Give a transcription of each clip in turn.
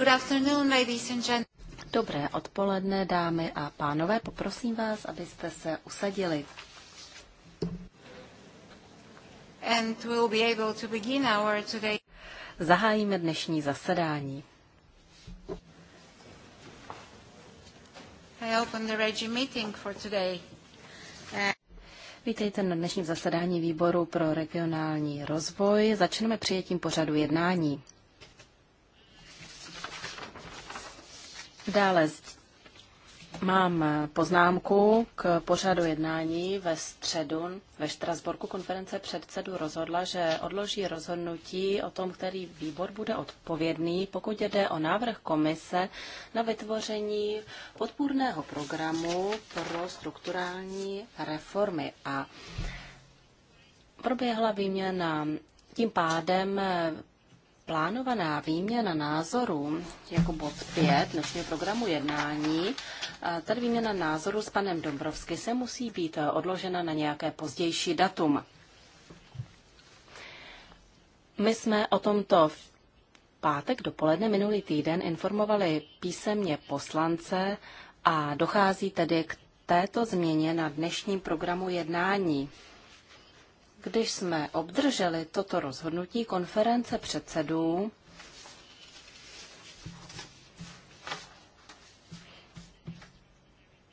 Good afternoon, ladies and gentlemen. Dobré odpoledne, dámy a pánové. Poprosím vás, abyste se usadili. And we'll be able to begin our today. Zahájíme dnešní zasedání. I open the meeting for today. Uh, Vítejte na dnešním zasedání výboru pro regionální rozvoj. Začneme přijetím pořadu jednání. Dále mám poznámku k pořadu jednání ve středu. Ve Štrasborku konference předsedu rozhodla, že odloží rozhodnutí o tom, který výbor bude odpovědný, pokud jde o návrh komise na vytvoření podpůrného programu pro strukturální reformy. A proběhla výměna tím pádem plánovaná výměna názorů jako bod 5 dnešního programu jednání, tady výměna názorů s panem Dombrovsky se musí být odložena na nějaké pozdější datum. My jsme o tomto v pátek dopoledne minulý týden informovali písemně poslance a dochází tedy k této změně na dnešním programu jednání. Když jsme obdrželi toto rozhodnutí konference předsedů,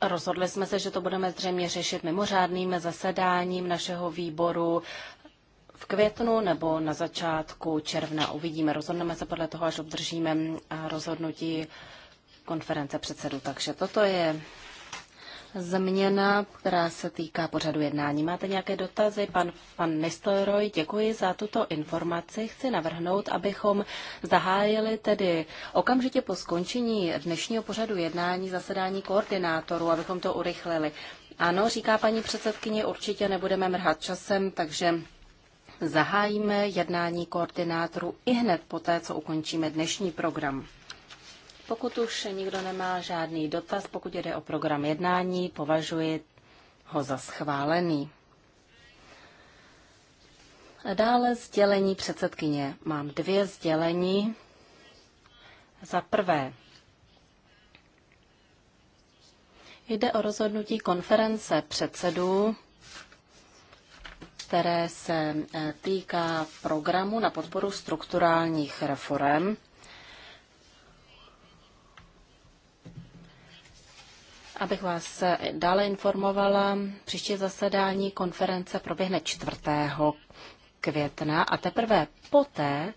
Rozhodli jsme se, že to budeme zřejmě řešit mimořádným zasedáním našeho výboru v květnu nebo na začátku června. Uvidíme, rozhodneme se podle toho, až obdržíme rozhodnutí konference předsedů. Takže toto je změna, která se týká pořadu jednání. Máte nějaké dotazy? Pan, pan Nestoroj, děkuji za tuto informaci. Chci navrhnout, abychom zahájili tedy okamžitě po skončení dnešního pořadu jednání zasedání koordinátorů, abychom to urychlili. Ano, říká paní předsedkyně, určitě nebudeme mrhat časem, takže zahájíme jednání koordinátorů i hned poté, co ukončíme dnešní program. Pokud už nikdo nemá žádný dotaz, pokud jde o program jednání, považuji ho za schválený. Dále sdělení předsedkyně. Mám dvě sdělení. Za prvé, jde o rozhodnutí konference předsedů, které se eh, týká programu na podporu strukturálních reform. Abych vás dále informovala, příští zasedání konference proběhne 4. května a teprve poté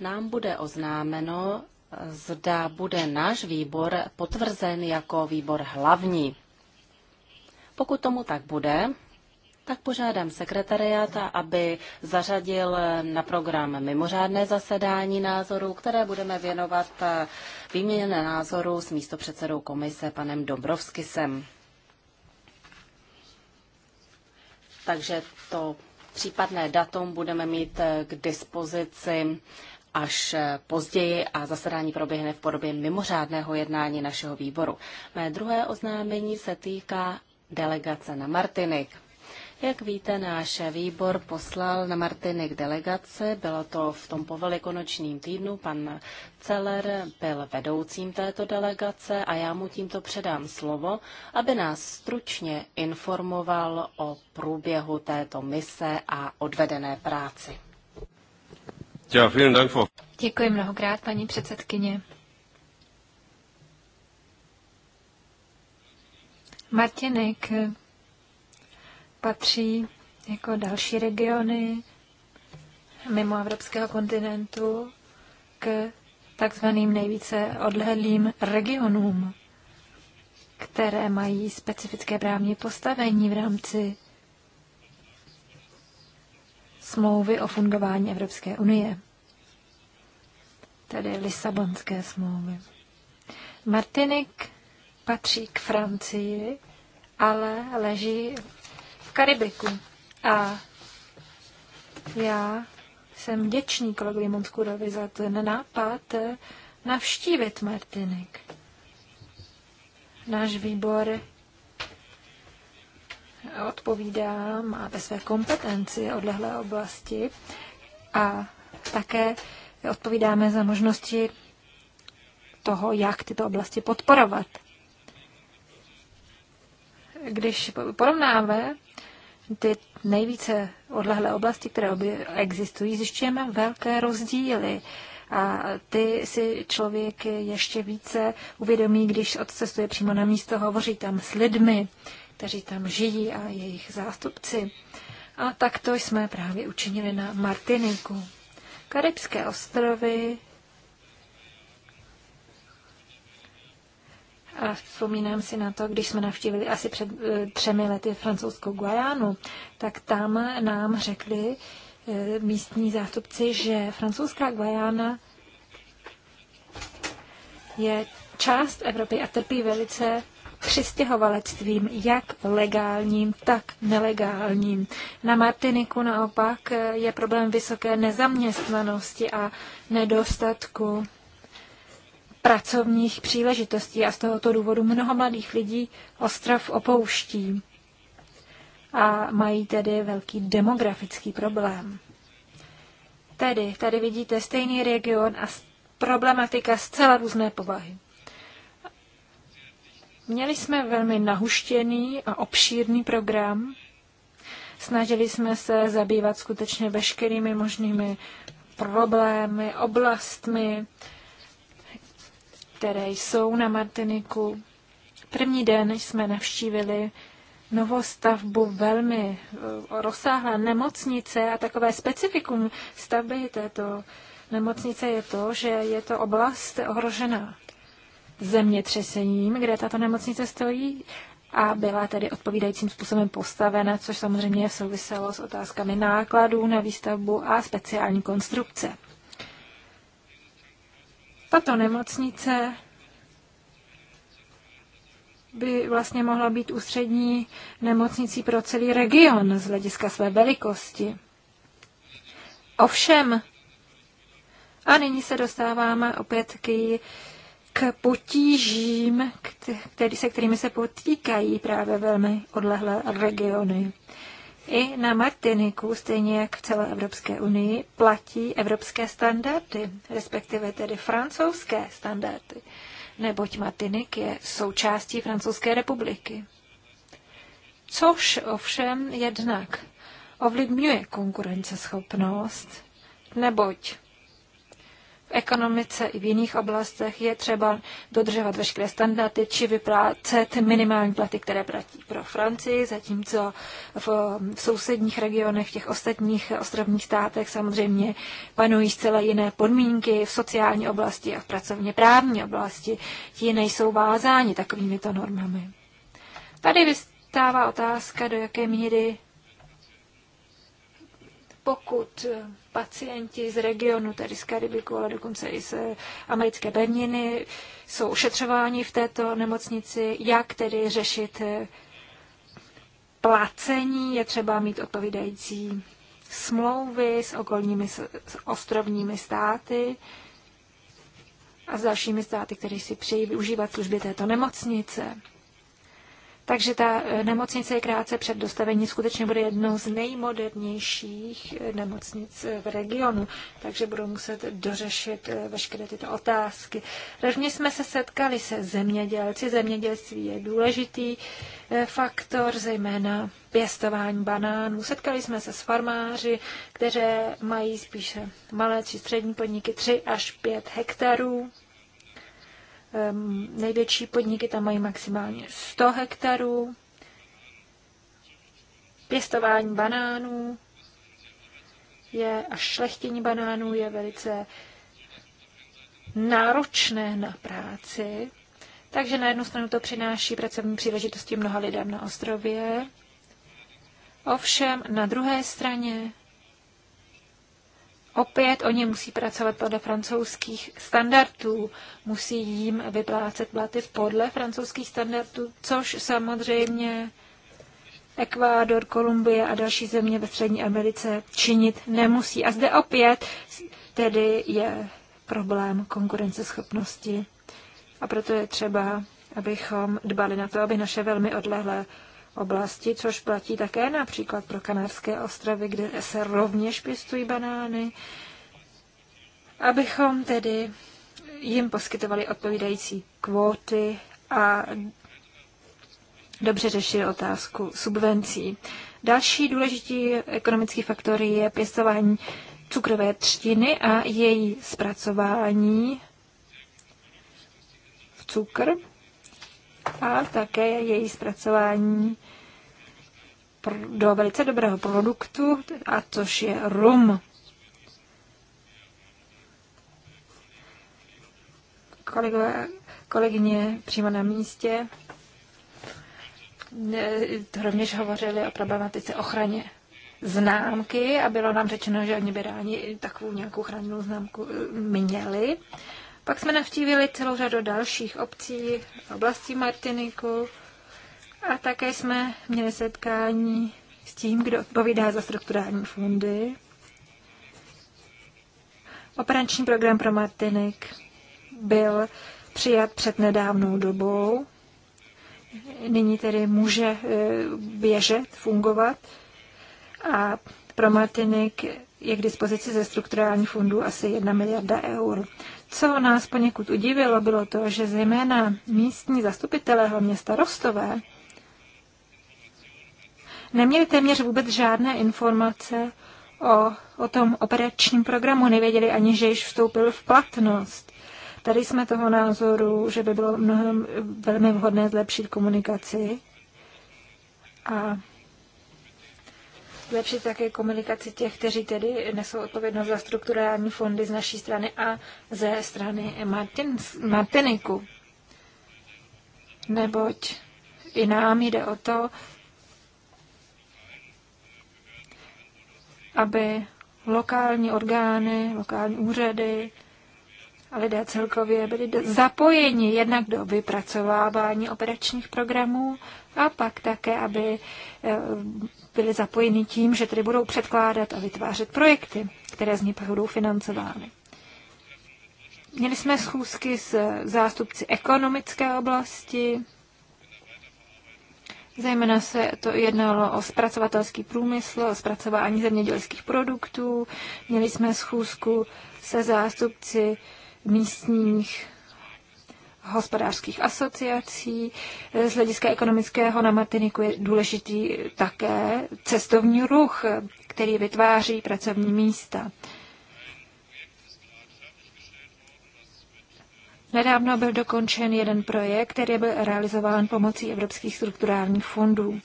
nám bude oznámeno, zda bude náš výbor potvrzen jako výbor hlavní. Pokud tomu tak bude, tak požádám sekretariáta, aby zařadil na program mimořádné zasedání názorů, které budeme věnovat eh, výměně názorů s místopředsedou komise panem Dobrovskisem. Takže to případné datum budeme mít eh, k dispozici až eh, později a zasedání proběhne v podobě mimořádného jednání našeho výboru. Mé druhé oznámení se týká delegace na Martinik. Jak víte, náš výbor poslal na Martinek delegace. bylo to v tom povelikonočním týdnu, pan Celer byl vedoucím této delegace a já mu tímto předám slovo, aby nás stručně informoval o průběhu této mise a odvedené práci. Děkuji mnohokrát, paní předsedkyně. Martinek patří jako další regiony mimo evropského kontinentu k takzvaným nejvíce odhledlým regionům, které mají specifické právní postavení v rámci smlouvy o fungování Evropské unie, tedy Lisabonské smlouvy. Martinik patří k Francii, ale leží Karibiku. A já jsem vděčný kolegovi Monskurovi za ten nápad navštívit Martinik. Náš výbor odpovídá, má ve své kompetenci odlehlé oblasti a také odpovídáme za možnosti toho, jak tyto oblasti podporovat když porovnáme ty nejvíce odlehlé oblasti, které obě existují, zjišťujeme velké rozdíly. A ty si člověk ještě více uvědomí, když odcestuje přímo na místo, hovoří tam s lidmi, kteří tam žijí a jejich zástupci. A takto jsme právě učinili na Martiniku. Karibské ostrovy A vzpomínám si na to, když jsme navštívili asi před eh, třemi lety francouzskou Guajánu, tak tam nám řekli eh, místní zástupci, že francouzská Guajána je část Evropy a trpí velice přistěhovalectvím, jak legálním, tak nelegálním. Na Martiniku naopak eh, je problém vysoké nezaměstnanosti a nedostatku pracovních příležitostí a z tohoto důvodu mnoho mladých lidí ostrov opouští a mají tedy velký demografický problém. Tedy, tady vidíte stejný region a problematika zcela různé povahy. Měli jsme velmi nahuštěný a obšírný program. Snažili jsme se zabývat skutečně veškerými možnými problémy, oblastmi, které jsou na Martiniku. První den jsme navštívili novostavbu velmi eh, rozsáhlé nemocnice a takové specifikum stavby této nemocnice je to, že je to oblast ohrožená zemětřesením, kde tato nemocnice stojí a byla tedy odpovídajícím způsobem postavena, což samozřejmě souviselo s otázkami nákladů na výstavbu a speciální konstrukce. Tato nemocnice by vlastně mohla být ústřední nemocnicí pro celý region z hlediska své velikosti. Ovšem, a nyní se dostáváme opět k, k potížím, který, se kterými se potýkají právě velmi odlehlé regiony. I na Martiniku, stejně jak v celé Evropské unii, platí evropské standardy, respektive tedy francouzské standardy, neboť Martinik je součástí Francouzské republiky. Což ovšem jednak ovlivňuje konkurenceschopnost, neboť ekonomice i v jiných oblastech je třeba dodržovat veškeré standardy či vyplácet minimální platy, které platí pro Francii, zatímco v, v sousedních regionech, v těch ostatních ostrovních státech samozřejmě panují zcela jiné podmínky v sociální oblasti a v pracovně právní oblasti. Ti nejsou vázáni takovými to normami. Tady vystává otázka, do jaké míry pokud pacienti z regionu, tedy z Karibiku, ale dokonce i z americké Berniny, jsou ošetřováni v této nemocnici, jak tedy řešit placení, je třeba mít odpovídající smlouvy s okolními s ostrovními státy a s dalšími státy, které si přejí využívat služby této nemocnice. Takže ta eh, nemocnice je krátce před dostavení skutečně bude jednou z nejmodernějších eh, nemocnic eh, v regionu, takže budou muset dořešit veškeré tyto otázky. Rovně jsme se setkali se zemědělci. Zemědělství je důležitý faktor, zejména pěstování banánů. Setkali jsme se s farmáři, kteří mají spíše malé či střední podniky 3 až 5 hektarů Ehm, největší podniky tam mají maximálně 100 hektarů. Pěstování banánů je a šlechtění banánů je velice náročné na práci. Takže na jednu stranu to přináší pracovní příležitosti mnoha lidem na ostrově. Ovšem na druhé straně Opět oni musí pracovat podle francouzských standardů, musí jim vyplácet platy podle francouzských standardů, což samozřejmě Ekvádor, Kolumbie a další země ve Střední Americe činit nemusí. A zde opět tedy je problém konkurenceschopnosti. A proto je třeba, abychom dbali na to, aby naše velmi odlehlé oblasti, což platí také například pro Kanárské ostrovy, kde se rovněž pěstují banány, abychom tedy jim poskytovali odpovídající kvóty a dobře řešili otázku subvencí. Další důležitý ekonomický faktor je pěstování cukrové třtiny a její zpracování v cukr a také její zpracování do velice dobrého produktu, a což je rum. Kolegové, kolegyně přímo na místě e, rovněž hovořili o problematice ochraně známky a bylo nám řečeno, že oni by rádi takovou nějakou chráněnou známku e, měli. Pak jsme navštívili celou řadu dalších obcí, oblastí Martiniku a také jsme měli setkání s tím, kdo odpovídá za strukturální fondy. Operační program pro Martinik byl přijat před nedávnou dobou. Nyní tedy může e, běžet, fungovat. A pro Martinik je k dispozici ze strukturálních fondu, asi 1 miliarda eur. Co nás poněkud udivilo, bylo to, že zejména místní zastupitelé, hlavně starostové, neměli téměř vůbec žádné informace o, o tom operačním programu, nevěděli ani, že již vstoupil v platnost. Tady jsme toho názoru, že by bylo mnohem velmi vhodné zlepšit komunikaci a zlepšit také komunikaci těch, kteří tedy nesou odpovědnost za strukturální fondy z naší strany a ze strany Martins, Martiniku. Neboť i nám jde o to, aby lokální orgány, lokální úřady a lidé celkově byli zapojeni jednak do vypracovávání operačních programů a pak také, aby eh, byli zapojeni tím, že tedy budou předkládat a vytvářet projekty, které z ní pak budou financovány. Měli jsme schůzky s zástupci ekonomické oblasti, Zejména se to jednalo o zpracovatelský průmysl, o zpracování zemědělských produktů. Měli jsme schůzku se zástupci místních hospodářských asociací. Z hlediska ekonomického na Martiniku je důležitý také cestovní ruch, který vytváří pracovní místa. Nedávno byl dokončen jeden projekt, který byl realizován pomocí evropských strukturálních fondů.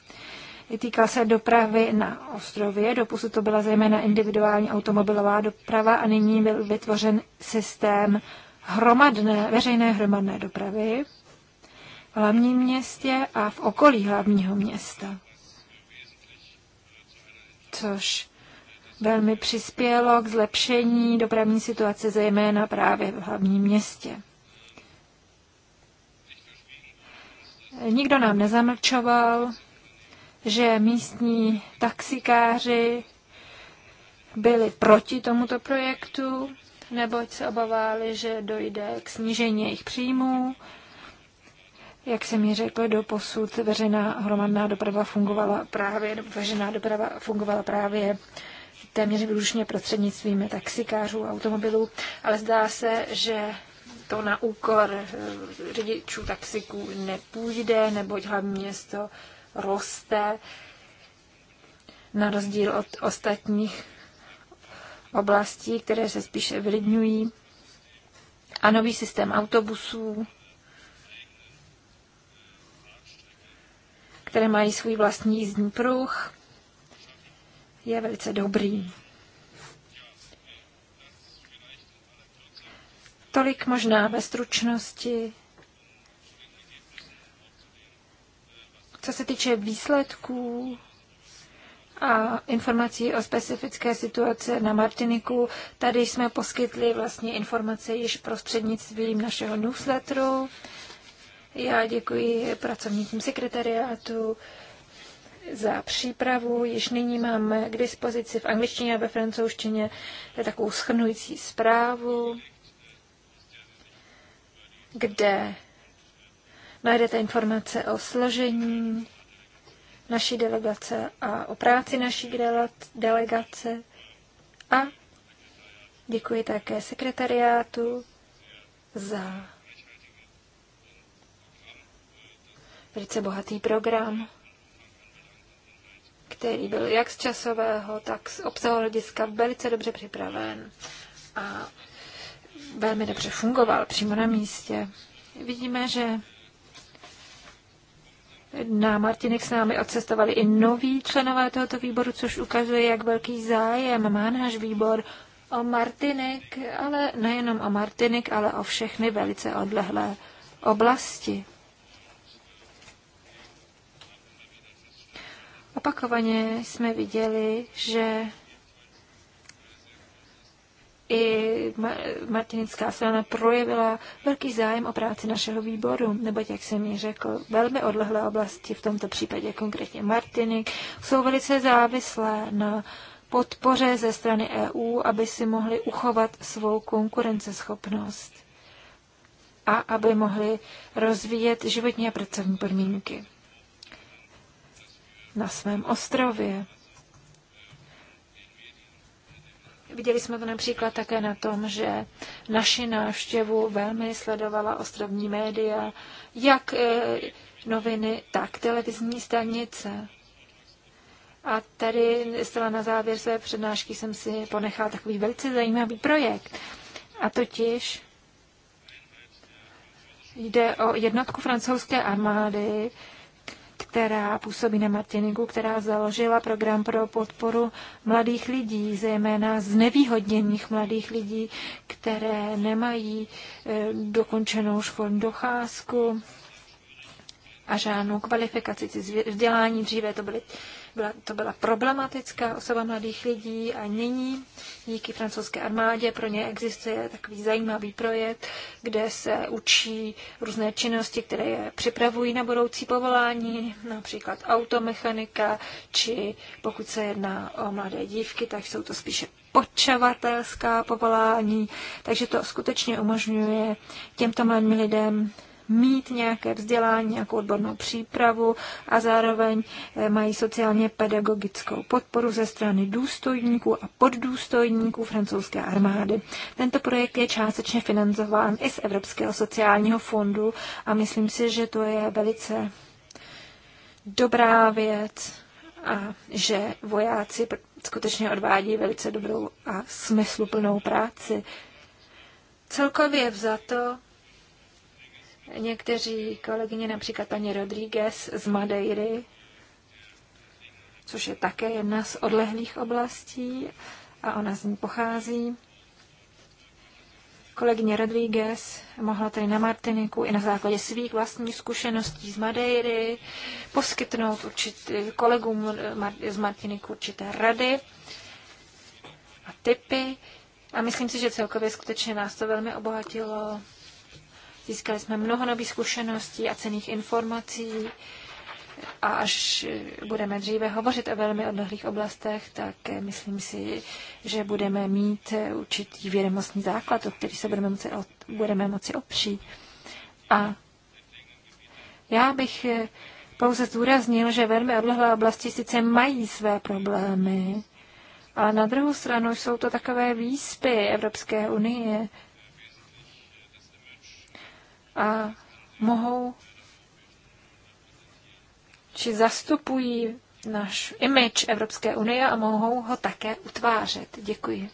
Týkal se dopravy na ostrově, doposud to byla zejména individuální automobilová doprava a nyní byl vytvořen systém hromadné, veřejné hromadné dopravy v hlavním městě a v okolí hlavního města. Což velmi přispělo k zlepšení dopravní situace, zejména právě v hlavním městě. Nikdo nám nezamlčoval, že místní taxikáři byli proti tomuto projektu, neboť se obávali, že dojde k snížení jejich příjmů. Jak jsem mi řekl, do posud veřejná hromadná doprava fungovala právě, veřejná doprava fungovala právě téměř výlučně prostřednictvím taxikářů a automobilů, ale zdá se, že to na úkor eh, řidičů taxiků nepůjde, neboť hlavní město roste na rozdíl od ostatních oblastí, které se spíše vylidňují, a nový systém autobusů, které mají svůj vlastní jízdní pruh, je velice dobrý. Tolik možná ve stručnosti. Co se týče výsledků, a informací o specifické situaci na Martiniku. Tady jsme poskytli vlastně informace již prostřednictvím našeho newsletteru. Já děkuji pracovníkům sekretariátu za přípravu. Již nyní máme k dispozici v angličtině a ve francouzštině takovou schrnující zprávu, kde najdete informace o složení naší delegace a o práci naší delegace. A děkuji také sekretariátu za velice bohatý program, který byl jak z časového, tak z obsahu hlediska velice dobře připraven a velmi dobře fungoval přímo na místě. Vidíme, že na Martinek s námi odcestovali i noví členové tohoto výboru, což ukazuje, jak velký zájem má náš výbor o Martinek, ale nejenom o Martinek, ale o všechny velice odlehlé oblasti. Opakovaně jsme viděli, že i Martinická strana projevila velký zájem o práci našeho výboru, neboť, jak jsem ji řekl, velmi odlehlé oblasti, v tomto případě konkrétně Martinik, jsou velice závislé na podpoře ze strany EU, aby si mohli uchovat svou konkurenceschopnost a aby mohli rozvíjet životní a pracovní podmínky na svém ostrově. Viděli jsme to například také na tom, že naši návštěvu velmi sledovala ostrovní média, jak eh, noviny, tak televizní stanice. A tady zcela na závěr své přednášky jsem si ponechala takový velice zajímavý projekt. A totiž jde o jednotku francouzské armády, která působí na Martiniku, která založila program pro podporu mladých lidí, zejména znevýhodněných mladých lidí, které nemají eh, dokončenou školní docházku a žádnou kvalifikaci vzdělání. Dříve to, byly, byla, to byla problematická osoba mladých lidí a nyní díky francouzské armádě pro ně existuje takový zajímavý projekt, kde se učí různé činnosti, které je připravují na budoucí povolání, například automechanika, či pokud se jedná o mladé dívky, tak jsou to spíše počavatelská povolání, takže to skutečně umožňuje těmto mladým lidem mít nějaké vzdělání, nějakou odbornou přípravu a zároveň eh, mají sociálně pedagogickou podporu ze strany důstojníků a poddůstojníků francouzské armády. Tento projekt je částečně financován i z Evropského sociálního fondu a myslím si, že to je velice dobrá věc a že vojáci skutečně odvádí velice dobrou a smysluplnou práci. Celkově vzato Někteří kolegyně, například paní Rodríguez z Madeiry, což je také jedna z odlehlých oblastí a ona z ní pochází. Kolegyně Rodríguez mohla tedy na Martiniku i na základě svých vlastních zkušeností z Madeiry poskytnout určitý, kolegům z Martiniku určité rady a typy. A myslím si, že celkově skutečně nás to velmi obohatilo Získali jsme mnoho nových zkušeností a cených informací a až budeme dříve hovořit o velmi odlehlých oblastech, tak myslím si, že budeme mít určitý vědomostní základ, o který se budeme moci, budeme moci opřít. A já bych pouze zdůraznil, že velmi odlehlé oblasti sice mají své problémy, ale na druhou stranu jsou to takové výspy Evropské unie, a mohou či zastupují náš image Evropské unie a mohou ho také utvářet. Děkuji.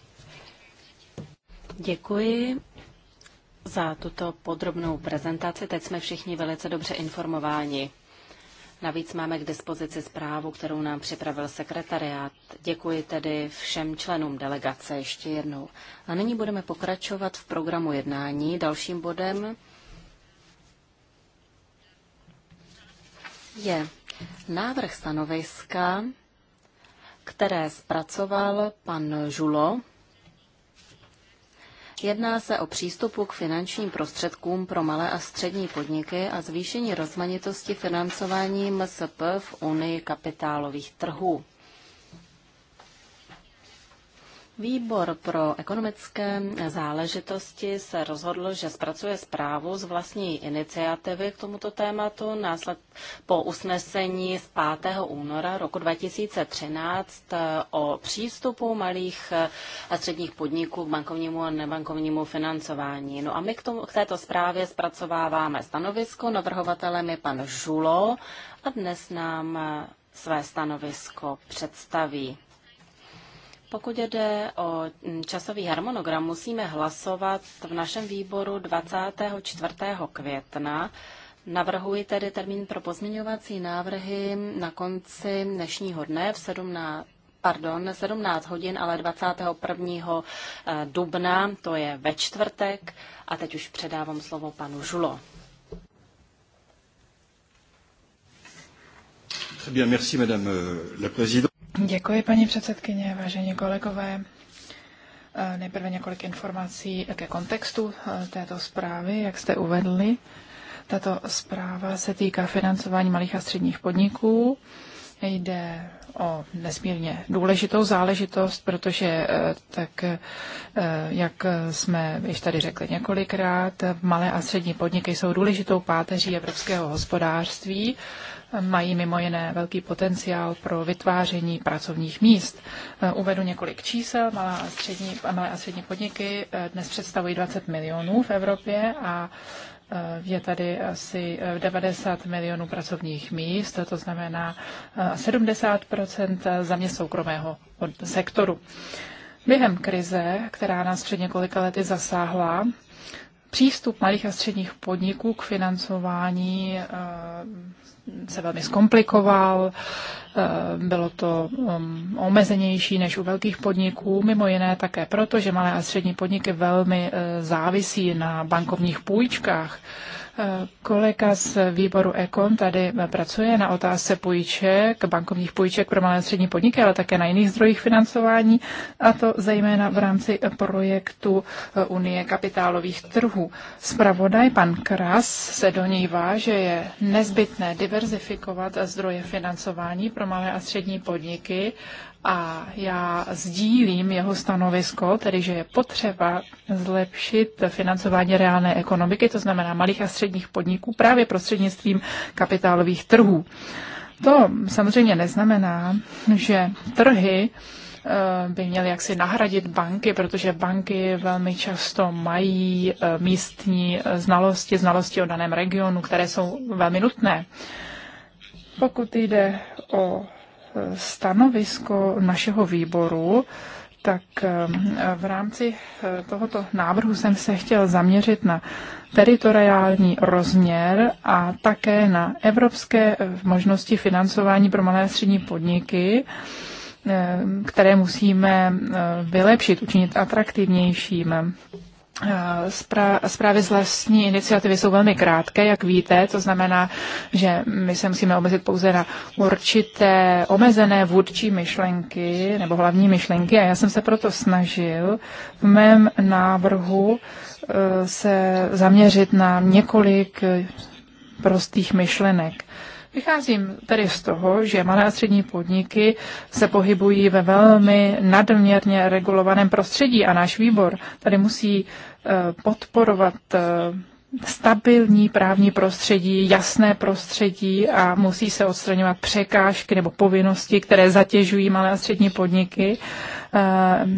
Děkuji za tuto podrobnou prezentaci. Teď jsme všichni velice dobře informováni. Navíc máme k dispozici zprávu, kterou nám připravil sekretariát. Děkuji tedy všem členům delegace ještě jednou. A nyní budeme pokračovat v programu jednání dalším bodem. je návrh stanoviska, které zpracoval pan Žulo. Jedná se o přístupu k finančním prostředkům pro malé a střední podniky a zvýšení rozmanitosti financování MSP v Unii kapitálových trhů. Výbor pro ekonomické záležitosti se rozhodl, že zpracuje zprávu z vlastní iniciativy k tomuto tématu násled po usnesení z 5. února roku 2013 eh, o přístupu malých eh, a středních podniků k bankovnímu a nebankovnímu financování. No a my k, tomu, k této zprávě zpracováváme stanovisko, navrhovatelem je pan Žulo a dnes nám eh, své stanovisko představí. Pokud jde o mm, časový harmonogram, musíme hlasovat v našem výboru 24. května. Navrhuji tedy termín pro pozměňovací návrhy na konci dnešního dne v 17 pardon, 17 hodin, ale 21. Eh, dubna, to je ve čtvrtek. A teď už předávám slovo panu Žulo. Très bien, merci, madame euh, la présidente. Děkuji, paní předsedkyně, vážení kolegové. Eh, nejprve několik informací ke kontextu eh, této zprávy, jak jste uvedli. Tato zpráva se týká financování malých a středních podniků Jde o nesmírně důležitou záležitost, protože eh, tak, eh, jak jsme již tady řekli několikrát, malé a střední podniky jsou důležitou páteří evropského hospodářství, mají mimo jiné velký potenciál pro vytváření pracovních míst. Eh, uvedu několik čísel. malé a střední, malé a střední podniky dnes představují 20 milionů v Evropě a Eh, je tady asi 90 eh, milionů pracovních míst, to znamená 70 eh, zaměst soukromého sektoru. Během krize, která nás před několika lety zasáhla, Přístup malých a středních podniků k financování eh, se velmi zkomplikoval, eh, bylo to eh, omezenější než u velkých podniků, mimo jiné také proto, že malé a střední podniky velmi závisí na bankovních půjčkách. Kolega z výboru Ekon tady pracuje na otázce půjček, bankovních půjček pro malé a střední podniky, ale také na jiných zdrojích financování, a to zejména v rámci projektu Unie kapitálových trhů. Spravodaj pan Kras se do donívá, že je nezbytné diverzifikovat zdroje financování pro malé a střední podniky a já sdílím jeho stanovisko, tedy že je potřeba zlepšit financování reálné ekonomiky, to znamená malých a středních podniků právě prostřednictvím kapitálových trhů. To samozřejmě neznamená, že trhy eh, by měly jaksi nahradit banky, protože banky velmi často mají eh, místní eh, znalosti, znalosti o daném regionu, které jsou velmi nutné. Pokud jde o stanovisko našeho výboru, tak eh, v rámci eh, tohoto návrhu jsem se chtěl zaměřit na teritoriální rozměr a také na evropské eh, možnosti financování pro malé a střední podniky, které musíme vylepšit, učinit atraktivnějším. Zprávy z vlastní iniciativy jsou velmi krátké, jak víte, to znamená, že my se musíme omezit pouze na určité omezené vůdčí myšlenky nebo hlavní myšlenky a já jsem se proto snažil v mém návrhu e, se zaměřit na několik e, prostých myšlenek. Vycházím tedy z toho, že malé a střední podniky se pohybují ve velmi nadměrně regulovaném prostředí a náš výbor tady musí eh, podporovat eh, stabilní právní prostředí, jasné prostředí a musí se odstraňovat překážky nebo povinnosti, které zatěžují malé a střední podniky.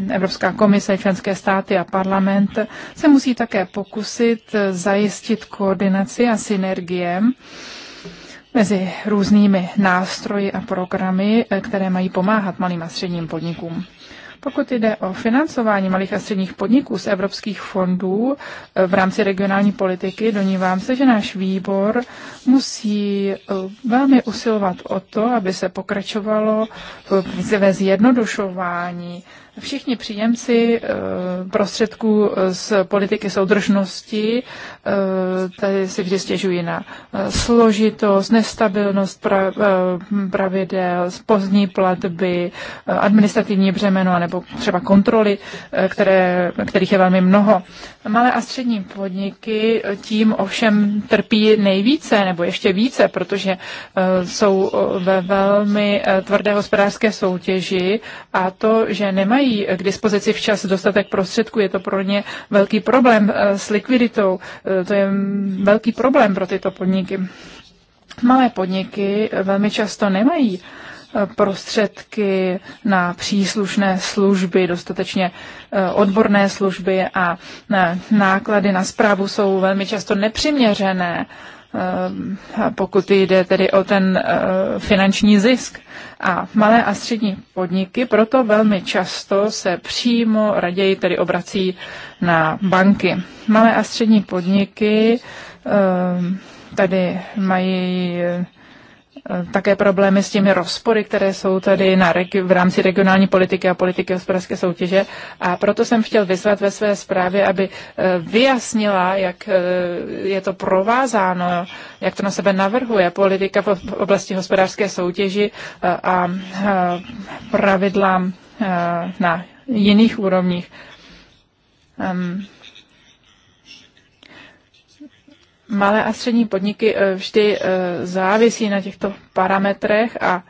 Eh, Evropská komise, členské státy a parlament se musí také pokusit zajistit koordinaci a synergie mezi různými nástroji a programy, eh, které mají pomáhat malým a středním podnikům. Pokud jde o financování malých a středních podniků z evropských fondů eh, v rámci regionální politiky, donívám se, že náš výbor musí eh, velmi usilovat o to, aby se pokračovalo ve zjednodušování Všichni příjemci eh, prostředků z politiky soudržnosti eh, tady si vždy stěžují na eh, složitost, nestabilnost pravidel, pozdní platby, administrativní břemeno nebo třeba kontroly, které, kterých je velmi mnoho. Malé a střední podniky tím ovšem trpí nejvíce nebo ještě více, protože jsou ve velmi tvrdé hospodářské soutěži a to, že nemají nemají k dispozici včas dostatek prostředků, je to pro ně velký problém eh, s likviditou, eh, to je velký problém pro tyto podniky. Malé podniky eh, velmi často nemají prostředky na příslušné služby, dostatečně odborné služby a náklady na zprávu jsou velmi často nepřiměřené Ehm, pokud jde tedy o ten eh, finanční zisk. A malé a střední podniky proto velmi často se přímo raději tedy obrací na banky. Malé a střední podniky ehm, tady mají Eh, také problémy s těmi rozpory, které jsou tady na regi- v rámci regionální politiky a politiky hospodářské soutěže. A proto jsem chtěl vyzvat ve své zprávě, aby eh, vyjasnila, jak eh, je to provázáno, jak to na sebe navrhuje politika v oblasti hospodářské soutěži a pravidla na jiných úrovních. malé a střední podniky eh, vždy eh, závisí na těchto parametrech a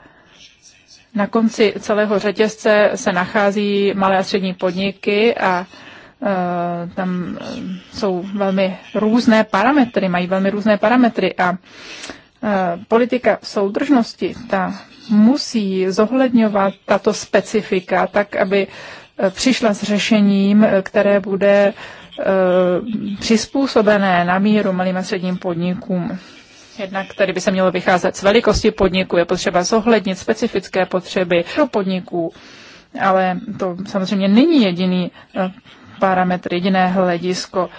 na konci celého řetězce se nachází malé a střední podniky a eh, tam jsou velmi různé parametry, mají velmi různé parametry a politika soudržnosti, ta musí zohledňovat tato specifika tak, aby přišla s řešením, které bude Eh, přizpůsobené na míru malým a středním podnikům. Jednak tady by se mělo vycházet z velikosti podniku, je potřeba zohlednit specifické potřeby pro podniků, ale to samozřejmě není jediný eh, parametr, jediné hledisko.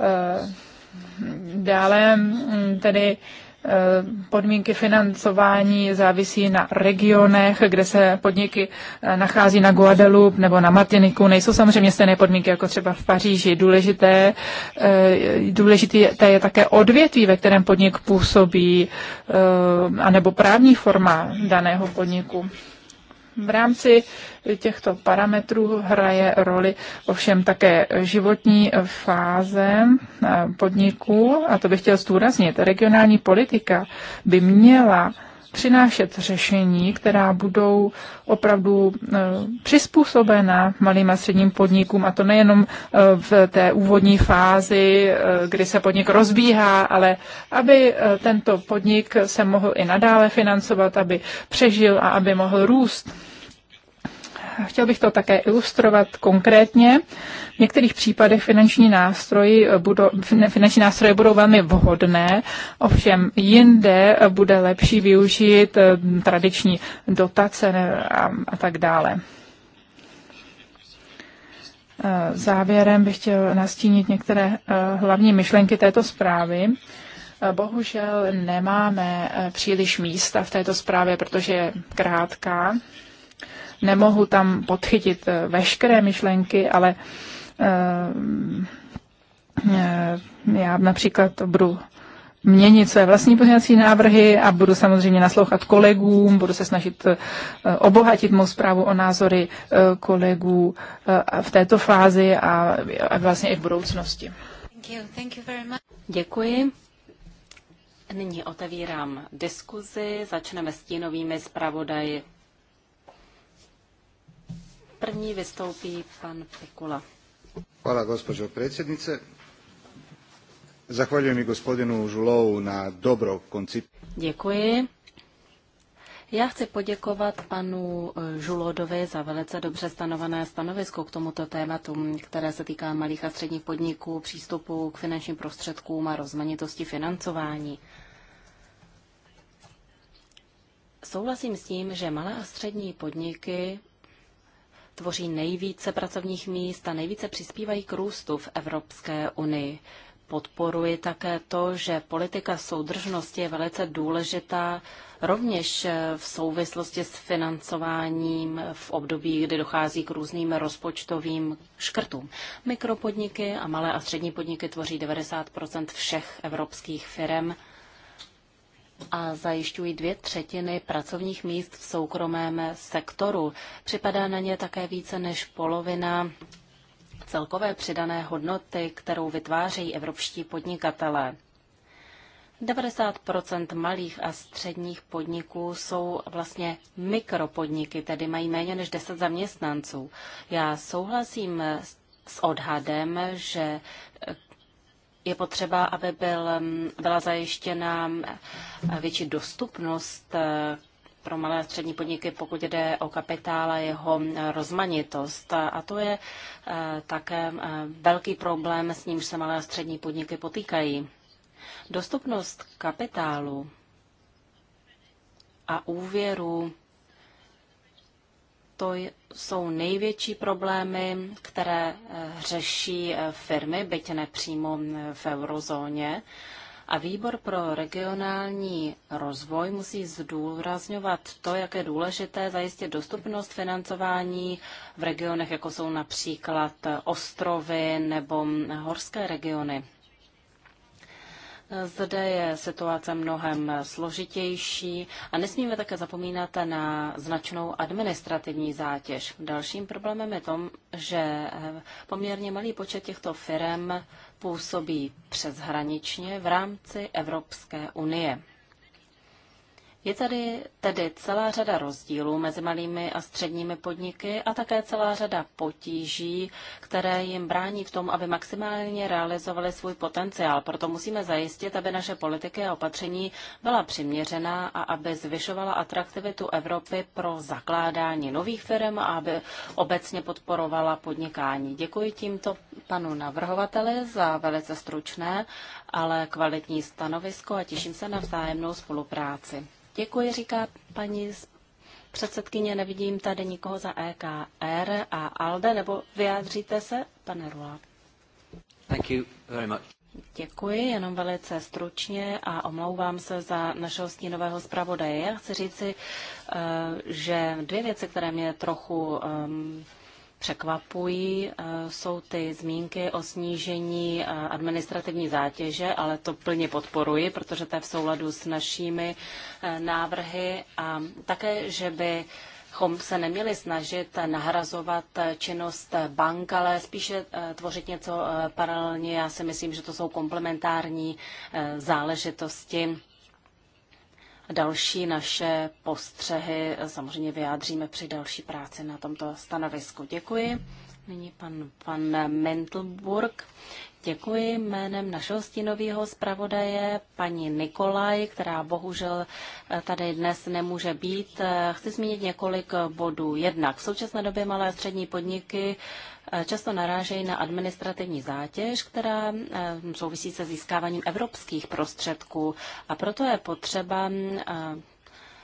Eh, dále hm, tedy Eh, podmínky financování závisí na regionech, kde se podniky eh, nachází na Guadeloupe nebo na Martiniku. Nejsou samozřejmě stejné podmínky jako třeba v Paříži. Důležité, eh, důležité je také odvětví, ve kterém podnik působí, anebo právní forma daného podniku. V rámci těchto parametrů hraje roli ovšem také životní fáze podniků, a to bych chtěl zdůraznit. Regionální politika by měla přinášet řešení, která budou opravdu e, přizpůsobena malým a středním podnikům, a to nejenom e, v té úvodní fázi, e, kdy se podnik rozbíhá, ale aby tento podnik se mohl i nadále financovat, aby přežil a aby mohl růst. Chtěl bych to také ilustrovat konkrétně. V některých případech finanční, nástroje budou, finanční nástroje budou velmi vhodné, ovšem jinde bude lepší využít eh, tradiční dotace a, a tak dále. Eh, závěrem bych chtěl nastínit některé eh, hlavní myšlenky této zprávy. Bohužel nemáme příliš místa v této zprávě, protože je krátká nemohu tam podchytit eh, veškeré myšlenky, ale eh, eh, já například budu měnit své vlastní pozměňovací návrhy a budu samozřejmě naslouchat kolegům, budu se snažit obohatit mou zprávu o názory kolegů v této fázi a vlastně i v budoucnosti. Děkuji. Nyní otevírám diskuzi, začneme s stínovými zpravodaji první vystoupí pan Pikula. Hvala, gospođo predsjednice. Zahvaljujem i gospodinu Žulovu na dobro koncipu. Děkuji. Já chci poděkovat panu eh, Žulodovi za velice dobře stanovené stanovisko k tomuto tématu, které se týká malých a středních podniků, přístupu k finančním prostředkům a rozmanitosti financování. Souhlasím s tím, že malé a střední podniky tvoří nejvíce pracovních míst a nejvíce přispívají k růstu v Evropské unii. Podporuji také to, že politika soudržnosti je velice důležitá rovněž v souvislosti s financováním v období, kdy dochází k různým rozpočtovým škrtům. Mikropodniky a malé a střední podniky tvoří 90 všech evropských firm a zajišťují dvě třetiny pracovních míst v soukromém sektoru. Připadá na ně také více než polovina celkové přidané hodnoty, kterou vytvářejí evropští podnikatelé. 90 malých a středních podniků jsou vlastně mikropodniky, tedy mají méně než 10 zaměstnanců. Já souhlasím s odhadem, že je potřeba, aby byl, mm, byla zajištěna mm, větší dostupnost eh, pro malé a střední podniky, pokud jde o kapitál a jeho mm, rozmanitost. A to je eh, také eh, velký problém, s nímž se malé a střední podniky potýkají. Dostupnost kapitálu a úvěru to jsou největší problémy, které eh, řeší eh, firmy, byť nepřímo eh, v eurozóně. A výbor pro regionální rozvoj musí zdůrazňovat to, jak je důležité zajistit dostupnost financování v regionech, jako jsou například ostrovy nebo hm, horské regiony. Zde je situace mnohem složitější a nesmíme také zapomínat na značnou administrativní zátěž. Dalším problémem je tom, že poměrně malý počet těchto firm působí přeshraničně v rámci Evropské unie. Je tady tedy celá řada rozdílů mezi malými a středními podniky a také celá řada potíží, které jim brání v tom, aby maximálně realizovali svůj potenciál. Proto musíme zajistit, aby naše politiky a opatření byla přiměřená a aby zvyšovala atraktivitu Evropy pro zakládání nových firm a aby obecně podporovala podnikání. Děkuji tímto panu navrhovateli za velice stručné, ale kvalitní stanovisko a těším se na vzájemnou spolupráci. Děkuji, říká paní předsedkyně. Nevidím tady nikoho za EKR a ALDE, nebo vyjádříte se, pane Rula? Thank you very much. Děkuji, jenom velice stručně a omlouvám se za našeho stínového zpravodaje. Já chci říci, eh, že dvě věci, které mě trochu um, překvapují, eh, jsou ty zmínky o snížení eh, administrativní zátěže, ale to plně podporuji, protože to je v souladu s našimi eh, návrhy a také, že by bychom se neměli snažit nahrazovat činnost bank, ale spíše tvořit něco paralelně. Já si myslím, že to jsou komplementární záležitosti Další naše postřehy samozřejmě vyjádříme při další práci na tomto stanovisku. Děkuji. Nyní pan, pan Mentelburg. Děkuji jménem našeho stínového zpravodaje, paní Nikolaj, která bohužel eh, tady dnes nemůže být. Eh, chci zmínit několik bodů. Jednak v současné době malé a střední podniky eh, často narážejí na administrativní zátěž, která souvisí se získáváním evropských prostředků. A proto je potřeba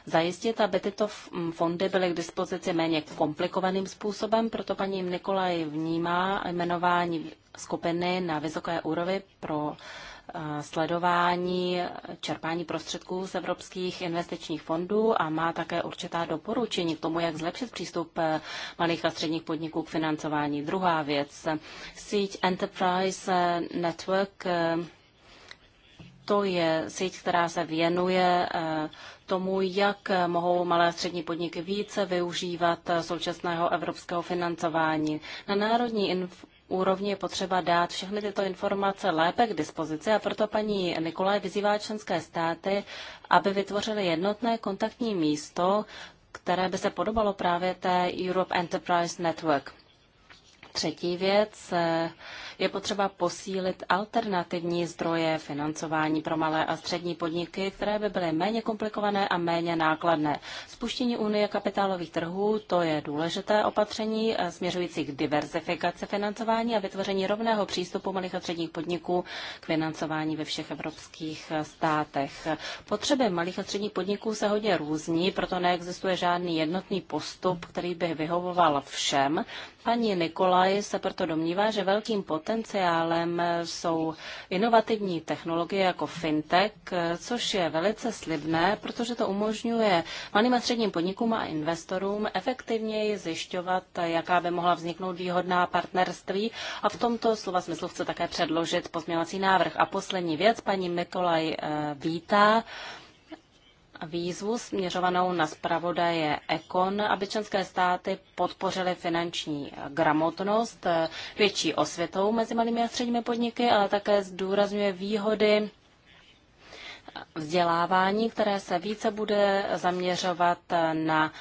zajistit, aby tyto fondy byly k dispozici méně komplikovaným způsobem. Proto paní Nikolaj vnímá jmenování skupiny na vysoké úrovni pro eh, sledování čerpání prostředků z evropských investičních fondů a má také určitá doporučení k tomu, jak zlepšit přístup eh, malých a středních podniků k financování. Druhá věc, síť Enterprise eh, Network to je síť, která se věnuje eh, tomu, jak mohou malé a střední podniky více využívat eh, současného evropského financování. Na národní inf- úrovni je potřeba dát všechny tyto informace lépe k dispozici a proto paní Nikolaj vyzývá členské státy, aby vytvořili jednotné kontaktní místo, které by se podobalo právě té Europe Enterprise Network. Třetí věc, je potřeba posílit alternativní zdroje financování pro malé a střední podniky, které by byly méně komplikované a méně nákladné. Spuštění Unie kapitálových trhů, to je důležité opatření směřující k diverzifikaci financování a vytvoření rovného přístupu malých a středních podniků k financování ve všech evropských státech. Potřeby malých a středních podniků se hodně různí, proto neexistuje žádný jednotný postup, který by vyhovoval všem. Paní Nikola Supply se proto domnívá, že velkým potenciálem jsou inovativní technologie jako fintech, což je velice slibné, protože to umožňuje malým a středním podnikům a investorům efektivněji zjišťovat, jaká by mohla vzniknout výhodná partnerství. A v tomto slova smyslu chce také předložit pozměňovací návrh. A poslední věc, paní Mikolaj eh, vítá výzvu směřovanou na zpravodaje Ekon, aby členské státy podpořily finanční gramotnost větší osvětou mezi malými a středními podniky, ale také zdůrazňuje výhody vzdělávání, které se více bude zaměřovat na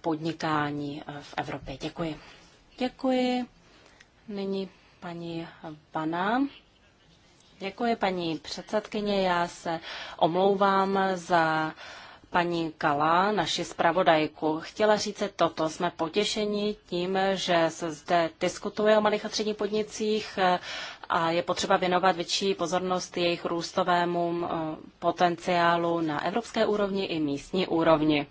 podnikání v Evropě. Děkuji. Děkuji. Nyní paní Vana. Děkuji, paní předsedkyně. Já se omlouvám za paní Kala, naši zpravodajku. Chtěla říct toto. Jsme potěšeni tím, že se zde diskutuje o malých a středních podnicích eh, a je potřeba věnovat větší pozornost jejich růstovému eh, potenciálu na evropské úrovni i místní úrovni.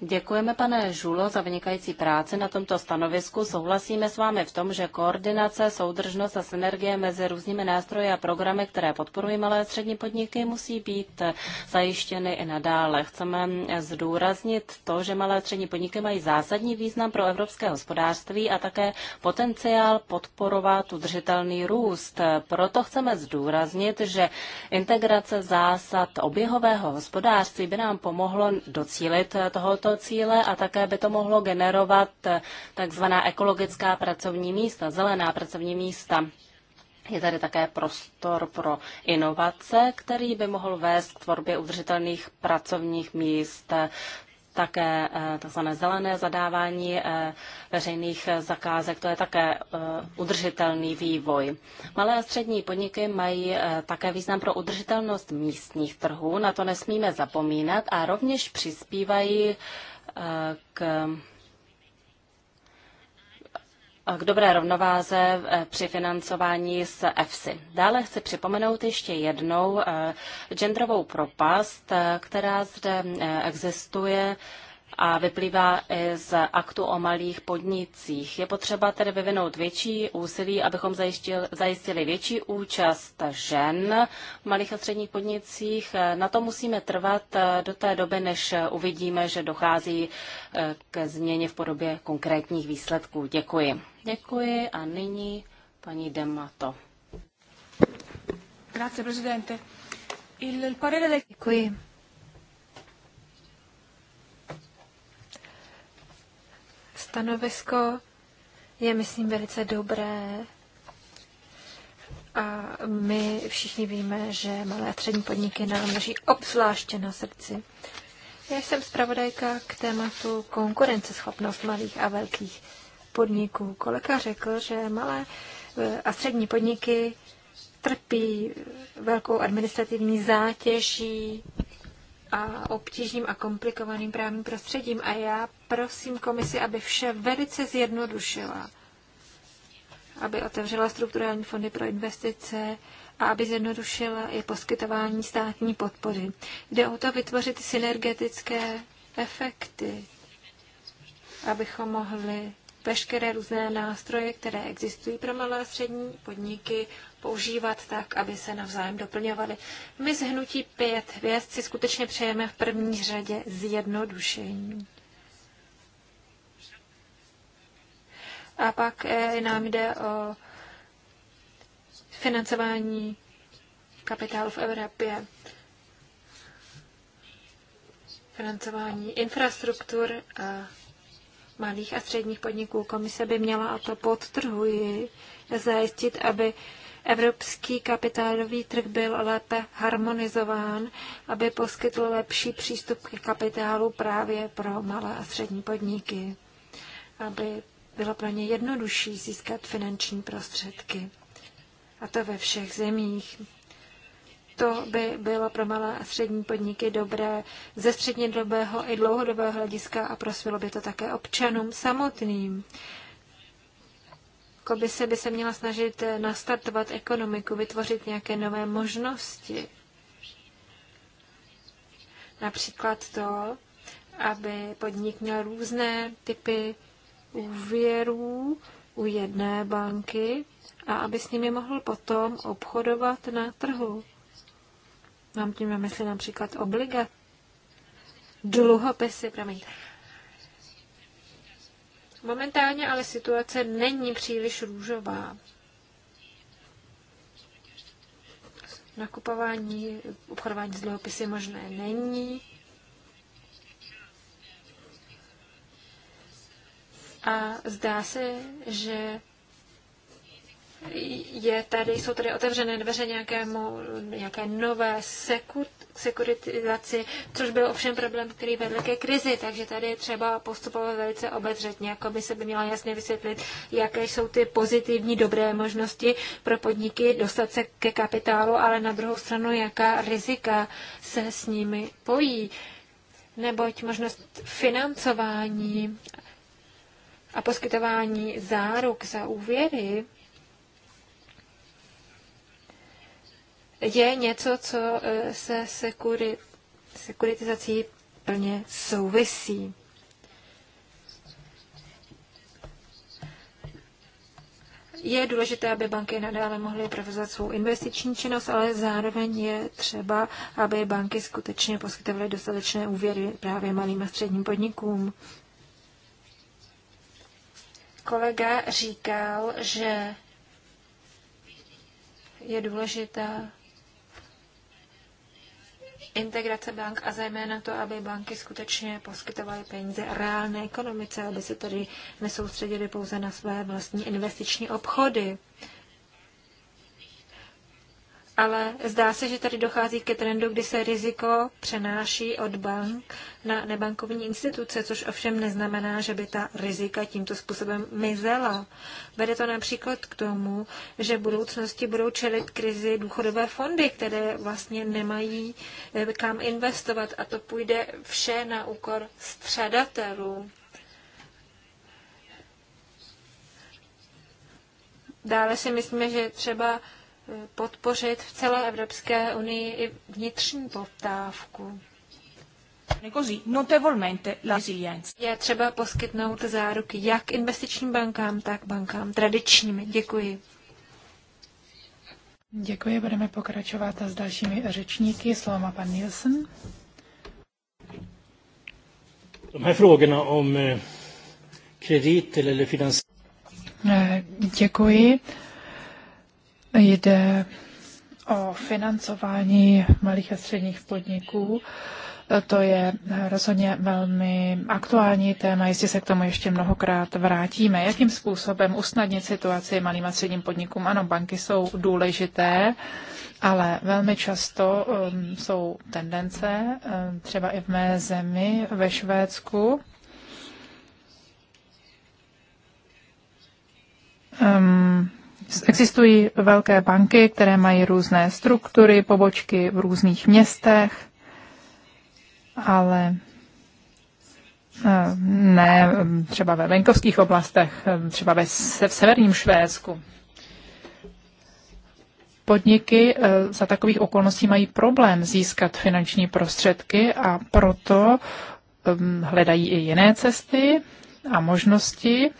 Děkujeme, pane Žulo, za vynikající práci na tomto stanovisku. Souhlasíme s vámi v tom, že koordinace, soudržnost a synergie mezi různými nástroji a programy, které podporují malé a střední podniky, musí být zajištěny i nadále. Chceme zdůraznit to, že malé a střední podniky mají zásadní význam pro evropské hospodářství a také potenciál podporovat udržitelný růst. Proto chceme zdůraznit, že integrace zásad oběhového hospodářství by nám pomohlo docílit tohoto tyto cíle a také by to mohlo generovat takzvaná ekologická pracovní místa, zelená pracovní místa. Je tady také prostor pro inovace, který by mohl vést k tvorbě udržitelných pracovních míst také eh, tzv. zelené zadávání eh, veřejných eh, zakázek. To je také udržitelný vývoj. Malé a střední podniky mají také význam pro udržitelnost místních trhů. Na to nesmíme zapomínat a rovněž přispívají k k dobré rovnováze eh, při financování z EFSI. Dále chci připomenout ještě jednou eh, genderovou propast, eh, která zde existuje a vyplývá i z aktu o malých podnicích. Je potřeba tedy vyvinout větší úsilí, abychom zajistil, zajistili větší účast žen v malých a středních podnicích. Na to musíme trvat eh, do té doby, než uvidíme, že dochází eh, ke změně v podobě konkrétních výsledků. Děkuji. Děkuji a nyní paní Demato. Grazie, Presidente. Il, il parere del... Děkuji. stanovisko je, myslím, velice dobré. A my všichni víme, že malé a střední podniky nám leží obzvláště na srdci. Já jsem zpravodajka k tématu konkurenceschopnost malých a velkých podniků. Kolega řekl, že malé eh, a střední podniky trpí velkou administrativní zátěží, a obtížným a komplikovaným právním prostředím. A já prosím komisi, aby vše velice zjednodušila, aby otevřela strukturální fondy pro investice a aby zjednodušila i poskytování státní podpory. Jde o to vytvořit synergetické efekty, abychom mohli veškeré různé nástroje, které existují pro malé a střední podniky, používat tak, aby se navzájem doplňovaly. My z hnutí pět hvězd si skutečně přejeme v první řadě zjednodušení. A pak eh, nám jde o financování kapitálu v Evropě, financování infrastruktur a malých a středních podniků. Komise by měla, a to podtrhuji, zajistit, aby Evropský kapitálový trh byl lépe harmonizován, aby poskytl lepší přístup k kapitálu právě pro malé a střední podniky, aby bylo pro ně jednodušší získat finanční prostředky. A to ve všech zemích. To by bylo pro malé a střední podniky dobré ze střednědobého i dlouhodobého hlediska a prospělo by to také občanům samotným komise by se měla snažit eh, nastartovat ekonomiku, vytvořit nějaké nové možnosti. Například to, aby podnik měl různé typy úvěrů u jedné banky a aby s nimi mohl potom obchodovat na trhu. Mám tím na mysli například obligat, dluhopisy, promiňte. Momentálně ale situace není příliš růžová. Nakupování, obchodování s dluhopisy možné není. A zdá se, že je tady, jsou tady otevřené dveře nějakému, nějaké nové sekur, sekuritizaci, což byl ovšem problém, který vedl ke krizi, takže tady je třeba postupovat velice obezřetně, jako by se by měla jasně vysvětlit, jaké jsou ty pozitivní, dobré možnosti pro podniky dostat se ke kapitálu, ale na druhou stranu, jaká rizika se s nimi pojí, neboť možnost financování a poskytování záruk za úvěry je něco, co e, se sekurit, sekuritizací plně souvisí. Je důležité, aby banky nadále mohly provozovat svou investiční činnost, ale zároveň je třeba, aby banky skutečně poskytovaly dostatečné úvěry právě malým a středním podnikům. Kolega říkal, že je důležitá integrace bank a zejména to, aby banky skutečně poskytovaly peníze reálné ekonomice, aby se tedy nesoustředili pouze na své vlastní investiční obchody ale zdá se, že tady dochází ke trendu, kdy se riziko přenáší od bank na nebankovní instituce, což ovšem neznamená, že by ta rizika tímto způsobem mizela. Vede to například k tomu, že v budoucnosti budou čelit krizi důchodové fondy, které vlastně nemají eh, kam investovat a to půjde vše na úkor středatelů. Dále si myslíme, že třeba podpořit v celé Evropské unii i vnitřní poptávku. Je třeba poskytnout záruky jak investičním bankám, tak bankám tradičním. Děkuji. Děkuji, budeme pokračovat s dalšími řečníky. Slovo má pan Nielsen. Eh, eh, děkuji. Jde o financování malých a středních podniků. To je rozhodně velmi aktuální téma, jestli se k tomu ještě mnohokrát vrátíme. Jakým způsobem usnadnit situaci malým a středním podnikům? Ano, banky jsou důležité, ale velmi často um, jsou tendence, um, třeba i v mé zemi, ve Švédsku, um, Existují velké banky, které mají různé struktury, pobočky v různých městech, ale eh, ne třeba ve venkovských oblastech, eh, třeba ve, v severním Švédsku. Podniky eh, za takových okolností mají problém získat finanční prostředky a proto ehm, hledají i jiné cesty a možnosti,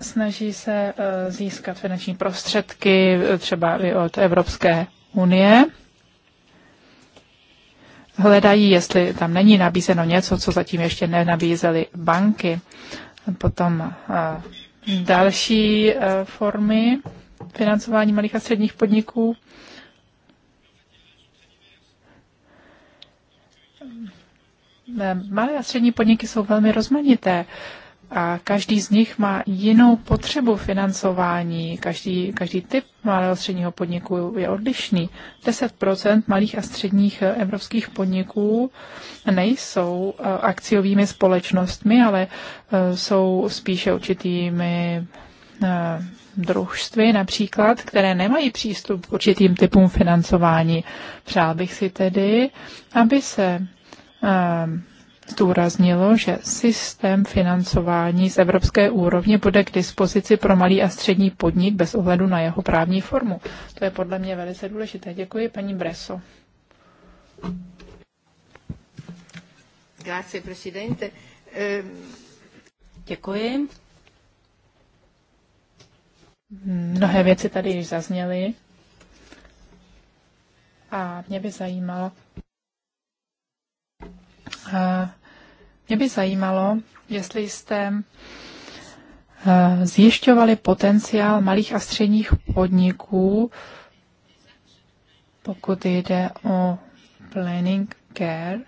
Snaží se eh, získat finanční prostředky eh, třeba i od Evropské unie. Hledají, jestli tam není nabízeno něco, co zatím ještě nenabízely banky. Potom eh, další formy financování malých a středních podniků. Malé a střední podniky jsou velmi rozmanité a každý z nich má jinou potřebu financování. Každý, každý typ malého středního podniku je odlišný. 10% malých a středních eh, evropských podniků nejsou eh, akciovými společnostmi, ale eh, jsou spíše určitými družství například, které nemají přístup k určitým typům financování. Přál bych si tedy, aby se zdůraznilo, že systém financování z evropské úrovně bude k dispozici pro malý a střední podnik bez ohledu na jeho právní formu. To je podle mě velice důležité. Děkuji, paní Breso. Grazie, presidente. Ehm. Děkuji. Mnohé věci tady již zazněly. A mě by zajímalo, mě by zajímalo, jestli jste zjišťovali potenciál malých a středních podniků, pokud jde o planning care,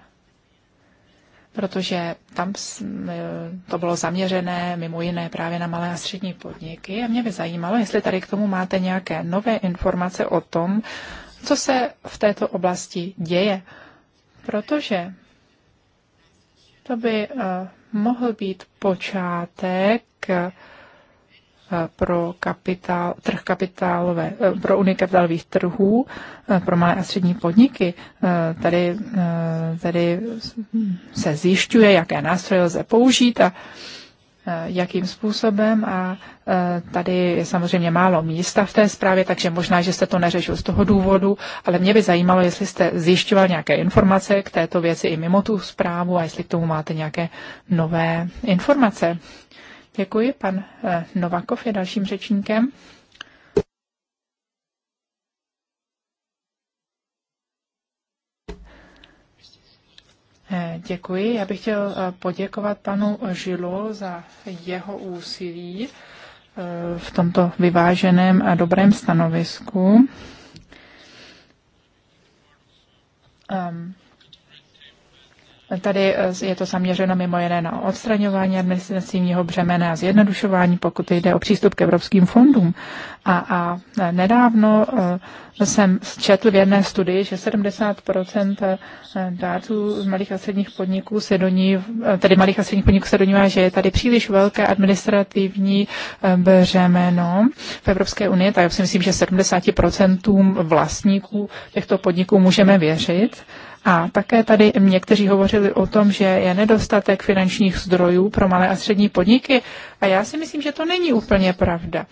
protože tam e, to bylo zaměřené mimo jiné právě na malé a střední podniky. A mě by zajímalo, jestli tady k tomu máte nějaké nové informace o tom, co se v této oblasti děje. Protože to by eh, mohl být počátek eh, pro kapitál, trh kapitálové, eh, pro unii kapitálových trhů, pro malé a střední podniky. Tady, tady se zjišťuje, jaké nástroje lze použít a Eh, jakým způsobem a eh, tady je samozřejmě málo místa v té zprávě, takže možná, že jste to neřešil z toho důvodu, ale mě by zajímalo, jestli jste zjišťoval nějaké informace k této věci i mimo tu zprávu a jestli k tomu máte nějaké nové informace. Děkuji. Pan eh, Novakov je dalším řečníkem. Eh, děkuji. Já bych chtěl eh, poděkovat panu Žilu za jeho úsilí eh, v tomto vyváženém a dobrém stanovisku. Um, Tady eh, je to zaměřeno mimo jiné na odstraňování administrativního břemene a zjednodušování, pokud jde o přístup k evropským fondům. A, a nedávno eh, jsem četl v jedné studii, že 70 dátů z malých a středních podniků se do ní, eh, tedy malých a středních podniků se donívá, že je tady příliš velké administrativní břemeno v Evropské unii. Tak já si myslím, že 70 vlastníků těchto podniků můžeme věřit. A také tady někteří hovořili o tom, že je nedostatek finančních zdrojů pro malé a střední podniky a já si myslím, že to není úplně pravda.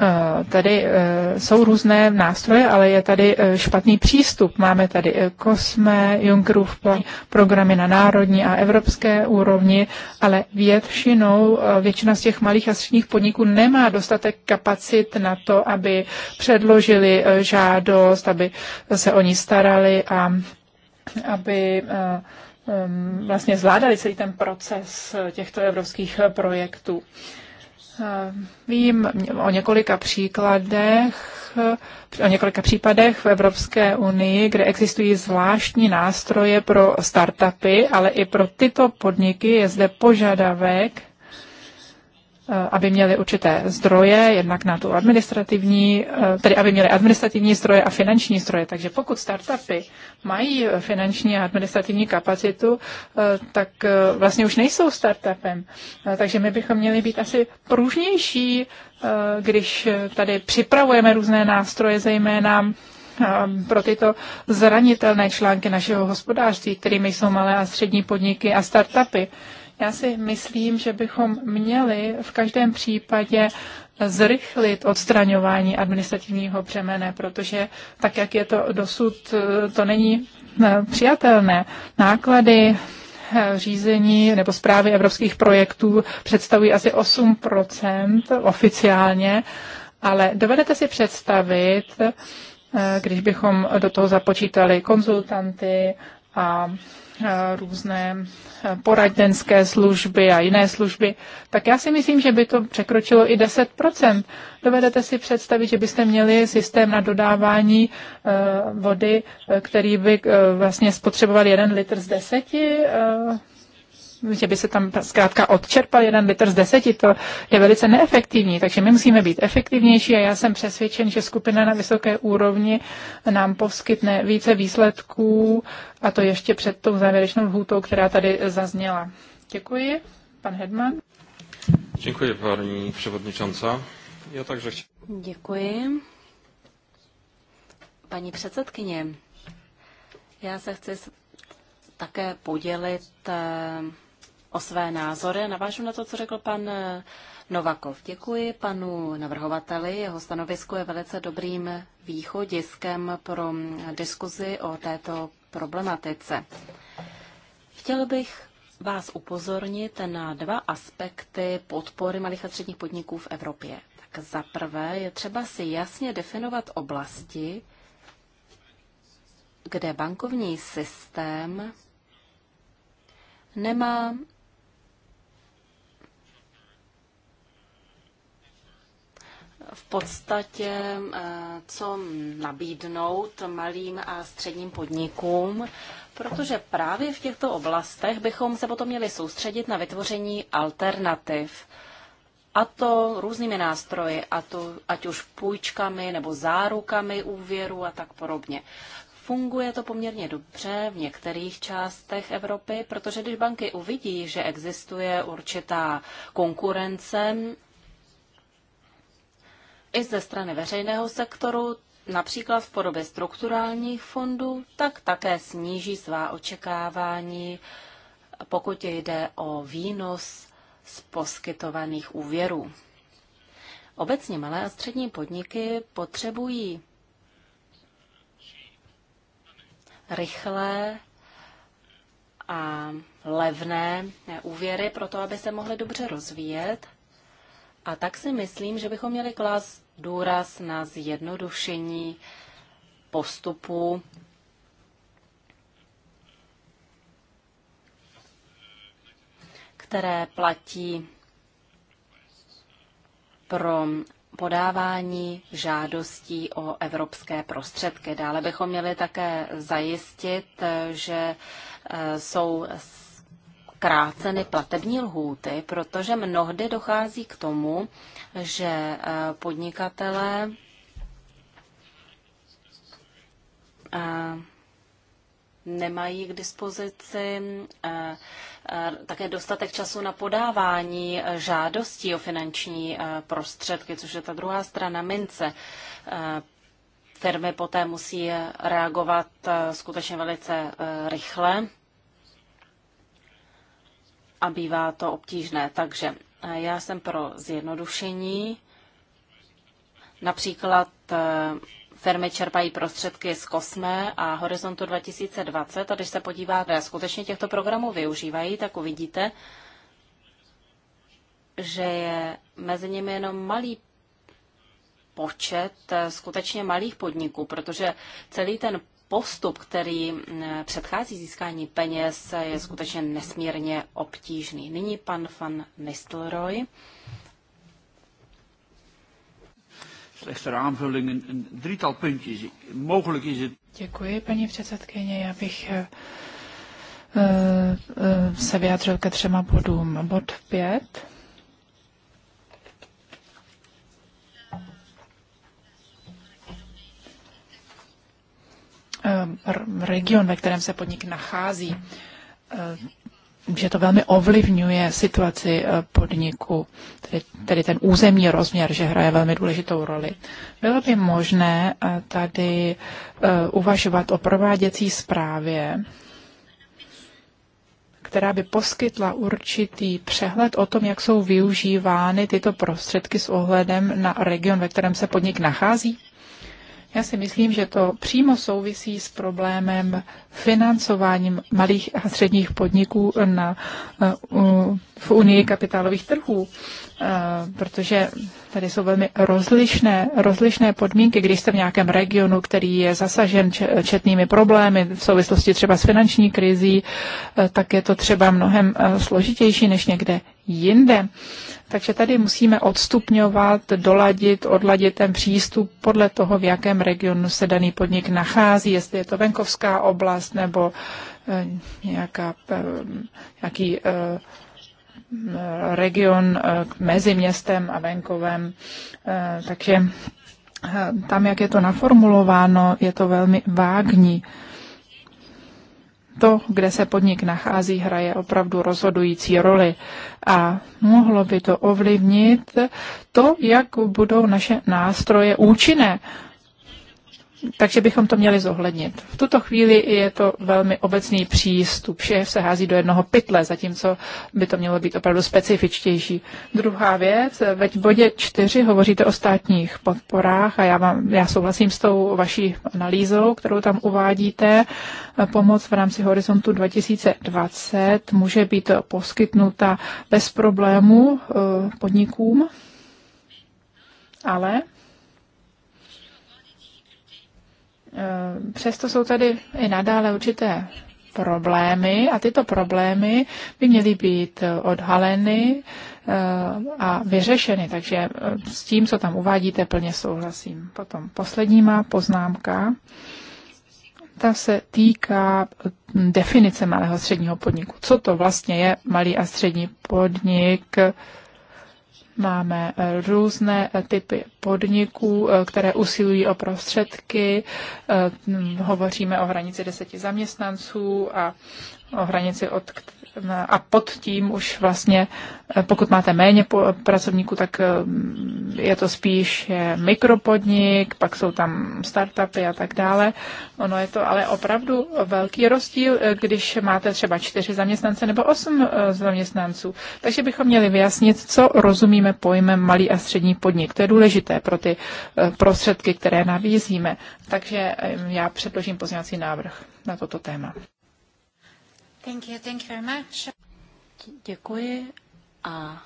Eh, tady eh, jsou různé nástroje, ale je tady eh, špatný přístup. Máme tady Kosme, Junckerův plán, programy na národní a evropské úrovni, ale většinou většina z těch malých a středních podniků nemá dostatek kapacit na to, aby předložili žádost, aby se o ní starali a aby eh, vlastně zvládali celý ten proces těchto evropských projektů. Eh, vím o několika příkladech, o několika případech v Evropské unii, kde existují zvláštní nástroje pro startupy, ale i pro tyto podniky je zde požadavek Eh, aby měli určité zdroje, jednak na tu administrativní, eh, tedy aby měli administrativní zdroje a finanční zdroje. Takže pokud startupy mají finanční a administrativní kapacitu, eh, tak vlastně už nejsou startupem. Takže my bychom měli být asi pružnější, když tady připravujeme různé nástroje, zejména pro tyto zranitelné články našeho hospodářství, kterými jsou malé a střední podniky a startupy. Já si myslím, že bychom měli v každém případě zrychlit odstraňování administrativního břemene, protože tak, jak je to dosud, to není eh, přijatelné. Náklady eh, řízení nebo zprávy evropských projektů představují asi 8 oficiálně, ale dovedete si představit, eh, když bychom do toho započítali konzultanty a Eh, různé eh, poradenské služby a jiné služby, tak já si myslím, že by to překročilo i 10%. Dovedete si představit, že byste měli systém na dodávání eh, vody, který by vlastně spotřeboval jeden litr z deseti že by se tam zkrátka odčerpal jeden litr z deseti, to je velice neefektivní, takže my musíme být efektivnější a já jsem přesvědčen, že skupina na vysoké úrovni nám poskytne více výsledků a to ještě před tou závěrečnou lhůtou, která tady zazněla. Děkuji. Pan Hedman. Děkuji, paní převodničanca. Já takže chci... Děkuji. Paní předsedkyně, já se chci také podělit eh, o své názory navážu na to, co řekl pan eh, Novakov. Děkuji panu navrhovateli. Jeho stanovisko je velice dobrým východiskem pro mm, diskuzi o této problematice. Chtěl bych vás upozornit na dva aspekty podpory malých a středních podniků v Evropě. Tak za prvé je třeba si jasně definovat oblasti, kde bankovní systém nemá v podstatě eh, co nabídnout malým a středním podnikům, protože právě v těchto oblastech bychom se potom měli soustředit na vytvoření alternativ. A to různými nástroji, a to, ať už půjčkami nebo zárukami úvěru a tak podobně. Funguje to poměrně dobře v některých částech Evropy, protože když banky uvidí, že existuje určitá konkurence i ze strany veřejného sektoru, například v podobě strukturálních fondů, tak také sníží svá očekávání, pokud jde o výnos z poskytovaných úvěrů. Obecně malé a střední podniky potřebují rychlé a levné úvěry pro to, aby se mohly dobře rozvíjet. A tak si myslím, že bychom měli klást důraz na zjednodušení postupu které platí pro podávání žádostí o evropské prostředky. Dále bychom měli také zajistit, že eh, jsou zkráceny platební lhůty, protože mnohdy dochází k tomu, že eh, podnikatelé eh, nemají k dispozici eh, také dostatek času na podávání žádostí o finanční prostředky, což je ta druhá strana mince. Firmy poté musí reagovat skutečně velice rychle a bývá to obtížné. Takže eh, já jsem pro zjednodušení. Například eh, firmy čerpají prostředky z Kosme a Horizontu 2020 a když se podíváte, skutečně těchto programů využívají, tak uvidíte, že je mezi nimi jenom malý počet eh, skutečně malých podniků, protože celý ten postup, který mm, předchází získání peněz, je skutečně nesmírně obtížný. Nyní pan van Nistelrooy. Děkuji, paní předsedkyně. Já bych eh, eh, eh, se vyjádřil ke třema bodům. Bod 5 Eh, region, ve kterém se podnik nachází, eh, že to velmi ovlivňuje situaci eh, podniku, tedy, tedy ten územní rozměr, že hraje velmi důležitou roli. Bylo by možné tady uvažovat o prováděcí zprávě, která by poskytla určitý přehled o tom, jak jsou využívány tyto prostředky s ohledem na region, ve kterém se podnik nachází? Já si myslím, že to přímo souvisí s problémem financováním malých a středních podniků na, eh, v Unii kapitálových trhů, eh, protože tady jsou velmi rozlišné, rozlišné podmínky, když jste v nějakém regionu, který je zasažen četnými problémy v souvislosti třeba s finanční krizí, eh, tak je to třeba mnohem složitější než někde jinde. Takže tady musíme odstupňovat, doladit, odladit ten přístup podle toho, v jakém regionu se daný podnik nachází, jestli je to venkovská oblast nebo eh, nějaká, eh, nějaký eh, mm, region mezi městem a venkovem. Takže tam, jak je to naformulováno, je to velmi vágní to, kde se podnik nachází, hraje opravdu rozhodující roli a mohlo by to ovlivnit to, jak budou naše nástroje účinné takže bychom to měli zohlednit. V tuto chvíli je to velmi obecný přístup. Vše se hází do jednoho pytle, zatímco by to mělo být opravdu specifičtější. Druhá věc, ve bodě čtyři hovoříte o státních podporách a já, vám, já souhlasím s tou vaší analýzou, kterou tam uvádíte. Pomoc v rámci horizontu 2020 může být poskytnuta bez problému eh, podnikům, ale Přesto jsou tady i nadále určité problémy a tyto problémy by měly být odhaleny eh, a vyřešeny. Takže eh, s tím, co tam uvádíte, plně souhlasím. Potom poslední má poznámka. Ta se týká eh, definice malého středního podniku. Co to vlastně je malý a střední podnik? Máme eh, různé eh, typy podniků, eh, které usilují o prostředky. Hm, hovoříme o hranici deseti zaměstnanců a o hranici, od a pod tím už vlastně, eh, pokud máte méně pracovníků, tak eh, je to spíš eh, mikropodnik, pak jsou tam startupy a tak dále. Ono je to ale opravdu velký rozdíl, když máte třeba čtyři zaměstnance nebo osm zaměstnanců. Takže bychom měli vyjasnit, co rozumíme pojmem malý a střední podnik. To je důležité pro ty prostředky, které navízíme. Takže já předložím pozměňovací návrh na toto téma. Thank you, thank you very much. Děkuji a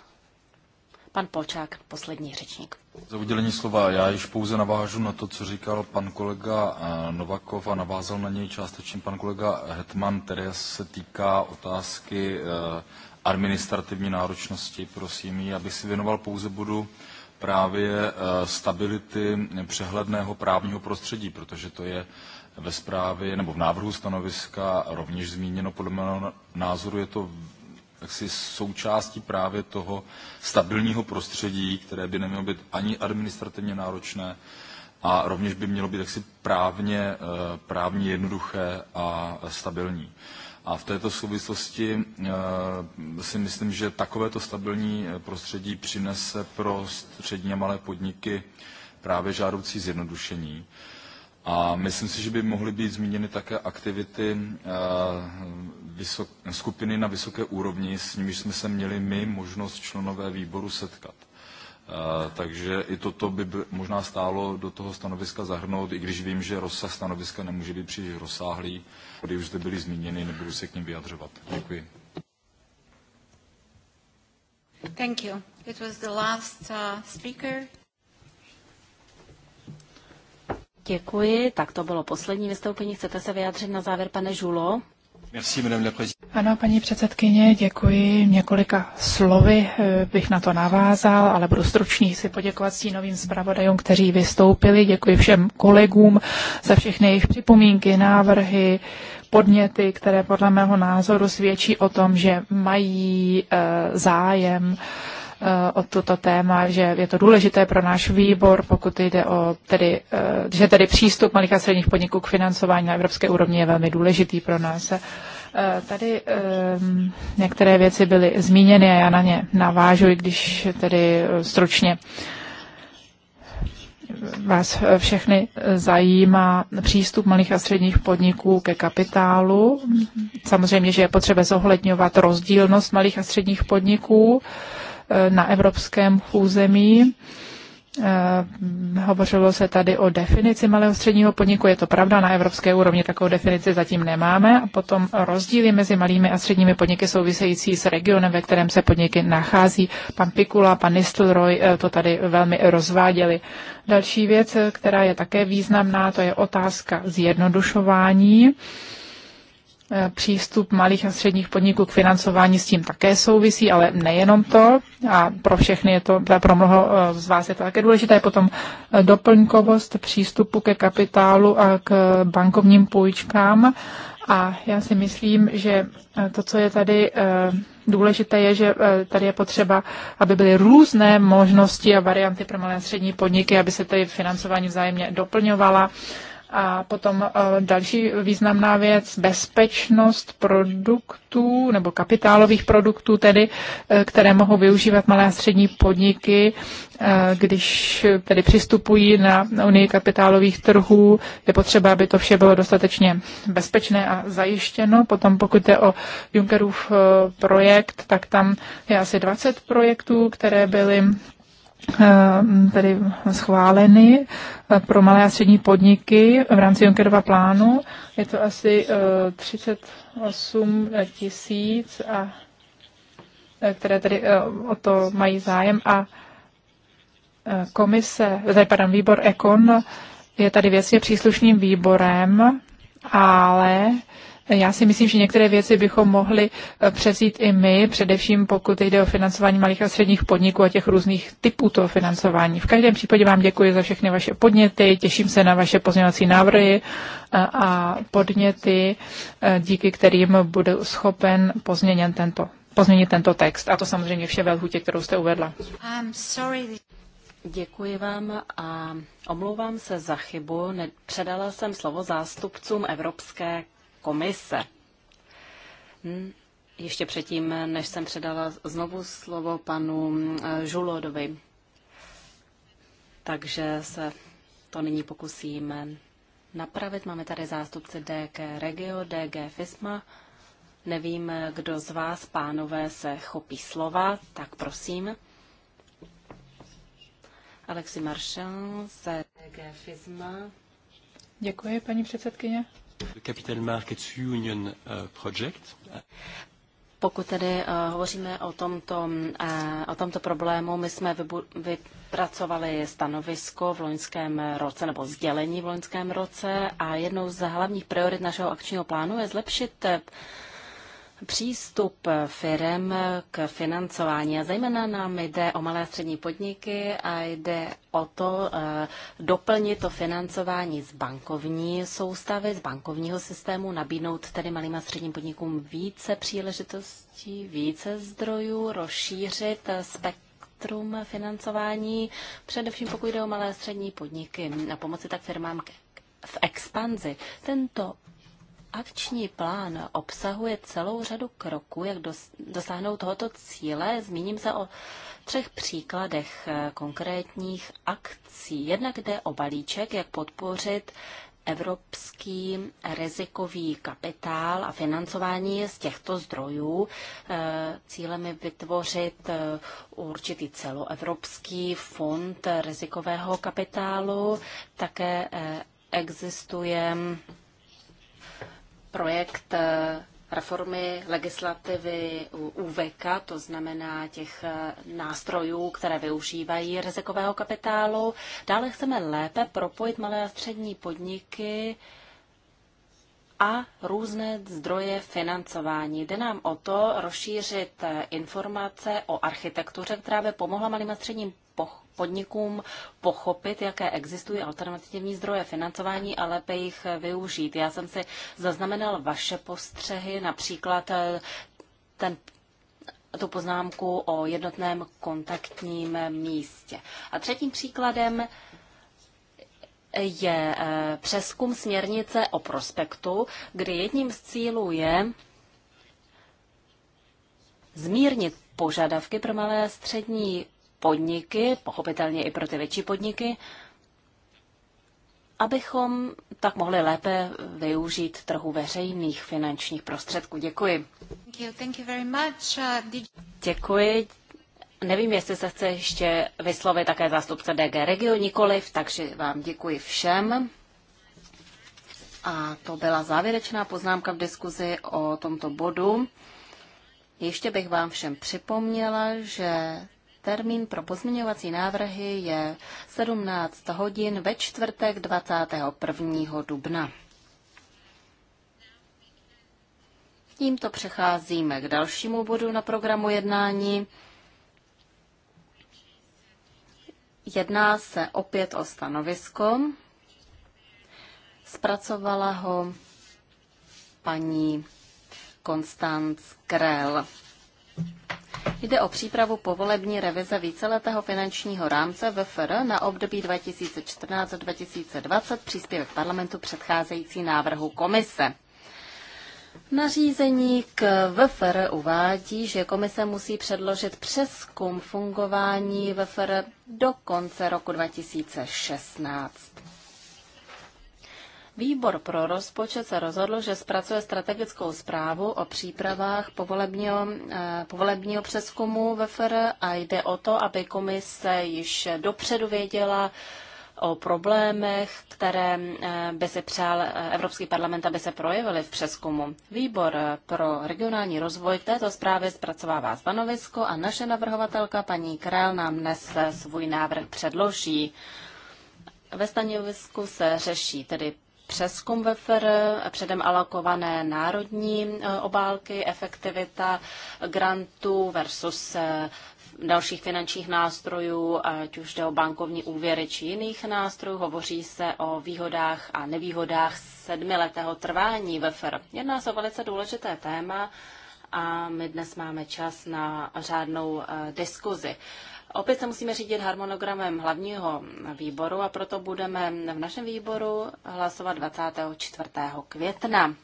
pan Polčák, poslední řečník. Za udělení slova. Já již pouze navážu na to, co říkal pan kolega eh, Novakov a navázal na něj částečně pan kolega Hetman, které se týká otázky eh, administrativní náročnosti. Prosím ji, aby si věnoval pouze budu právě eh, stability přehledného právního prostředí, protože to je ve zprávě nebo v návrhu stanoviska rovněž zmíněno. Podle mého názoru je to jaksi součástí právě toho stabilního prostředí, které by nemělo být ani administrativně náročné a rovněž by mělo být jaksi právně, eh, právně jednoduché a stabilní. A v této souvislosti eh, si myslím, že takovéto stabilní eh, prostředí přinese pro střední a malé podniky právě žádoucí zjednodušení. A myslím si, že by mohly být zmíněny také aktivity eh, vysok, skupiny na vysoké úrovni, s nimiž jsme se měli my možnost členové výboru setkat. Eh, takže i toto by možná stálo do toho stanoviska zahrnout, i když vím, že rozsah stanoviska nemůže být příliš rozsáhlý. Kdy už zde byly zmíněny, nebudu se k ním vyjadřovat. Děkuji. Thank you. It was the last uh, speaker. Děkuji. Tak to bylo poslední vystoupení. Chcete se vyjádřit na závěr, pane Žulo? Ano, paní předsedkyně, děkuji. Několika slovy eh, bych na to navázal, ale budu stručný si poděkovat s novým zpravodajům, kteří vystoupili. Děkuji všem kolegům za všechny jejich připomínky, návrhy, podněty, které podle mého názoru svědčí o tom, že mají eh, zájem Eh, o toto téma, že je to důležité pro náš výbor, pokud jde o tedy, eh, že tedy přístup malých a středních podniků k financování na evropské úrovni je velmi důležitý pro nás. Eh, tady ehm, některé věci byly zmíněny a já na ně navážu, i když tedy stručně vás všechny zajímá přístup malých a středních podniků ke kapitálu. Samozřejmě, že je potřeba zohledňovat rozdílnost malých a středních podniků. Eh, na evropském území. Eh, hovořilo se tady o definici malého středního podniku, je to pravda, na evropské úrovni takovou definici zatím nemáme. A potom rozdíly mezi malými a středními podniky související s regionem, ve kterém se podniky nachází. Pan Pikula, pan Nistelrooy eh, to tady velmi rozváděli. Další věc, která je také významná, to je otázka zjednodušování. Eh, přístup malých a středních podniků k financování s tím také souvisí, ale nejenom to. A pro všechny je to, pro mnoho eh, z vás je to také důležité. Potom eh, doplňkovost přístupu ke kapitálu a k bankovním půjčkám. A já si myslím, že to, co je tady důležité, je, že tady je potřeba, aby byly různé možnosti a varianty pro malé a střední podniky, aby se tady financování vzájemně doplňovala a potom eh, další významná věc, bezpečnost produktů nebo kapitálových produktů, tedy, eh, které mohou využívat malé a střední podniky, eh, když tedy přistupují na unii kapitálových trhů. Je potřeba, aby to vše bylo dostatečně bezpečné a zajištěno. Potom pokud jde o Junckerův projekt, tak tam je asi 20 projektů, které byly Eh, tedy schváleny eh, pro malé a střední podniky v rámci Junckerova plánu. Je to asi 38 eh, tisíc, a, které tedy o to mají zájem a komise, tady pardon, výbor Ekon je tady věcně příslušným výborem, ale já si myslím, že některé věci bychom mohli eh, převzít i my, především pokud jde o financování malých a středních podniků a těch různých typů toho financování. V každém případě vám děkuji za všechny vaše podněty, těším se na vaše pozměňovací návrhy a podněty, eh, díky kterým budu schopen pozměněn tento, pozměnit tento text. A to samozřejmě vše ve lhutě, kterou jste uvedla. Děkuji vám a omlouvám se za chybu. Předala jsem slovo zástupcům Evropské komise. Hm? Ještě předtím, než jsem předala znovu slovo panu eh, Žulodovi. Takže se to nyní pokusíme napravit. Máme tady zástupce DG Regio, DG FISMA. Nevím, kdo z vás, pánové, se chopí slova, tak prosím. Alexi Marchand z DG FISMA. Děkuji, paní předsedkyně. The Capital Markets Union eh, Project. Pokud tedy eh, hovoříme o tomto, eh, o tomto problému, my jsme vypracovali stanovisko v loňském roce nebo sdělení v loňském roce a jednou z hlavních priorit našeho akčního plánu je zlepšit přístup firem k financování. A zejména nám jde o malé a střední podniky a jde o to eh, doplnit to financování z bankovní soustavy, z bankovního systému, nabídnout tedy malým a středním podnikům více příležitostí, více zdrojů, rozšířit eh, spektrum financování, především pokud jde o malé a střední podniky a pomoci tak firmám v expanzi. Tento akční plán obsahuje celou řadu kroků, jak dosáhnout tohoto cíle. Zmíním se o třech příkladech eh, konkrétních akcí. Jednak jde o balíček, jak podpořit evropský rizikový kapitál a financování z těchto zdrojů. Eh, cílem je vytvořit eh, určitý celoevropský fond rizikového kapitálu. Také existuje projekt eh, reformy legislativy UVK, to znamená těch eh, nástrojů, které využívají rizikového kapitálu. Dále chceme lépe propojit malé a střední podniky a různé zdroje financování. Jde nám o to rozšířit eh, informace o architektuře, která by pomohla malým a středním podnikům pochopit, jaké existují alternativní zdroje financování a lépe jich využít. Já jsem si zaznamenal vaše postřehy, například eh, ten tu poznámku o jednotném kontaktním místě. A třetím příkladem je eh, přeskum směrnice o prospektu, kdy jedním z cílů je zmírnit požadavky pro malé a střední podniky, pochopitelně i pro ty větší podniky, abychom tak mohli lépe využít trhu veřejných finančních prostředků. Děkuji. Thank you, thank you very much. Uh, did... Děkuji. Nevím, jestli se chce ještě vyslovit také zástupce DG Regio nikoliv, takže vám děkuji všem. A to byla závěrečná poznámka v diskuzi o tomto bodu. Ještě bych vám všem připomněla, že Termín pro pozměňovací návrhy je 17 hodin ve čtvrtek 21. dubna. Tímto přecházíme k dalšímu bodu na programu jednání. Jedná se opět o stanovisko. Zpracovala ho paní Konstanc Krell. Jde o přípravu povolební revize víceletého finančního rámce VFR na období 2014-2020 příspěvek parlamentu předcházející návrhu komise. Nařízení k VFR uvádí, že komise musí předložit přeskum fungování VFR do konce roku 2016. Výbor pro rozpočet se rozhodl, že zpracuje strategickou zprávu o přípravách povolebního, eh, povolebního přeskumu ve Fr a jde o to, aby komise již dopředu věděla, o problémech, které eh, by se přál eh, Evropský parlament, aby se projevily v přeskumu. Výbor pro regionální rozvoj k této zprávě zpracovává stanovisko a naše navrhovatelka paní Král nám dnes svůj návrh předloží. Ve stanovisku se řeší tedy přeskum ve FR, předem alokované národní e, obálky, efektivita grantů versus e, dalších finančních nástrojů, ať už jde o bankovní úvěry či jiných nástrojů. Hovoří se o výhodách a nevýhodách sedmiletého trvání ve FR. Jedná se o velice důležité téma a my dnes máme čas na řádnou e, diskuzi. Opět se musíme řídit harmonogramem hlavního výboru a proto budeme v našem výboru hlasovat 24. května.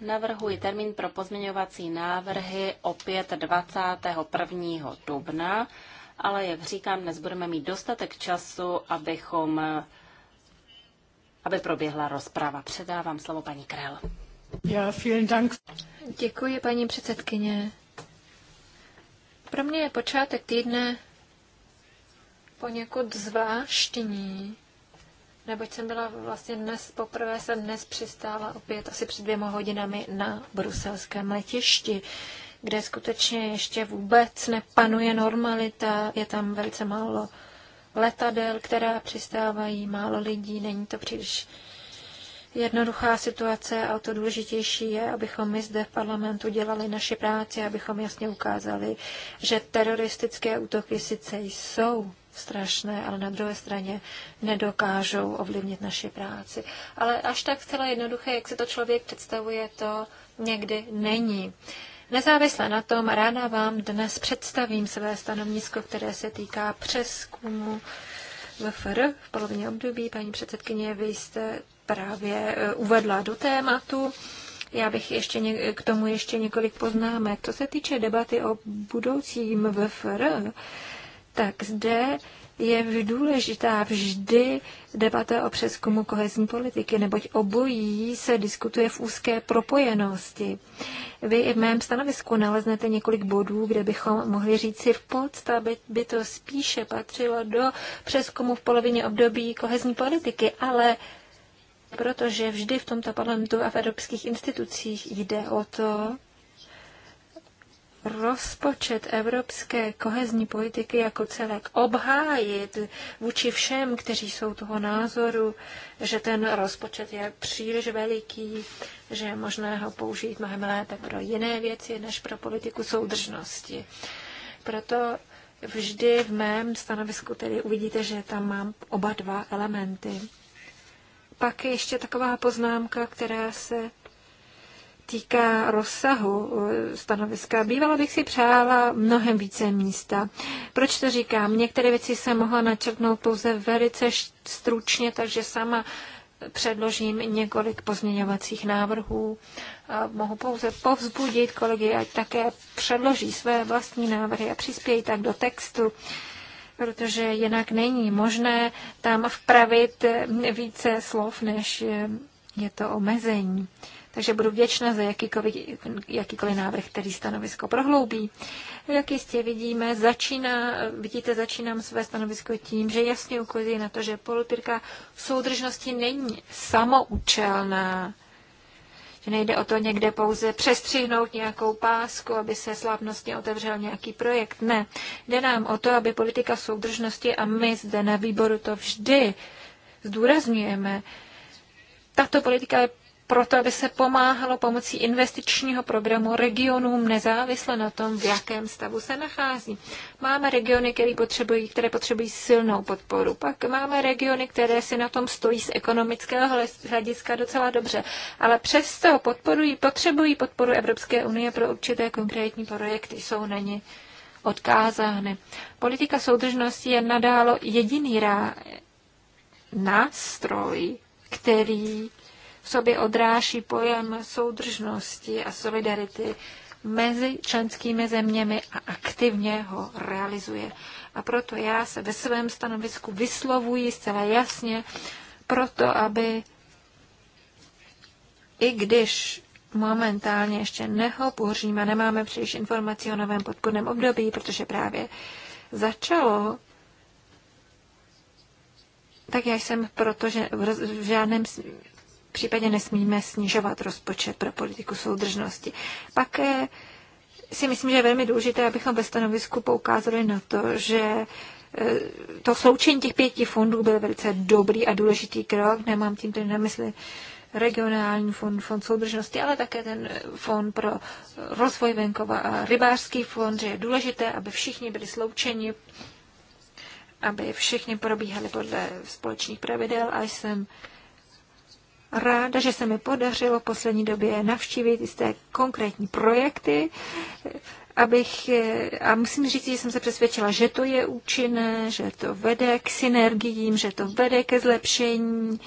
Navrhuji termín pro pozměňovací návrhy opět 21. dubna, ale jak říkám, dnes budeme mít dostatek času, abychom, aby proběhla rozprava. Předávám slovo paní Krel. Ja, vielen Dank. Děkuji, paní předsedkyně. Pro mě je počátek týdne poněkud zvláštní, neboť jsem byla vlastně dnes, poprvé jsem dnes přistála opět asi před dvěma hodinami na bruselském letišti, kde skutečně ještě vůbec nepanuje normalita, je tam velice málo letadel, která přistávají, málo lidí, není to příliš jednoduchá situace a o to důležitější je, abychom my zde v parlamentu dělali naši práci, abychom jasně ukázali, že teroristické útoky sice jsou strašné, ale na druhé straně nedokážou ovlivnit naši práci. Ale až tak zcela jednoduché, jak si to člověk představuje, to někdy není. Nezávisle na tom, ráda vám dnes představím své stanovisko, které se týká přeskumu VFR v polovině období. Paní předsedkyně, vy jste právě eh, uvedla do tématu. Já bych ještě k tomu ještě několik poznámek. Co se týče debaty o budoucím VFR, tak zde je důležitá vždy debata o přeskumu kohezní politiky, neboť obojí se diskutuje v úzké propojenosti. Vy i v mém stanovisku naleznete několik bodů, kde bychom mohli říci v podstatě, by to spíše patřilo do přeskumu v polovině období kohezní politiky, ale protože vždy v tomto parlamentu a v evropských institucích jde o to, rozpočet evropské kohezní politiky jako celek obhájit vůči všem, kteří jsou toho názoru, že ten rozpočet je příliš veliký, že je možné ho použít mnohem lépe pro jiné věci než pro politiku soudržnosti. Proto vždy v mém stanovisku tedy uvidíte, že tam mám oba dva elementy pak ještě taková poznámka, která se týká rozsahu eh, stanoviska, bývala bych si přála mnohem více místa. Proč to říkám? Některé věci jsem mohla načrtnout pouze velice stručně, takže sama předložím několik pozměňovacích návrhů. A mohu pouze povzbudit kolegy, ať také předloží své vlastní návrhy a přispějí tak do textu protože jinak není možné tam vpravit více slov, než je to omezení. Takže budu vděčná za jakýkoliv, jakýkoliv návrh, který stanovisko prohloubí. Jak jistě vidíme, začíná, vidíte, začínám své stanovisko tím, že jasně ukazuje na to, že politika soudržnosti není samoučelná že nejde o to někde pouze přestřihnout nějakou pásku, aby se slavnostně otevřel nějaký projekt. Ne, jde nám o to, aby politika soudržnosti a my zde na výboru to vždy zdůrazňujeme, tato politika je proto, aby se pomáhalo pomocí investičního programu regionům nezávisle na tom, v jakém stavu se nachází. Máme regiony, které potřebují, které potřebují silnou podporu. Pak máme regiony, které si na tom stojí z ekonomického hlediska docela dobře, ale přesto podporují, potřebují podporu Evropské unie pro určité konkrétní projekty. Jsou na ně odkázány. Politika soudržnosti je nadálo jediný rá... nástroj, který v sobě odráží pojem soudržnosti a solidarity mezi členskými zeměmi a aktivně ho realizuje. A proto já se ve svém stanovisku vyslovuji zcela jasně proto, aby i když momentálně ještě nehopoříme, nemáme příliš informací o novém podpůrném období, protože právě začalo, tak já jsem proto, že v žádném případě nesmíme snižovat rozpočet pro politiku soudržnosti. Pak eh, si myslím, že je velmi důležité, abychom ve stanovisku poukázali na to, že eh, to sloučení těch pěti fondů byl velice dobrý a důležitý krok. Nemám tím tedy na mysli regionální fond, fond soudržnosti, ale také ten fond pro rozvoj venkova a rybářský fond, že je důležité, aby všichni byli sloučeni, aby všichni probíhali podle společných pravidel a jsem ráda, že se mi podařilo v poslední době navštívit jisté konkrétní projekty, abych, a musím říct, že jsem se přesvědčila, že to je účinné, že to vede k synergiím, že to vede ke zlepšení,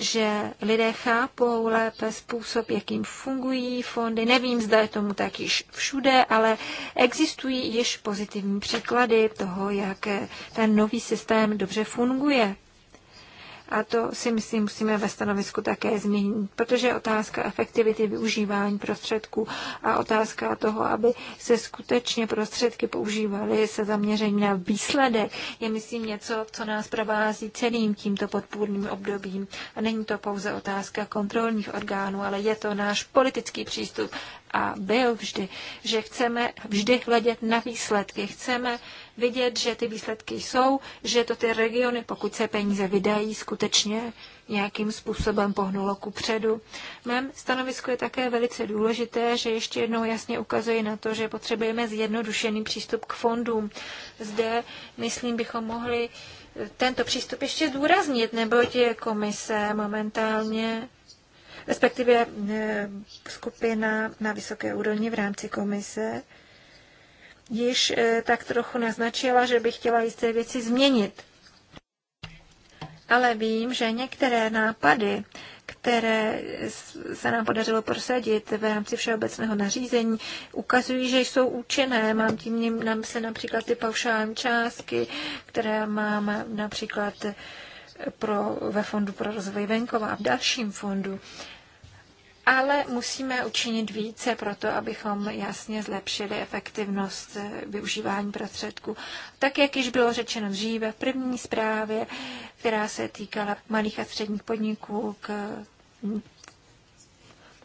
že lidé chápou lépe způsob, jakým fungují fondy. Nevím, zda je tomu tak již všude, ale existují již pozitivní příklady toho, jak ten nový systém dobře funguje a to si myslím musíme ve stanovisku také změnit, protože otázka efektivity využívání prostředků a otázka toho, aby se skutečně prostředky používaly se zaměřením na výsledek, je myslím něco, co nás provází celým tímto podpůrným obdobím. A není to pouze otázka kontrolních orgánů, ale je to náš politický přístup a byl vždy, že chceme vždy hledět na výsledky, chceme vidět, že ty výsledky jsou, že to ty regiony, pokud se peníze vydají, skutečně nějakým způsobem pohnulo ku předu. mém stanovisku je také velice důležité, že ještě jednou jasně ukazuje na to, že potřebujeme zjednodušený přístup k fondům. Zde, myslím, bychom mohli eh, tento přístup ještě zdůraznit, neboť je komise momentálně respektive eh, skupina na vysoké úrovni v rámci komise již eh, tak trochu naznačila, že by chtěla jisté věci změnit. Ale vím, že některé nápady, které se nám podařilo prosadit v rámci všeobecného nařízení, ukazují, že jsou účinné. Mám tím nám se například ty paušální částky, které máme například pro, ve Fondu pro rozvoj venkova a v dalším fondu ale musíme učinit více pro to, abychom jasně zlepšili efektivnost eh, využívání prostředků. Tak, jak již bylo řečeno dříve v první zprávě, která se týkala malých a středních podniků k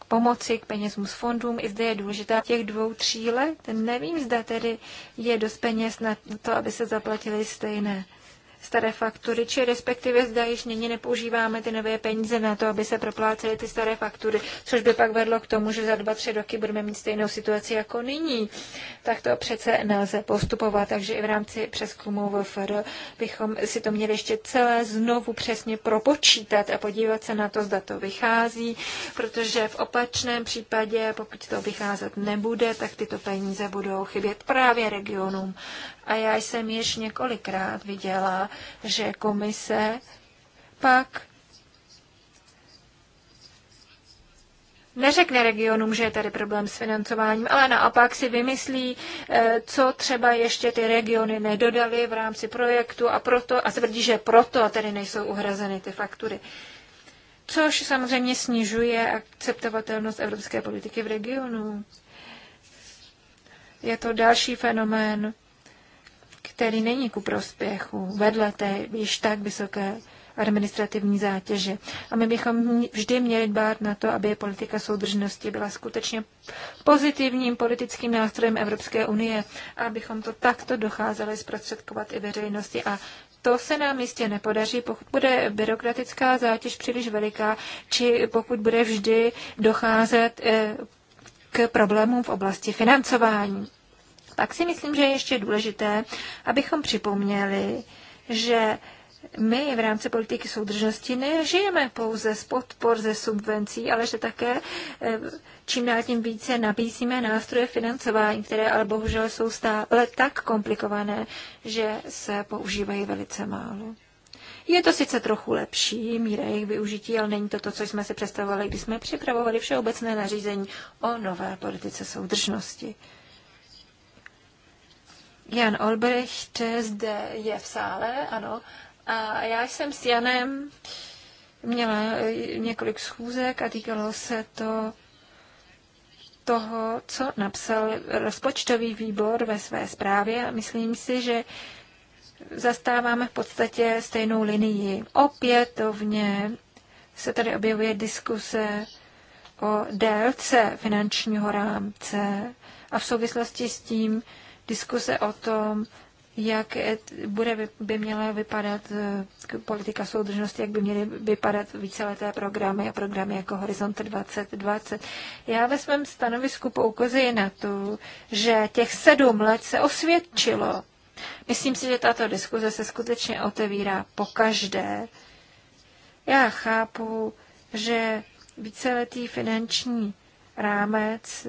pomoci k penězům z fondům. I zde je důležitá těch dvou, tří let. Nevím, zda tedy je dost peněz na to, aby se zaplatili stejné staré faktury, či respektive zda již nyní nepoužíváme ty nové peníze na to, aby se proplácely ty staré faktury, což by pak vedlo k tomu, že za dva, tři roky budeme mít stejnou situaci jako nyní. Tak to přece nelze postupovat, takže i v rámci přeskumu VFR bychom si to měli ještě celé znovu přesně propočítat a podívat se na to, zda to vychází, protože v opačném případě, pokud to vycházet nebude, tak tyto peníze budou chybět právě regionům a já jsem již několikrát viděla, že komise pak neřekne regionům, že je tady problém s financováním, ale naopak si vymyslí, eh, co třeba ještě ty regiony nedodaly v rámci projektu a proto, a tvrdí, že proto tady nejsou uhrazeny ty faktury. Což samozřejmě snižuje akceptovatelnost evropské politiky v regionu. Je to další fenomén, který není ku prospěchu vedle té již tak vysoké administrativní zátěže. A my bychom vždy měli dbát na to, aby politika soudržnosti byla skutečně pozitivním politickým nástrojem Evropské unie a abychom to takto docházeli zprostředkovat i veřejnosti a to se nám jistě nepodaří, pokud bude byrokratická zátěž příliš veliká, či pokud bude vždy docházet eh, k problémům v oblasti financování. Pak si myslím, že je ještě důležité, abychom připomněli, že my v rámci politiky soudržnosti nežijeme pouze z podpor ze subvencí, ale že také eh, čím dál tím více nabízíme nástroje financování, které ale bohužel jsou stále tak komplikované, že se používají velice málo. Je to sice trochu lepší míra jejich využití, ale není to to, co jsme si představovali, když jsme připravovali všeobecné nařízení o nové politice soudržnosti. Jan Olbricht zde je v sále, ano. A já jsem s Janem měla eh, několik schůzek a týkalo se to toho, co napsal rozpočtový výbor ve své zprávě a myslím si, že zastáváme v podstatě stejnou linii. Opětovně se tady objevuje diskuse o délce finančního rámce a v souvislosti s tím diskuse o tom, jak bude, by měla vypadat eh, politika soudržnosti, jak by měly vypadat víceleté programy a programy jako Horizont 2020. Já ve svém stanovisku poukazuji na to, že těch sedm let se osvědčilo. Myslím si, že tato diskuze se skutečně otevírá po každé. Já chápu, že víceletý finanční rámec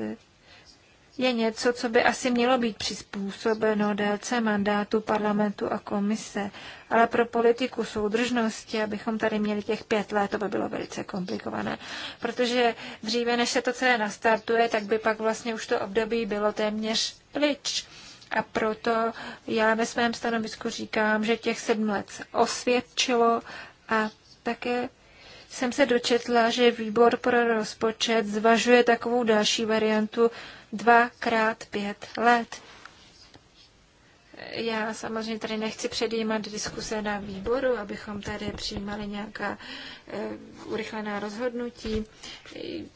je něco, co by asi mělo být přizpůsobeno délce mandátu parlamentu a komise. Ale pro politiku soudržnosti, abychom tady měli těch pět let, to by bylo velice komplikované. Protože dříve, než se to celé nastartuje, tak by pak vlastně už to období bylo téměř plič. A proto já ve svém stanovisku říkám, že těch sedm let se osvědčilo a také jsem se dočetla, že výbor pro rozpočet zvažuje takovou další variantu 2x5 let. Já samozřejmě tady nechci předjímat diskuse na výboru, abychom tady přijímali nějaká eh, urychlená rozhodnutí.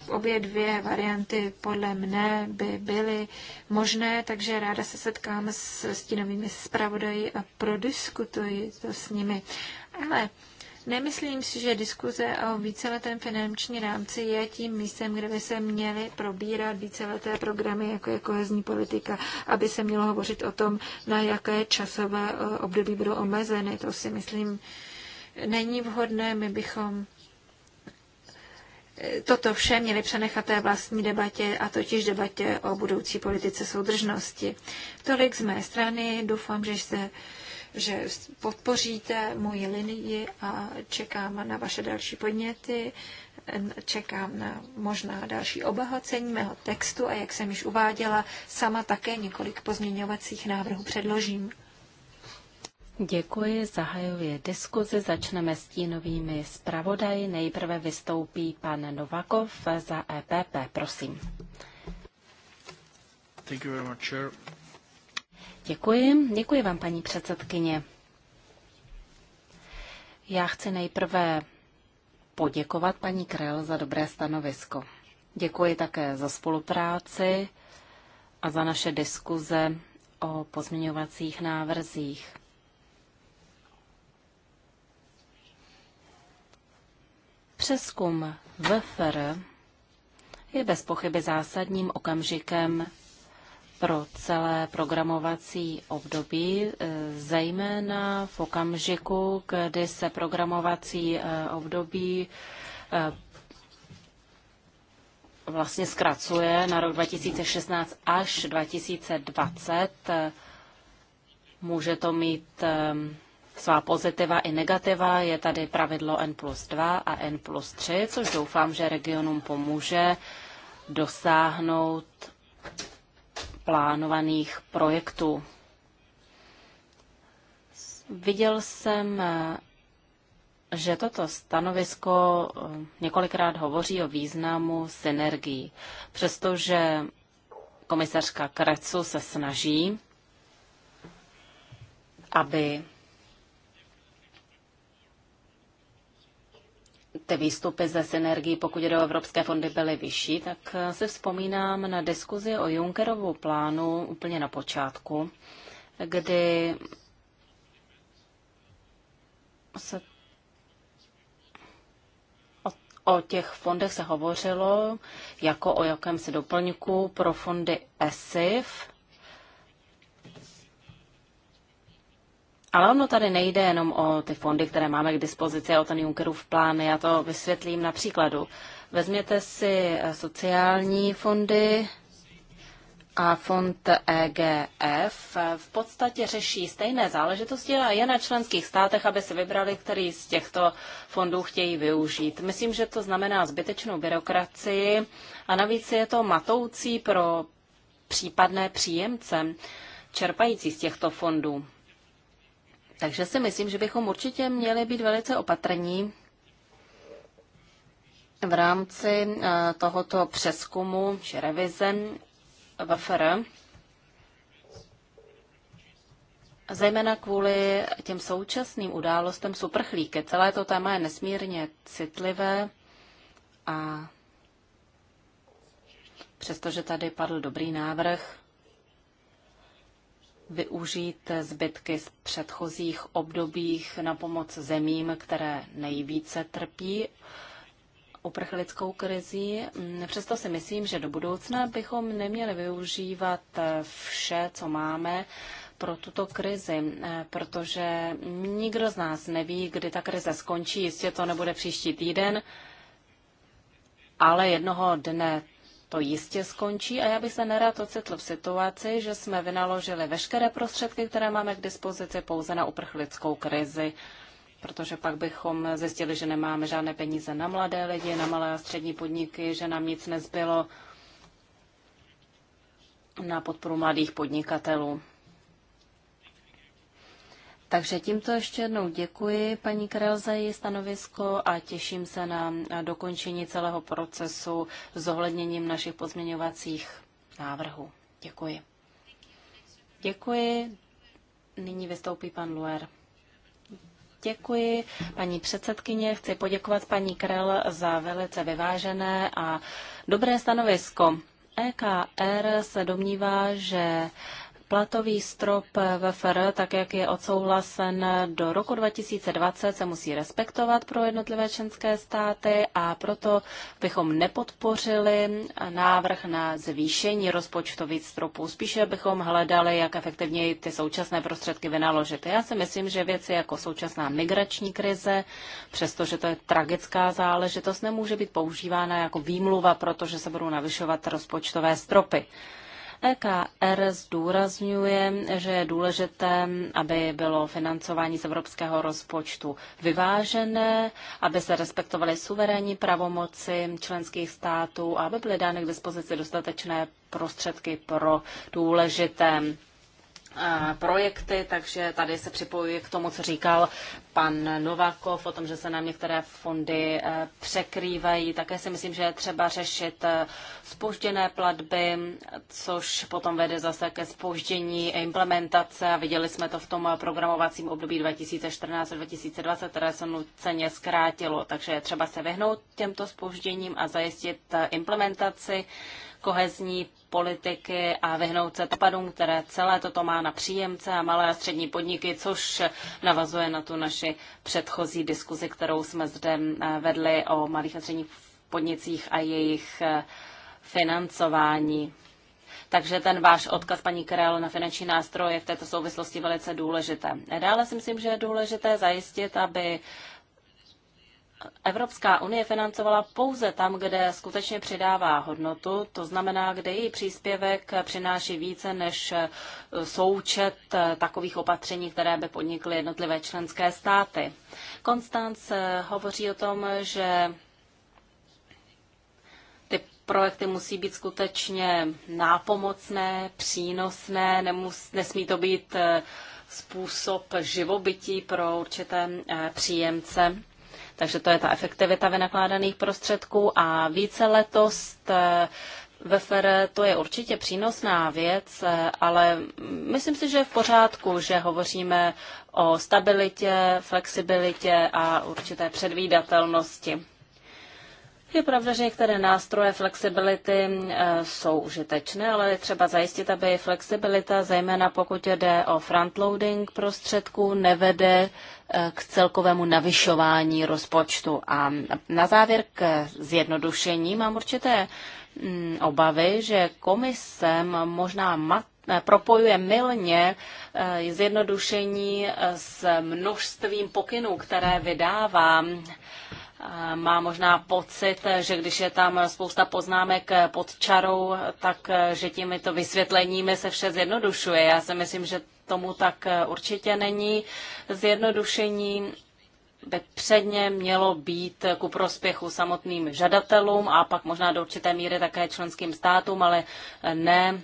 Obě dvě varianty podle mne by byly možné, takže ráda se setkám s stínovými zpravodaji a prodiskutuji to s nimi. Ale Nemyslím si, že diskuze o víceletém finanční rámci je tím místem, kde by se měly probírat víceleté programy, jako je kohezní politika, aby se mělo hovořit o tom, na jaké časové eh, období budou omezeny. To si myslím není vhodné. My bychom eh, toto vše měli přenechat té vlastní debatě, a totiž debatě o budoucí politice soudržnosti. Tolik z mé strany. Doufám, že jste že podpoříte moji linii a čekám na vaše další podněty, čekám na možná další obohacení mého textu a jak jsem již uváděla, sama také několik pozměňovacích návrhů předložím. Děkuji, zahajuje diskuzi. Začneme s tínovými zpravodaji. Nejprve vystoupí pan Novakov za EPP, prosím. Thank you very much, Chair. Děkuji. Děkuji vám, paní předsedkyně. Já chci nejprve poděkovat paní Krel za dobré stanovisko. Děkuji také za spolupráci a za naše diskuze o pozměňovacích návrzích. Přeskum VFR je bez pochyby zásadním okamžikem pro celé programovací období, eh, zejména v okamžiku, kdy se programovací eh, období eh, vlastně zkracuje na rok 2016 až 2020. Může to mít svá pozitiva i negativa. Je tady pravidlo N plus 2 a N plus 3, což doufám, že regionům pomůže dosáhnout plánovaných projektů. Viděl jsem, že toto stanovisko eh, několikrát hovoří o významu synergií, přestože komisařka Krecu se snaží, aby ty výstupy ze synergii, pokud jde o evropské fondy, byly vyšší, tak se vzpomínám na diskuzi o Junckerovu plánu úplně na počátku, kdy se O těch fondech se hovořilo jako o jakémsi doplňku pro fondy ESIF, Ale ono tady nejde jenom o ty fondy, které máme k dispozici, o ten Junckerův plán. Já to vysvětlím na příkladu. Vezměte si eh, sociální fondy a fond EGF. V podstatě řeší stejné záležitosti a je na členských státech, aby si vybrali, který z těchto fondů chtějí využít. Myslím, že to znamená zbytečnou byrokracii a navíc je to matoucí pro případné příjemce čerpající z těchto fondů. Takže si myslím, že bychom určitě měli být velice opatrní v rámci eh, tohoto přeskumu či revize VFR, zejména kvůli těm současným událostem s Celé to téma je nesmírně citlivé a přestože tady padl dobrý návrh, využít zbytky z předchozích obdobích na pomoc zemím, které nejvíce trpí uprchlickou krizí. Přesto si myslím, že do budoucna bychom neměli využívat vše, co máme pro tuto krizi, protože nikdo z nás neví, kdy ta krize skončí. Jistě to nebude příští týden, ale jednoho dne to jistě skončí a já bych se nerad ocitl v situaci, že jsme vynaložili veškeré prostředky, které máme k dispozici pouze na uprchlickou krizi, protože pak bychom zjistili, že nemáme žádné peníze na mladé lidi, na malé a střední podniky, že nám nic nezbylo na podporu mladých podnikatelů. Takže tímto ještě jednou děkuji paní Karel za její stanovisko a těším se na dokončení celého procesu s zohledněním našich pozměňovacích návrhů. Děkuji. Děkuji. Nyní vystoupí pan Luer. Děkuji. Paní předsedkyně, chci poděkovat paní Krel za velice vyvážené a dobré stanovisko. EKR se domnívá, že Platový strop VFR, tak jak je odsouhlasen do roku 2020, se musí respektovat pro jednotlivé členské státy a proto bychom nepodpořili návrh na zvýšení rozpočtových stropů. Spíše bychom hledali, jak efektivněji ty současné prostředky vynaložit. Já si myslím, že věci jako současná migrační krize, přestože to je tragická záležitost, nemůže být používána jako výmluva, protože se budou navyšovat rozpočtové stropy. EKR zdůrazňuje, že je důležité, aby bylo financování z evropského rozpočtu vyvážené, aby se respektovaly suverénní pravomoci členských států a aby byly dány k dispozici dostatečné prostředky pro důležité projekty, takže tady se připojuji k tomu, co říkal pan Novakov o tom, že se nám některé fondy e, překrývají. Také si myslím, že je třeba řešit spožděné e, platby, což potom vede zase ke spoždění implementace. A viděli jsme to v tom programovacím období 2014-2020, které se nuceně zkrátilo. Takže je třeba se vyhnout těmto spožděním a zajistit e, implementaci kohezní politiky a vyhnout se dopadům, které celé toto má na příjemce a malé a střední podniky, což navazuje na tu naši předchozí diskuzi, kterou jsme zde eh, vedli o malých a středních podnicích a jejich eh, financování. Takže ten váš odkaz, paní Karel, na finanční nástroje v této souvislosti velice důležité. Dále si myslím, že je důležité zajistit, aby Evropská unie financovala pouze tam, kde skutečně přidává hodnotu, to znamená, kde její příspěvek přináší více než eh, součet eh, takových opatření, které by podnikly jednotlivé členské státy. Konstanc eh, hovoří o tom, že ty projekty musí být skutečně nápomocné, přínosné, nemus, nesmí to být způsob živobytí pro určité příjemce. Takže to je ta efektivita vynakládaných prostředků a více letos eh, VFR to je určitě přínosná věc, eh, ale myslím si, že je v pořádku, že hovoříme o stabilitě, flexibilitě a určité předvídatelnosti. Je pravda, že některé nástroje flexibility e, jsou užitečné, ale je třeba zajistit, aby flexibilita, zejména pokud jde o frontloading prostředků, nevede e, k celkovému navyšování rozpočtu. A na závěr k zjednodušení mám určité mm, obavy, že komisem možná mat e, propojuje milně zjednodušení s množstvím pokynů, které vydává má možná pocit, že když je tam spousta poznámek pod čarou, tak že těmito vysvětleními se vše zjednodušuje. Já si myslím, že tomu tak určitě není. Zjednodušení by předně mělo být ku prospěchu samotným žadatelům a pak možná do určité míry také členským státům, ale ne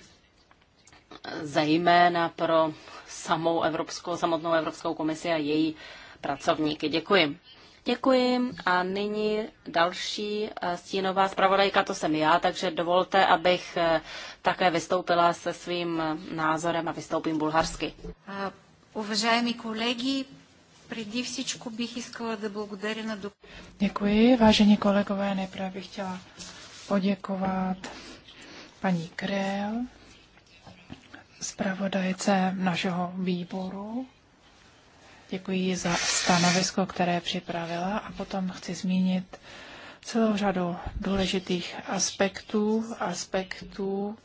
zejména pro samou Evropskou, samotnou Evropskou komisi a její pracovníky. Děkuji. Děkuji a nyní další eh, stínová zpravodajka, to jsem já, takže dovolte, abych eh, také vystoupila se svým eh, názorem a vystoupím bulharsky. Уважаеми kolegy преди всичко бих искала да na Děkuji, vážení kolegové, nejprve bych chtěla poděkovat paní Krell, zpravodajce našeho výboru Děkuji za stanovisko, které připravila a potom chci zmínit celou řadu důležitých aspektů, aspektů,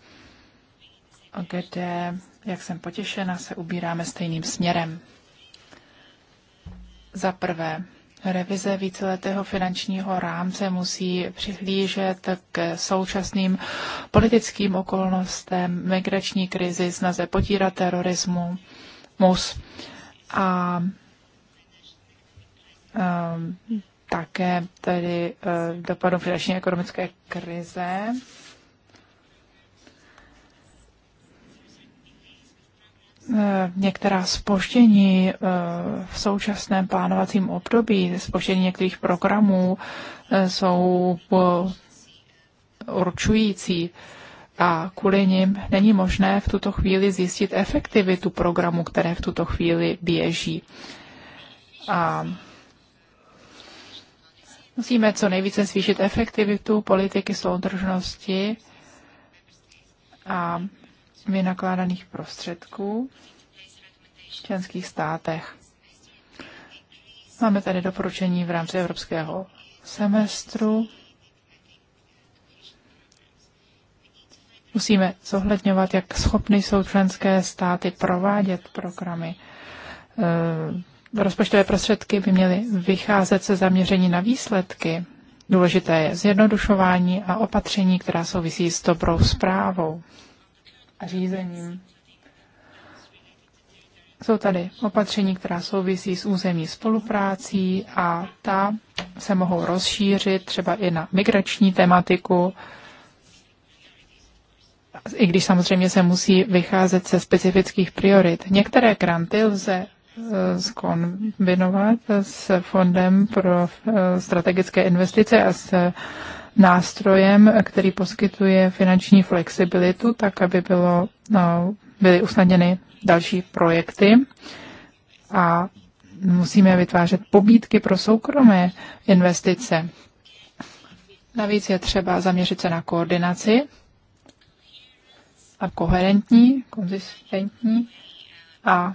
kde, jak jsem potěšena, se ubíráme stejným směrem. Za prvé, revize víceletého finančního rámce musí přihlížet k současným politickým okolnostem, migrační krizi, snaze potírat terorismu, mus a ehm, také tedy e, dopadu finanční ekonomické krize. E, některá spoštění e, v současném plánovacím období, spoštění některých programů jsou určující a kvůli nim není možné v tuto chvíli zjistit efektivitu programu, které v tuto chvíli běží. A musíme co nejvíce zvýšit efektivitu politiky soudržnosti a vynakládaných prostředků v členských státech. Máme tady doporučení v rámci evropského semestru Musíme zohledňovat, jak schopny jsou členské státy provádět programy. Eh, rozpočtové prostředky by měly vycházet se zaměření na výsledky. Důležité je zjednodušování a opatření, která souvisí s dobrou zprávou a řízením. Jsou tady opatření, která souvisí s územní spoluprácí a ta se mohou rozšířit třeba i na migrační tematiku i když samozřejmě se musí vycházet ze specifických priorit. Některé granty lze skombinovat e, s Fondem pro e, strategické investice a s nástrojem, který poskytuje finanční flexibilitu, tak aby bylo, no, byly usnadněny další projekty. A musíme vytvářet pobídky pro soukromé investice. Navíc je třeba zaměřit se na koordinaci a koherentní, konzistentní a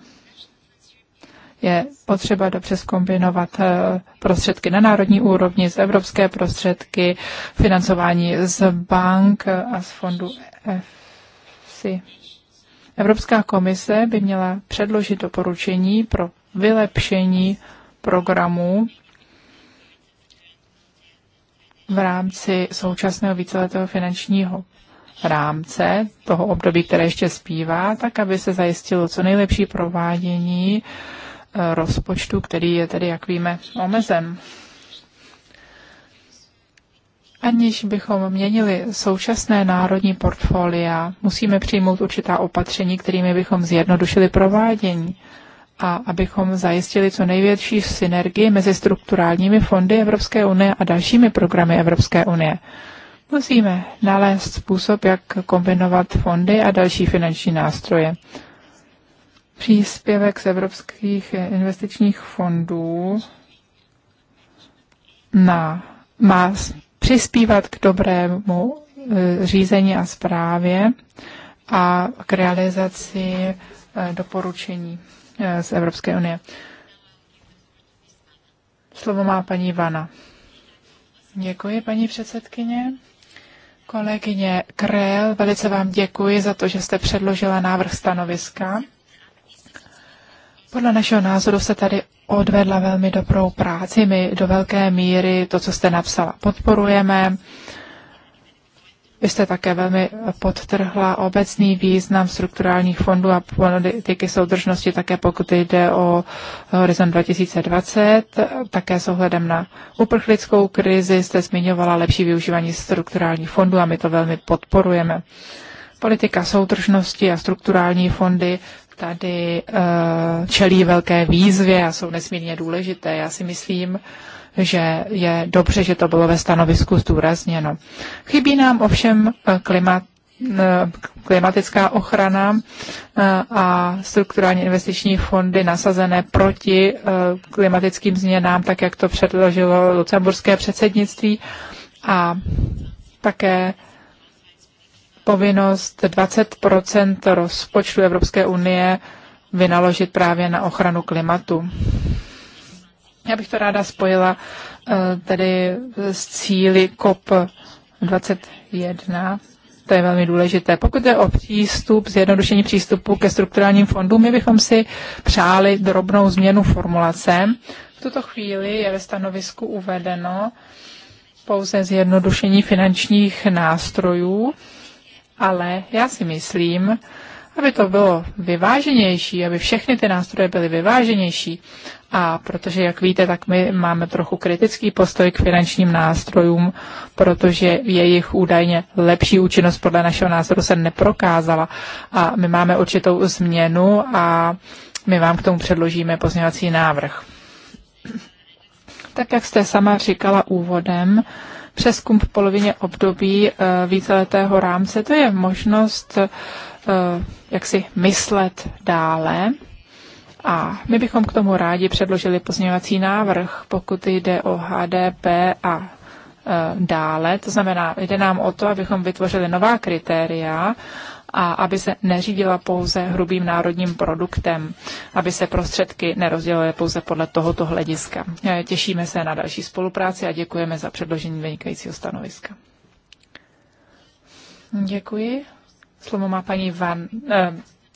je potřeba dobře zkombinovat eh, prostředky na národní úrovni z evropské prostředky, financování z bank a z fondu EFSI. Evropská komise by měla předložit doporučení pro vylepšení programů v rámci současného víceletého finančního rámce toho období, které ještě zpívá, tak aby se zajistilo co nejlepší provádění eh, rozpočtu, který je tedy, jak víme, omezen. Aniž bychom měnili současné národní portfolia, musíme přijmout určitá opatření, kterými bychom zjednodušili provádění a abychom zajistili co největší synergii mezi strukturálními fondy Evropské unie a dalšími programy Evropské unie. Musíme nalézt způsob, jak kombinovat fondy a další finanční nástroje. Příspěvek z evropských investičních fondů na, má přispívat k dobrému e, řízení a zprávě a k realizaci e, doporučení e, z Evropské unie. Slovo má paní Vana. Děkuji, paní předsedkyně. Kolegyně Krel, velice vám děkuji za to, že jste předložila návrh stanoviska. Podle našeho názoru se tady odvedla velmi dobrou práci. My do velké míry to, co jste napsala, podporujeme. Vy jste také velmi podtrhla obecný význam strukturálních fondů a politiky soudržnosti, také pokud jde o horizont 2020, také s ohledem na uprchlickou krizi jste zmiňovala lepší využívání strukturálních fondů a my to velmi podporujeme. Politika soudržnosti a strukturální fondy tady eh, čelí velké výzvě a jsou nesmírně důležité. Já si myslím, že je dobře, že to bylo ve stanovisku zdůrazněno. Chybí nám ovšem eh, klimat, eh, klimatická ochrana eh, a strukturální investiční fondy nasazené proti klimatickým změnám, tak jak to předložilo lucemburské předsednictví a také povinnost 20 rozpočtu Evropské unie vynaložit právě na ochranu klimatu. Já bych to ráda spojila eh, tedy s cíly COP21. To je velmi důležité. Pokud je o přístup, zjednodušení přístupu ke strukturálním fondům, my bychom si přáli drobnou změnu formulace. V tuto chvíli je ve stanovisku uvedeno pouze zjednodušení finančních nástrojů, ale já si myslím, aby to bylo vyváženější, aby všechny ty nástroje byly vyváženější, a protože, jak víte, tak my máme trochu kritický postoj k finančním nástrojům, protože jejich údajně lepší účinnost podle našeho názoru se neprokázala. A my máme určitou změnu a my vám k tomu předložíme pozměňovací návrh. Tak jak jste sama říkala úvodem, přeskum v polovině období eh, víceletého rámce, to je možnost eh, jak si myslet dále a my bychom k tomu rádi předložili pozměňovací návrh, pokud jde o HDP a e, dále. To znamená, jde nám o to, abychom vytvořili nová kritéria a aby se neřídila pouze hrubým národním produktem, aby se prostředky nerozdělily pouze podle tohoto hlediska. E, těšíme se na další spolupráci a děkujeme za předložení vynikajícího stanoviska. Děkuji. Slovo má paní Van, e,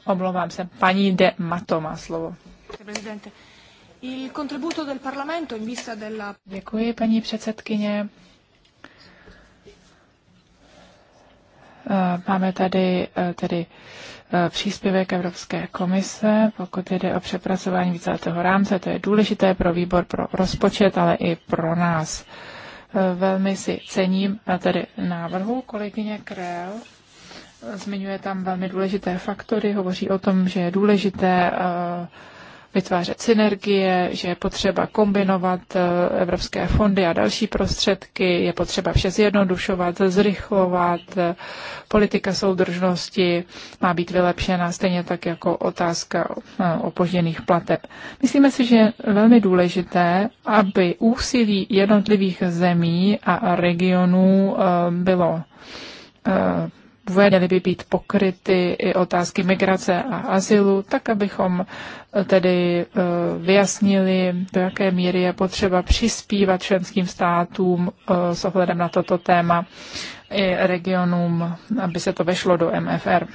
Omlouvám se. Paní De Mato má slovo. Děkuji, paní předsedkyně. Eh, máme tady eh, tedy eh, příspěvek Evropské komise, pokud jde o přepracování víceletého rámce. To je důležité pro výbor pro rozpočet, ale i pro nás. Velmi si cením tedy návrhu kolegyně Krell zmiňuje tam velmi důležité faktory, hovoří o tom, že je důležité eh, vytvářet synergie, že je potřeba kombinovat eh, evropské fondy a další prostředky, je potřeba vše zjednodušovat, zrychlovat, eh, politika soudržnosti má být vylepšena, stejně tak jako otázka opožděných plateb. Myslíme si, že je velmi důležité, aby úsilí jednotlivých zemí a regionů bylo měly by být pokryty i otázky migrace a asilu, tak abychom tedy eh, vyjasnili, do jaké míry je potřeba přispívat členským státům eh, s ohledem na toto téma i regionům, aby se to vešlo do MFR. Eh,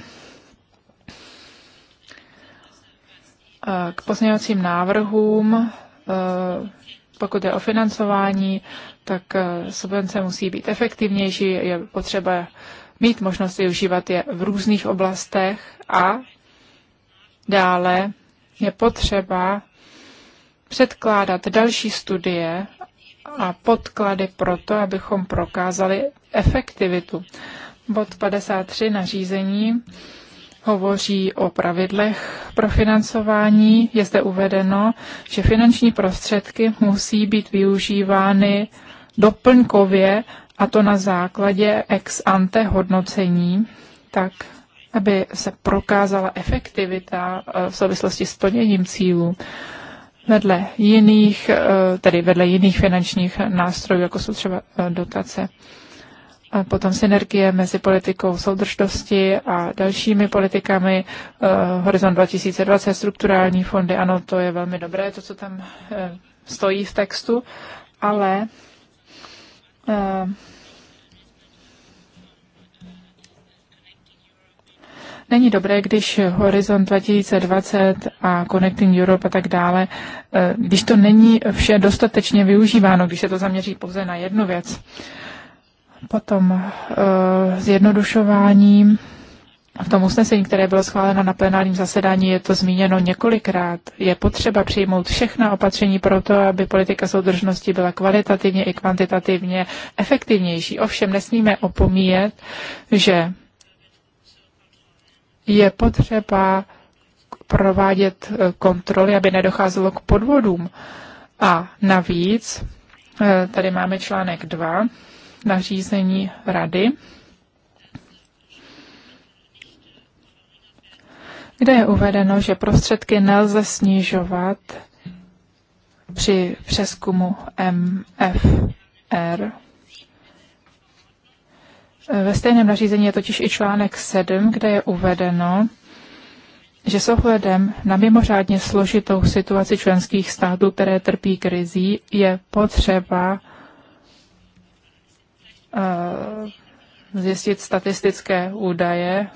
k pozměňovacím návrhům, pokud je o financování, tak subvence musí být efektivnější, je potřeba mít možnost využívat je v různých oblastech a dále je potřeba předkládat další studie a podklady pro to, abychom prokázali efektivitu. Bod 53 nařízení hovoří o pravidlech pro financování. Je zde uvedeno, že finanční prostředky musí být využívány doplňkově a to na základě ex ante hodnocení, tak aby se prokázala efektivita eh, v souvislosti s plněním cílů vedle jiných, eh, tedy vedle jiných finančních nástrojů, jako jsou třeba eh, dotace. A potom synergie mezi politikou soudržnosti a dalšími politikami, Horizon 2020, strukturální fondy, ano, to je velmi dobré, to, co tam stojí v textu, ale Není dobré, když Horizont 2020 a Connecting Europe a tak dále, eh, když to není vše dostatečně využíváno, když se to zaměří pouze na jednu věc. Potom eh, zjednodušování. V tom usnesení, které bylo schváleno na plenárním zasedání, je to zmíněno několikrát. Je potřeba přijmout všechna opatření pro to, aby politika soudržnosti byla kvalitativně i kvantitativně efektivnější. Ovšem nesmíme opomíjet, že je potřeba provádět eh, kontroly, aby nedocházelo k podvodům. A navíc, eh, tady máme článek 2, nařízení rady, kde je uvedeno, že prostředky nelze snižovat při přeskumu MFR ve stejném nařízení je totiž i článek 7, kde je uvedeno, že s ohledem na mimořádně složitou situaci členských států, které trpí krizí, je potřeba eh, zjistit statistické údaje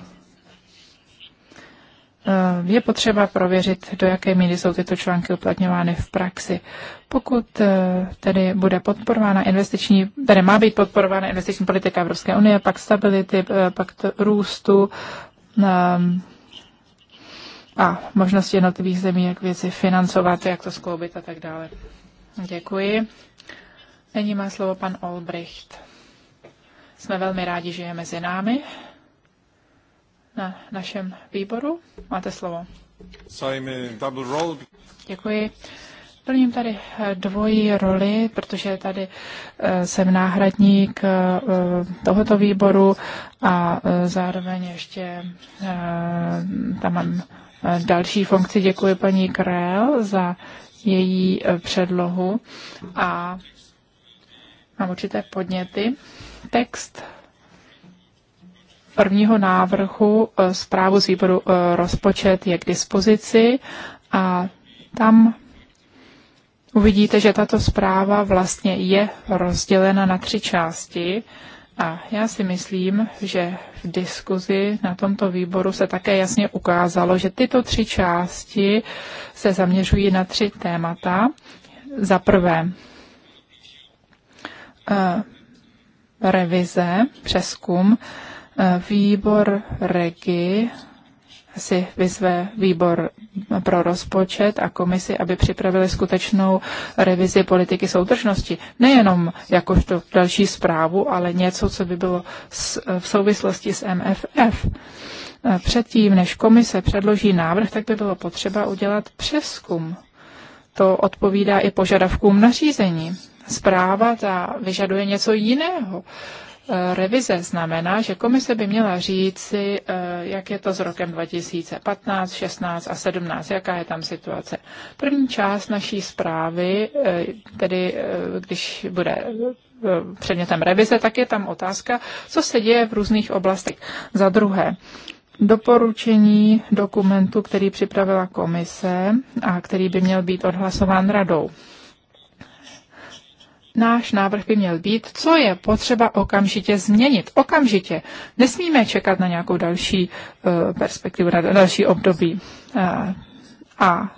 Eh, je potřeba prověřit, do jaké míry jsou tyto články uplatňovány v praxi. Pokud eh, tedy bude podporována investiční, tedy má být podporována investiční politika Evropské unie, pak stability, eh, pak růstu ehm, a možnosti jednotlivých zemí, jak věci financovat, jak to skloubit a tak dále. Děkuji. Nyní má slovo pan Olbricht. Jsme velmi rádi, že je mezi námi na našem výboru. Máte slovo. Děkuji. Plním tady eh, dvojí roli, protože tady eh, jsem náhradník eh, tohoto výboru a zároveň ještě tam mám další funkci. Děkuji paní Krell za její předlohu a mám určité podněty. Text prvního návrhu e, zprávu z výboru e, rozpočet je k dispozici a tam uvidíte, že tato zpráva vlastně je rozdělena na tři části. A já si myslím, že v diskuzi na tomto výboru se také jasně ukázalo, že tyto tři části se zaměřují na tři témata. Za prvé, e, revize, přeskum Výbor REGI si vyzve výbor pro rozpočet a komisi, aby připravili skutečnou revizi politiky soudržnosti. Nejenom jakožto další zprávu, ale něco, co by bylo v souvislosti s MFF. Předtím, než komise předloží návrh, tak by bylo potřeba udělat přeskum. To odpovídá i požadavkům nařízení. Zpráva ta vyžaduje něco jiného. Eh, revize znamená, že komise by měla říci, eh, jak je to s rokem 2015, 16 a 17, jaká je tam situace. První část naší zprávy, eh, tedy když bude předmětem revize, tak je tam otázka, co se děje v různých oblastech. Za druhé, doporučení dokumentu, který připravila komise a který by měl být odhlasován radou náš návrh by měl být, co je potřeba okamžitě změnit. Okamžitě. Nesmíme čekat na nějakou další eh, perspektivu, na další období. Eh, a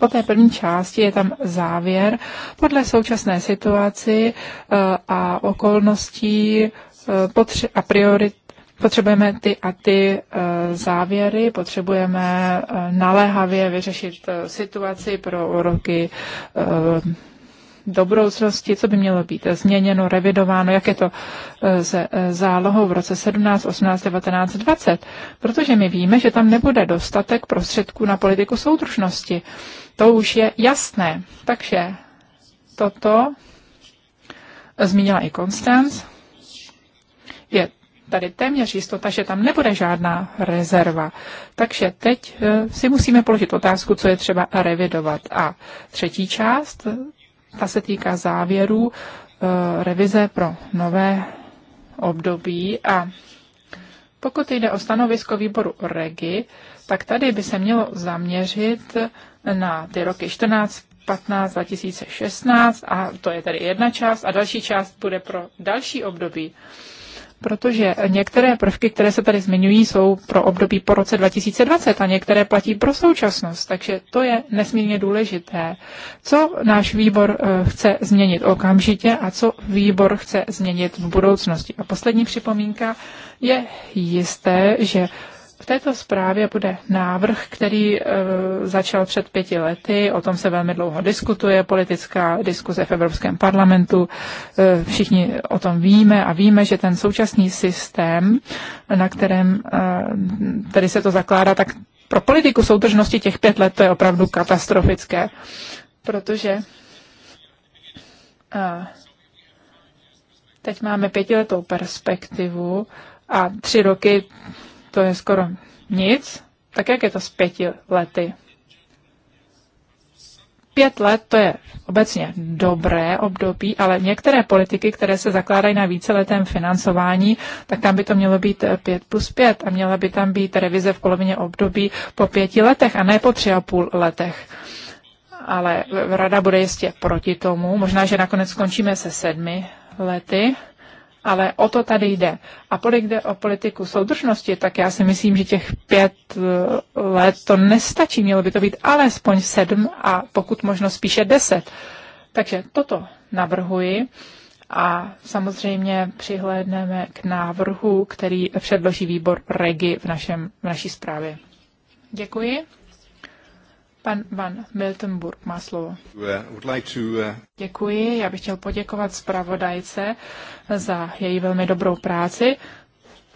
po té první části je tam závěr podle současné situaci eh, a okolností a priorit Potřebujeme ty a ty závěry, potřebujeme naléhavě vyřešit situaci pro roky do budoucnosti, co by mělo být změněno, revidováno, jak je to eh, se eh, zálohou v roce 17, 18, 19, 20, protože my víme, že tam nebude dostatek prostředků na politiku soudržnosti. To už je jasné. Takže toto zmínila i Konstanc. Je tady téměř jistota, že tam nebude žádná rezerva. Takže teď eh, si musíme položit otázku, co je třeba revidovat. A třetí část, ta se týká závěrů eh, revize pro nové období a pokud jde o stanovisko výboru REGI, tak tady by se mělo zaměřit na ty roky 14, 15, 2016 a to je tedy jedna část a další část bude pro další období protože některé prvky, které se tady zmiňují, jsou pro období po roce 2020 a některé platí pro současnost, takže to je nesmírně důležité. Co náš výbor eh, chce změnit okamžitě a co výbor chce změnit v budoucnosti. A poslední připomínka je jisté, že v této zprávě bude návrh, který e, začal před pěti lety, o tom se velmi dlouho diskutuje, politická diskuze v Evropském parlamentu, e, všichni o tom víme a víme, že ten současný systém, na kterém e, eh, tady se to zakládá, tak pro politiku soudržnosti těch pět let to je opravdu katastrofické, protože e, teď máme pětiletou perspektivu a tři roky to je skoro nic, tak jak je to s pěti lety? Pět let to je obecně dobré období, ale některé politiky, které se zakládají na víceletém financování, tak tam by to mělo být pět plus pět a měla by tam být revize v polovině období po pěti letech a ne po tři a půl letech. Ale rada bude jistě proti tomu. Možná, že nakonec skončíme se sedmi lety ale o to tady jde. A pokud jde o politiku soudržnosti, tak já si myslím, že těch pět eh, let to nestačí. Mělo by to být alespoň sedm a pokud možno spíše deset. Takže toto navrhuji a samozřejmě přihlédneme k návrhu, který předloží výbor REGI v, našem, v naší zprávě. Děkuji. Pan Van Miltenburg má slovo. Uh, Děkuji, já bych chtěl poděkovat zpravodajce za její velmi dobrou práci.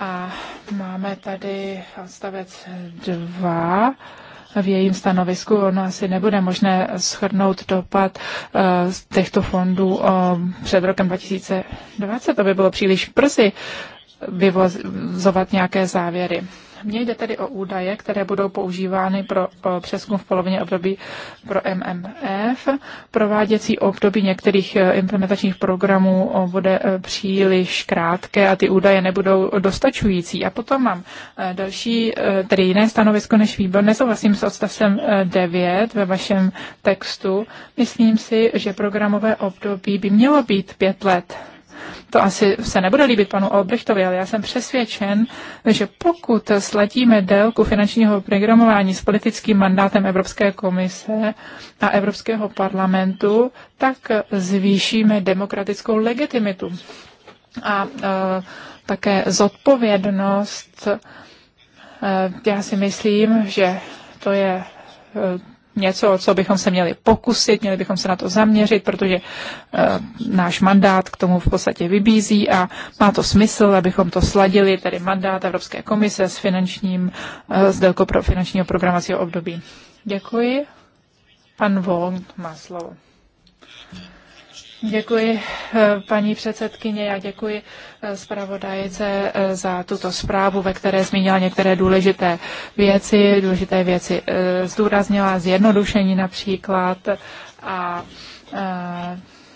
A máme tady odstavec 2 v jejím stanovisku. Ono asi nebude možné shrnout dopad z eh, těchto fondů eh, před rokem 2020. To by bylo příliš brzy vyvozovat nějaké závěry. Mně jde tedy o údaje, které budou používány pro přeskum v polovině období pro MMF. Prováděcí období některých e, implementačních programů e, bude e, příliš krátké a ty údaje nebudou dostačující. A potom mám další, tedy jiné stanovisko než výbor. Nesouhlasím s odstavcem 9 ve vašem textu. Myslím si, že programové období by mělo být pět let to asi se nebude líbit panu Obrechtovi, ale já jsem přesvědčen, že pokud sladíme délku finančního programování s politickým mandátem Evropské komise a Evropského parlamentu, tak zvýšíme demokratickou legitimitu a e, také zodpovědnost. E, já si myslím, že to je e, něco, co bychom se měli pokusit, měli bychom se na to zaměřit, protože e, náš mandát k tomu v podstatě vybízí a má to smysl, abychom to sladili, tedy mandát Evropské komise s finančním, e, s délkou pro finančního programacího období. Děkuji. Pan Volk má slovo. Děkuji, eh, paní předsedkyně. Já děkuji eh, zpravodajce eh, za tuto zprávu, ve které zmínila některé důležité věci. Důležité věci zdůraznila zjednodušení například a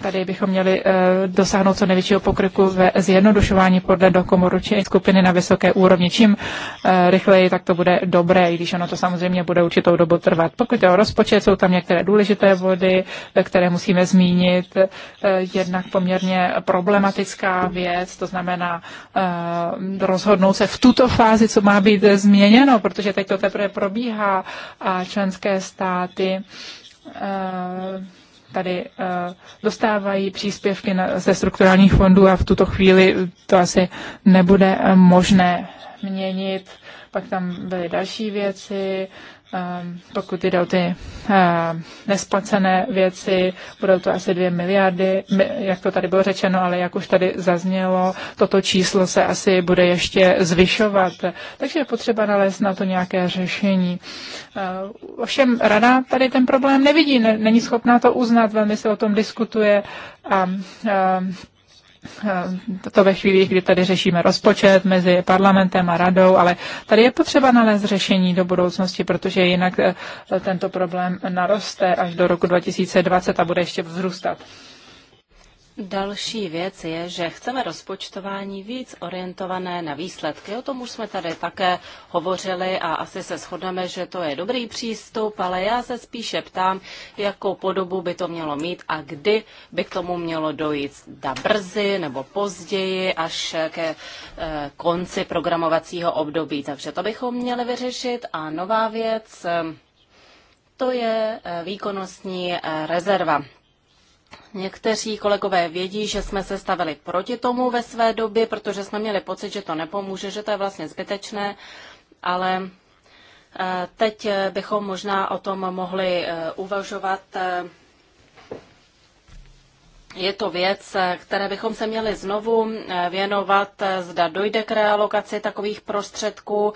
Tady bychom měli eh, dosáhnout co největšího pokryku ve zjednodušování podle dokomoru či skupiny na vysoké úrovni. Čím eh, rychleji, tak to bude dobré, i když ono to samozřejmě bude určitou dobu trvat. Pokud je o rozpočet, jsou tam některé důležité vody, eh, které musíme zmínit. Jednak poměrně problematická věc, to znamená rozhodnout se v tuto fázi, co má být změněno, protože teď to teprve probíhá a členské státy tady eh, dostávají příspěvky ze strukturálních fondů a v tuto chvíli to asi nebude eh, možné měnit. Pak tam byly další věci, Ehm, pokud jde o ty ehm, nesplacené věci, budou to asi 2 miliardy, jak to tady bylo řečeno, ale jak už tady zaznělo, toto číslo se asi bude ještě zvyšovat. Takže je potřeba nalézt na to nějaké řešení. Ehm, ovšem rada tady ten problém nevidí, není schopná to uznat, velmi se o tom diskutuje a, a Eh, to ve chvíli, kdy tady řešíme rozpočet mezi parlamentem a radou, ale tady je potřeba nalézt řešení do budoucnosti, protože jinak eh, tento problém naroste až do roku 2020 a bude ještě vzrůstat. Další věc je, že chceme rozpočtování víc orientované na výsledky. O tom už jsme tady také hovořili a asi se shodneme, že to je dobrý přístup, ale já se spíše ptám, jakou podobu by to mělo mít a kdy by k tomu mělo dojít. Da brzy nebo později až ke eh, konci programovacího období. Takže to bychom měli vyřešit. A nová věc, eh, to je eh, výkonnostní rezerva. Někteří kolegové vědí, že jsme se stavili proti tomu ve své době, protože jsme měli pocit, že to nepomůže, že to je vlastně zbytečné, ale eh, teď eh, bychom možná o tom mohli eh, uvažovat. Je to věc, které bychom se měli znovu věnovat, zda dojde k realokaci takových prostředků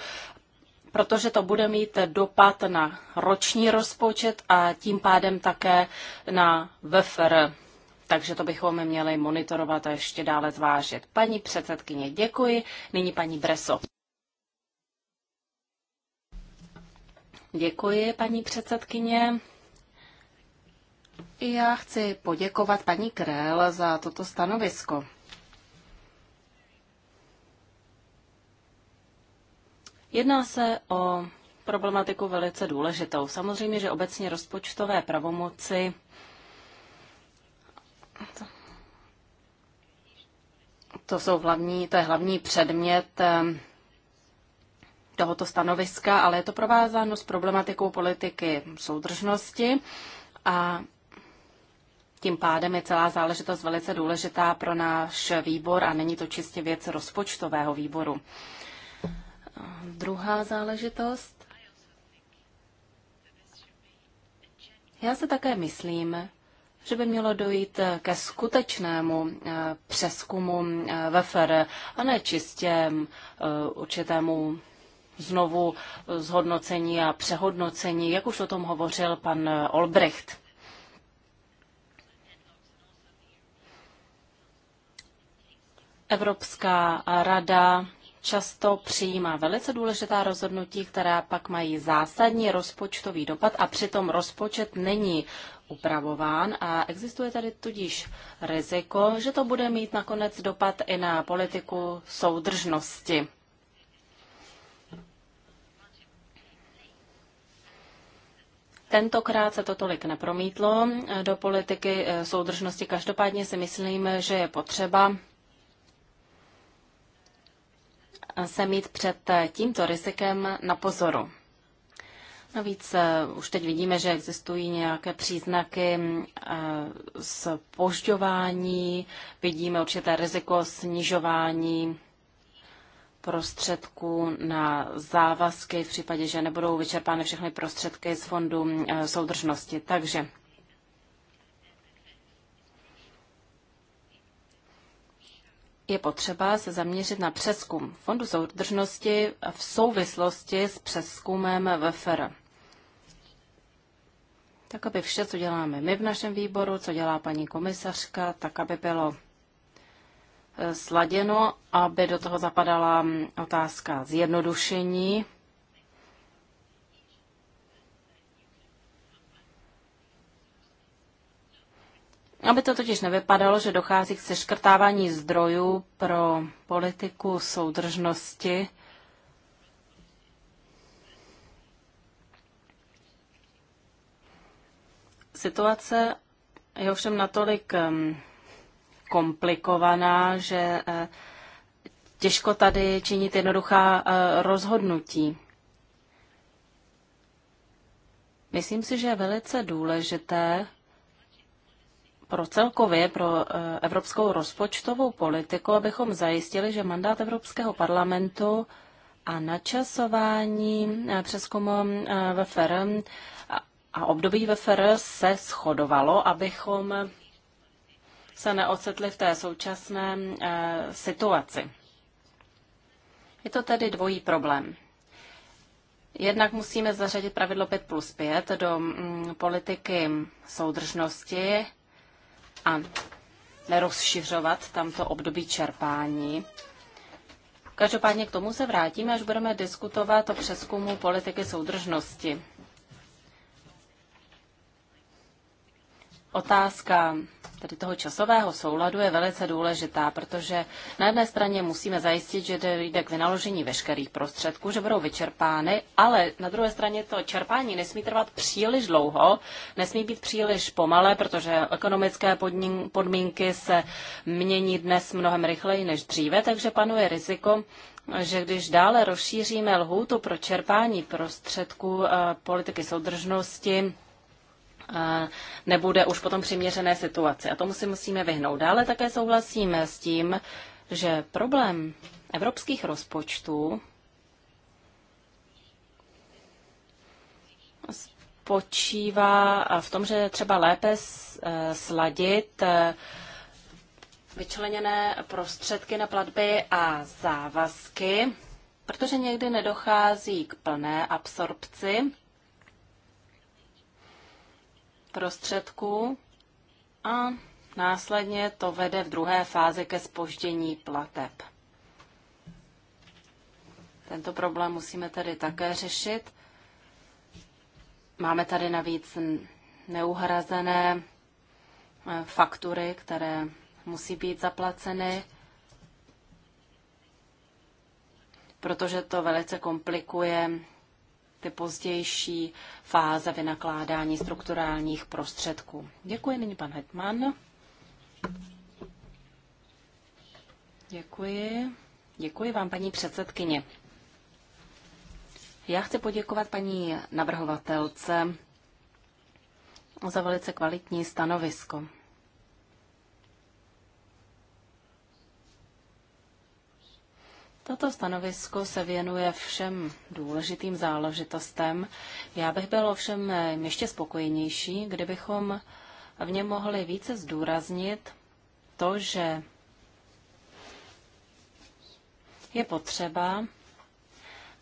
protože to bude mít dopad na roční rozpočet a tím pádem také na VFR. Takže to bychom měli monitorovat a ještě dále zvážit. Paní předsedkyně, děkuji. Nyní paní Breso. Děkuji, paní předsedkyně. Já chci poděkovat paní Krell za toto stanovisko. Jedná se o problematiku velice důležitou. Samozřejmě, že obecně rozpočtové pravomoci to, jsou hlavní, to je hlavní předmět eh, tohoto stanoviska, ale je to provázáno s problematikou politiky soudržnosti a tím pádem je celá záležitost velice důležitá pro náš výbor a není to čistě věc rozpočtového výboru druhá záležitost. Já se také myslím, že by mělo dojít ke skutečnému eh, přeskumu eh, VFR a ne čistě eh, určitému znovu zhodnocení a přehodnocení, jak už o tom hovořil pan Olbricht. Evropská rada často přijímá velice důležitá rozhodnutí, která pak mají zásadní rozpočtový dopad a přitom rozpočet není upravován a existuje tady tudíž riziko, že to bude mít nakonec dopad i na politiku soudržnosti. Tentokrát se to tolik nepromítlo do politiky eh, soudržnosti. Každopádně si myslím, že je potřeba se mít před tímto rizikem na pozoru. Navíc eh, už teď vidíme, že existují nějaké příznaky spožďování, eh, vidíme určité riziko snižování prostředků na závazky v případě, že nebudou vyčerpány všechny prostředky z fondu eh, soudržnosti. Takže je potřeba se zaměřit na přeskum Fondu soudržnosti v souvislosti s přeskumem VFR. Tak, aby vše, co děláme my v našem výboru, co dělá paní komisařka, tak, aby bylo eh, sladěno, aby do toho zapadala mm, otázka zjednodušení Aby to totiž nevypadalo, že dochází k seškrtávání zdrojů pro politiku soudržnosti, Situace je ovšem natolik komplikovaná, že eh, těžko tady činit jednoduchá eh, rozhodnutí. Myslím si, že je velice důležité, pro celkově pro eh, evropskou rozpočtovou politiku, abychom zajistili, že mandát Evropského parlamentu a načasování eh, přeskumu VFR eh, a období VFR se shodovalo, abychom se neocetli v té současné situaci. Je to tedy dvojí problém. Jednak musíme zařadit pravidlo 5 plus 5 do mm, politiky soudržnosti a rozšiřovat tamto období čerpání. Každopádně k tomu se vrátíme, až budeme diskutovat o přeskumu politiky soudržnosti. otázka tedy toho časového souladu je velice důležitá, protože na jedné straně musíme zajistit, že jde k vynaložení veškerých prostředků, že budou vyčerpány, ale na druhé straně to čerpání nesmí trvat příliš dlouho, nesmí být příliš pomalé, protože ekonomické podmínky se mění dnes mnohem rychleji než dříve, takže panuje riziko, že když dále rozšíříme lhůtu pro čerpání prostředků eh, politiky soudržnosti, nebude už potom přiměřené situaci. A tomu si musíme vyhnout. Dále také souhlasíme s tím, že problém evropských rozpočtů spočívá v tom, že třeba lépe eh, sladit eh, vyčleněné prostředky na platby a závazky, protože někdy nedochází k plné absorpci prostředků a následně to vede v druhé fázi ke spoždění plateb. Tento problém musíme tedy také řešit. Máme tady navíc neuhrazené eh, faktury, které musí být zaplaceny, protože to velice komplikuje ty pozdější fáze vynakládání strukturálních prostředků. Děkuji, nyní pan Hetman. Děkuji. Děkuji vám, paní předsedkyně. Já chci poděkovat paní navrhovatelce za velice kvalitní stanovisko. Toto stanovisko se věnuje všem důležitým záležitostem. Já bych byl ovšem eh, ještě spokojenější, kdybychom v něm mohli více zdůraznit to, že je potřeba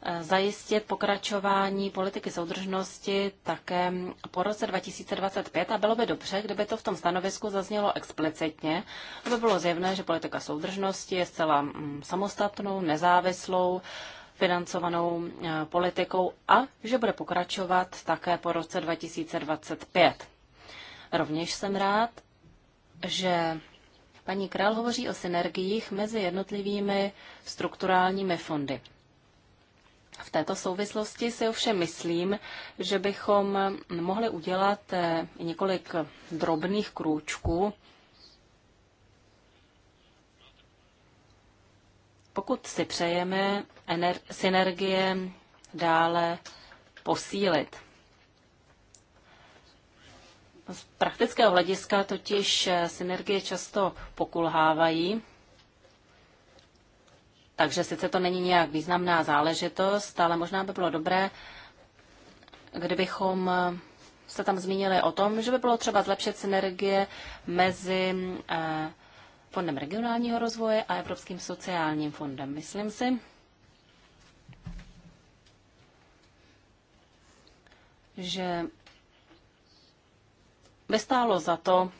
Eh, zajistit pokračování politiky soudržnosti také po roce 2025 a bylo by dobře, kdyby to v tom stanovisku zaznělo explicitně, aby bylo zjevné, že politika soudržnosti je zcela mm, samostatnou, nezávislou, financovanou eh, politikou a že bude pokračovat také po roce 2025. Rovněž jsem rád, že paní Král hovoří o synergiích mezi jednotlivými strukturálními fondy. V této souvislosti si ovšem myslím, že bychom mohli udělat eh, několik drobných krůčků, pokud si přejeme synergie dále posílit. Z praktického hlediska totiž eh, synergie často pokulhávají. Takže sice to není nějak významná záležitost, ale možná by bylo dobré, kdybychom eh, se tam zmínili o tom, že by bylo třeba zlepšit synergie mezi eh, Fondem regionálního rozvoje a Evropským sociálním fondem. Myslím si, že by stálo za to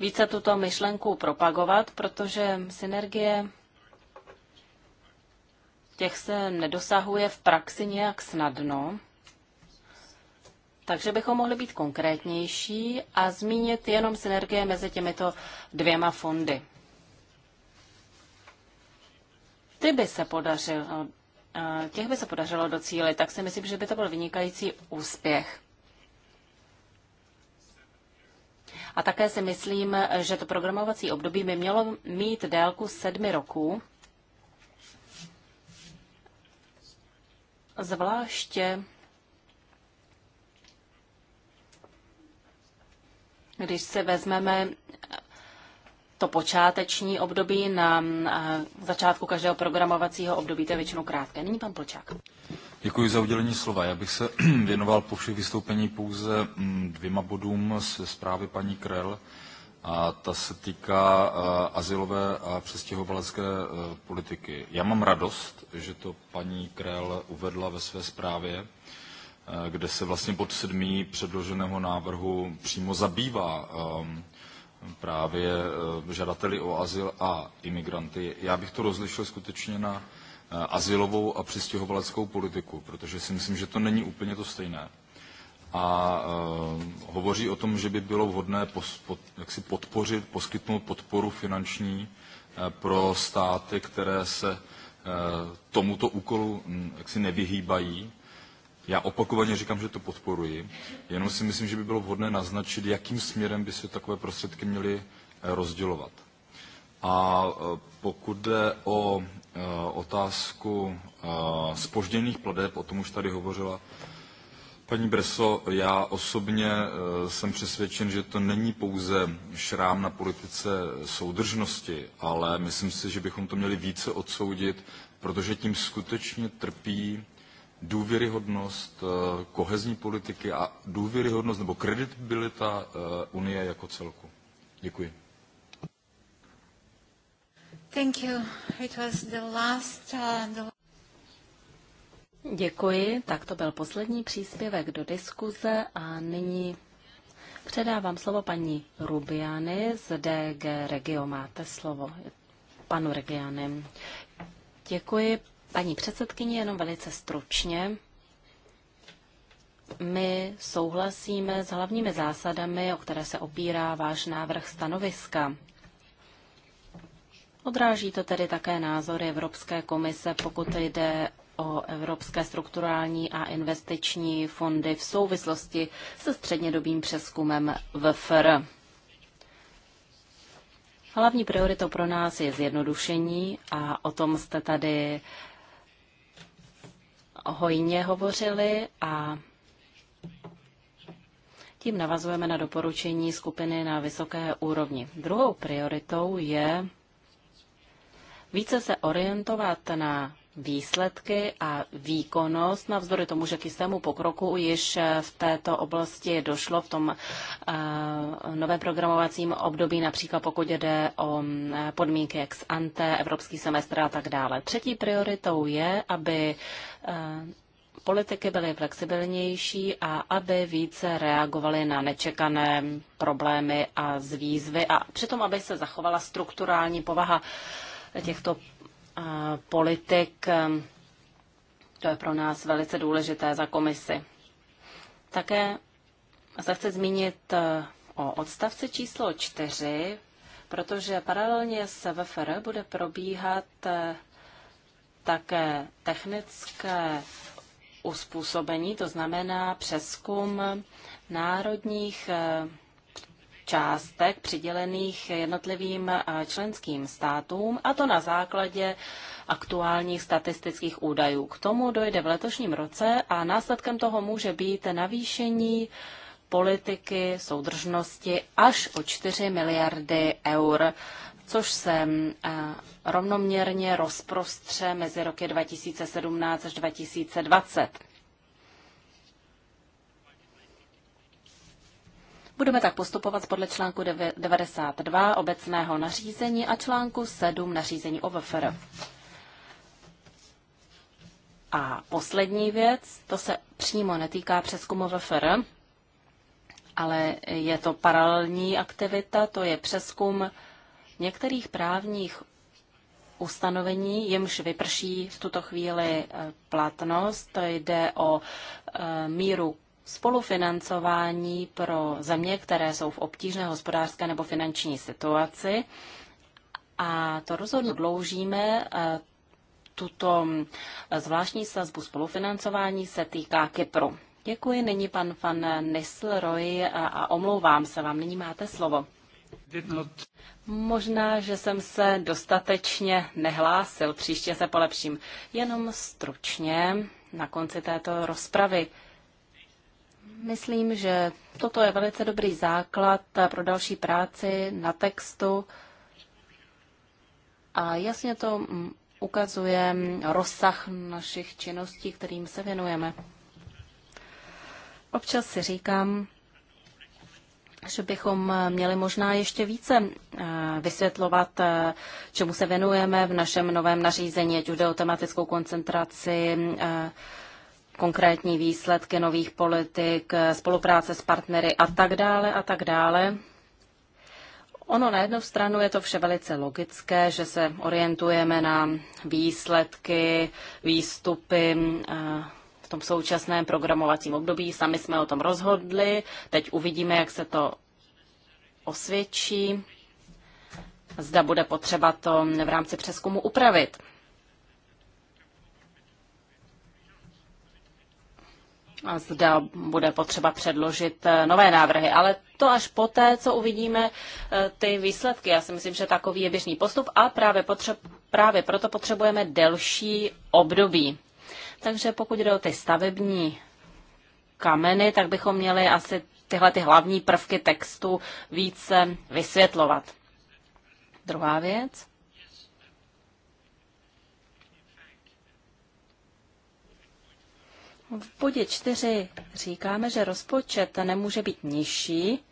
více tuto myšlenku propagovat, protože synergie těch se nedosahuje v praxi nějak snadno. Takže bychom mohli být konkrétnější a zmínit jenom synergie mezi těmito dvěma fondy. Ty by se podařilo, těch by se podařilo docílit, tak si myslím, že by to byl vynikající úspěch. A také si myslím, že to programovací období by mělo mít délku sedmi roků, Zvláště když si vezmeme to počáteční období na začátku každého programovacího období, to je většinou krátké. Nyní pan Plčák. Děkuji za udělení slova. Já bych se věnoval po všech vystoupení pouze mm, dvěma bodům ze zprávy paní Krell a ta se týká eh, asilové a přestěhovalecké eh, politiky. Já mám radost, že to paní Krel uvedla ve své zprávě, eh, kde se vlastně pod sedmí předloženého návrhu přímo zabývá právě žadateli o azyl a imigranty. Já bych to rozlišil skutečně na azylovou a přistěhovaleckou politiku, protože si myslím, že to není úplně to stejné a eh, hovoří o tom, že by bylo vhodné pos, pod, podpořit, poskytnout podporu finanční eh, pro státy, které se eh, tomuto úkolu hm, jaksi nevyhýbají. Já opakovaně říkám, že to podporuji, jenom si myslím, že by bylo vhodné naznačit, jakým směrem by se takové prostředky měly rozdělovat. A pokud jde o otázku spožděných pladeb, o tom už tady hovořila Paní Breso, já osobně eh, jsem přesvědčen, že to není pouze šrám na politice soudržnosti, ale myslím si, že bychom to měli více odsoudit, protože tím skutečně trpí důvěryhodnost eh, kohezní politiky a důvěryhodnost nebo kredibilita eh, Unie jako celku. Děkuji. Thank you. It was the last, uh, the... Děkuji, tak to byl poslední příspěvek do diskuze a nyní předávám slovo paní Rubiany z DG Regio. Máte slovo, panu Regianem. Děkuji, paní předsedkyni, jenom velice stručně. My souhlasíme s hlavními zásadami, o které se opírá váš návrh stanoviska. Odráží to tedy také názory Evropské komise, pokud jde o evropské strukturální a investiční fondy v souvislosti se střednědobým přeskumem VFR. Hlavní prioritou pro nás je zjednodušení a o tom jste tady hojně hovořili a tím navazujeme na doporučení skupiny na vysoké úrovni. Druhou prioritou je více se orientovat na výsledky a výkonnost, navzdory tomu, že k jistému pokroku již v této oblasti došlo v tom eh, novém programovacím období, například pokud jde o eh, podmínky ex ante, evropský semestr a tak dále. Třetí prioritou je, aby eh, politiky byly flexibilnější a aby více reagovaly na nečekané problémy a zvýzvy a přitom, aby se zachovala strukturální povaha těchto politik, to je pro nás velice důležité za komisi. Také se chci zmínit eh, o odstavci číslo čtyři, protože paralelně s VFR bude probíhat eh, také technické uspůsobení, to znamená přeskum národních eh, částek přidělených jednotlivým eh, členským státům, a to na základě aktuálních statistických údajů. K tomu dojde v letošním roce a následkem toho může být navýšení politiky soudržnosti až o 4 miliardy eur což se eh, rovnoměrně rozprostře mezi roky 2017 až 2020. Budeme tak postupovat podle článku 92 obecného nařízení a článku 7 nařízení o VFR. A poslední věc, to se přímo netýká přeskumu VFR, ale je to paralelní aktivita, to je přeskum některých právních ustanovení, jimž vyprší v tuto chvíli eh, platnost. To Jde o eh, míru spolufinancování pro země, které jsou v obtížné hospodářské nebo finanční situaci. A to rozhodně dloužíme eh, tuto eh, zvláštní sazbu spolufinancování se týká Kypru. Děkuji, nyní pan van Roy a, eh, a omlouvám se vám, nyní máte slovo. Možná, že jsem se dostatečně nehlásil, příště se polepším. Jenom stručně na konci této rozpravy Myslím, že toto je velice dobrý základ pro další práci na textu a jasně to mm, ukazuje rozsah našich činností, kterým se věnujeme. Občas si říkám, že bychom měli možná ještě více eh, vysvětlovat, eh, čemu se věnujeme v našem novém nařízení, ať už jde o tematickou koncentraci, eh, konkrétní výsledky nových politik, spolupráce s partnery a tak dále a tak dále. Ono na jednu stranu je to vše velice logické, že se orientujeme na výsledky, výstupy eh, v tom současném programovacím období. Sami jsme o tom rozhodli, teď uvidíme, jak se to osvědčí, zda bude potřeba to v rámci přeskumu upravit. a zda bude potřeba předložit eh, nové návrhy. Ale to až poté, co uvidíme eh, ty výsledky. Já si myslím, že takový je běžný postup a právě, potřeb, právě proto potřebujeme delší období. Takže pokud jde o ty stavební kameny, tak bychom měli asi tyhle ty hlavní prvky textu více vysvětlovat. Druhá věc. V bodě 4 říkáme, že rozpočet nemůže být nižší,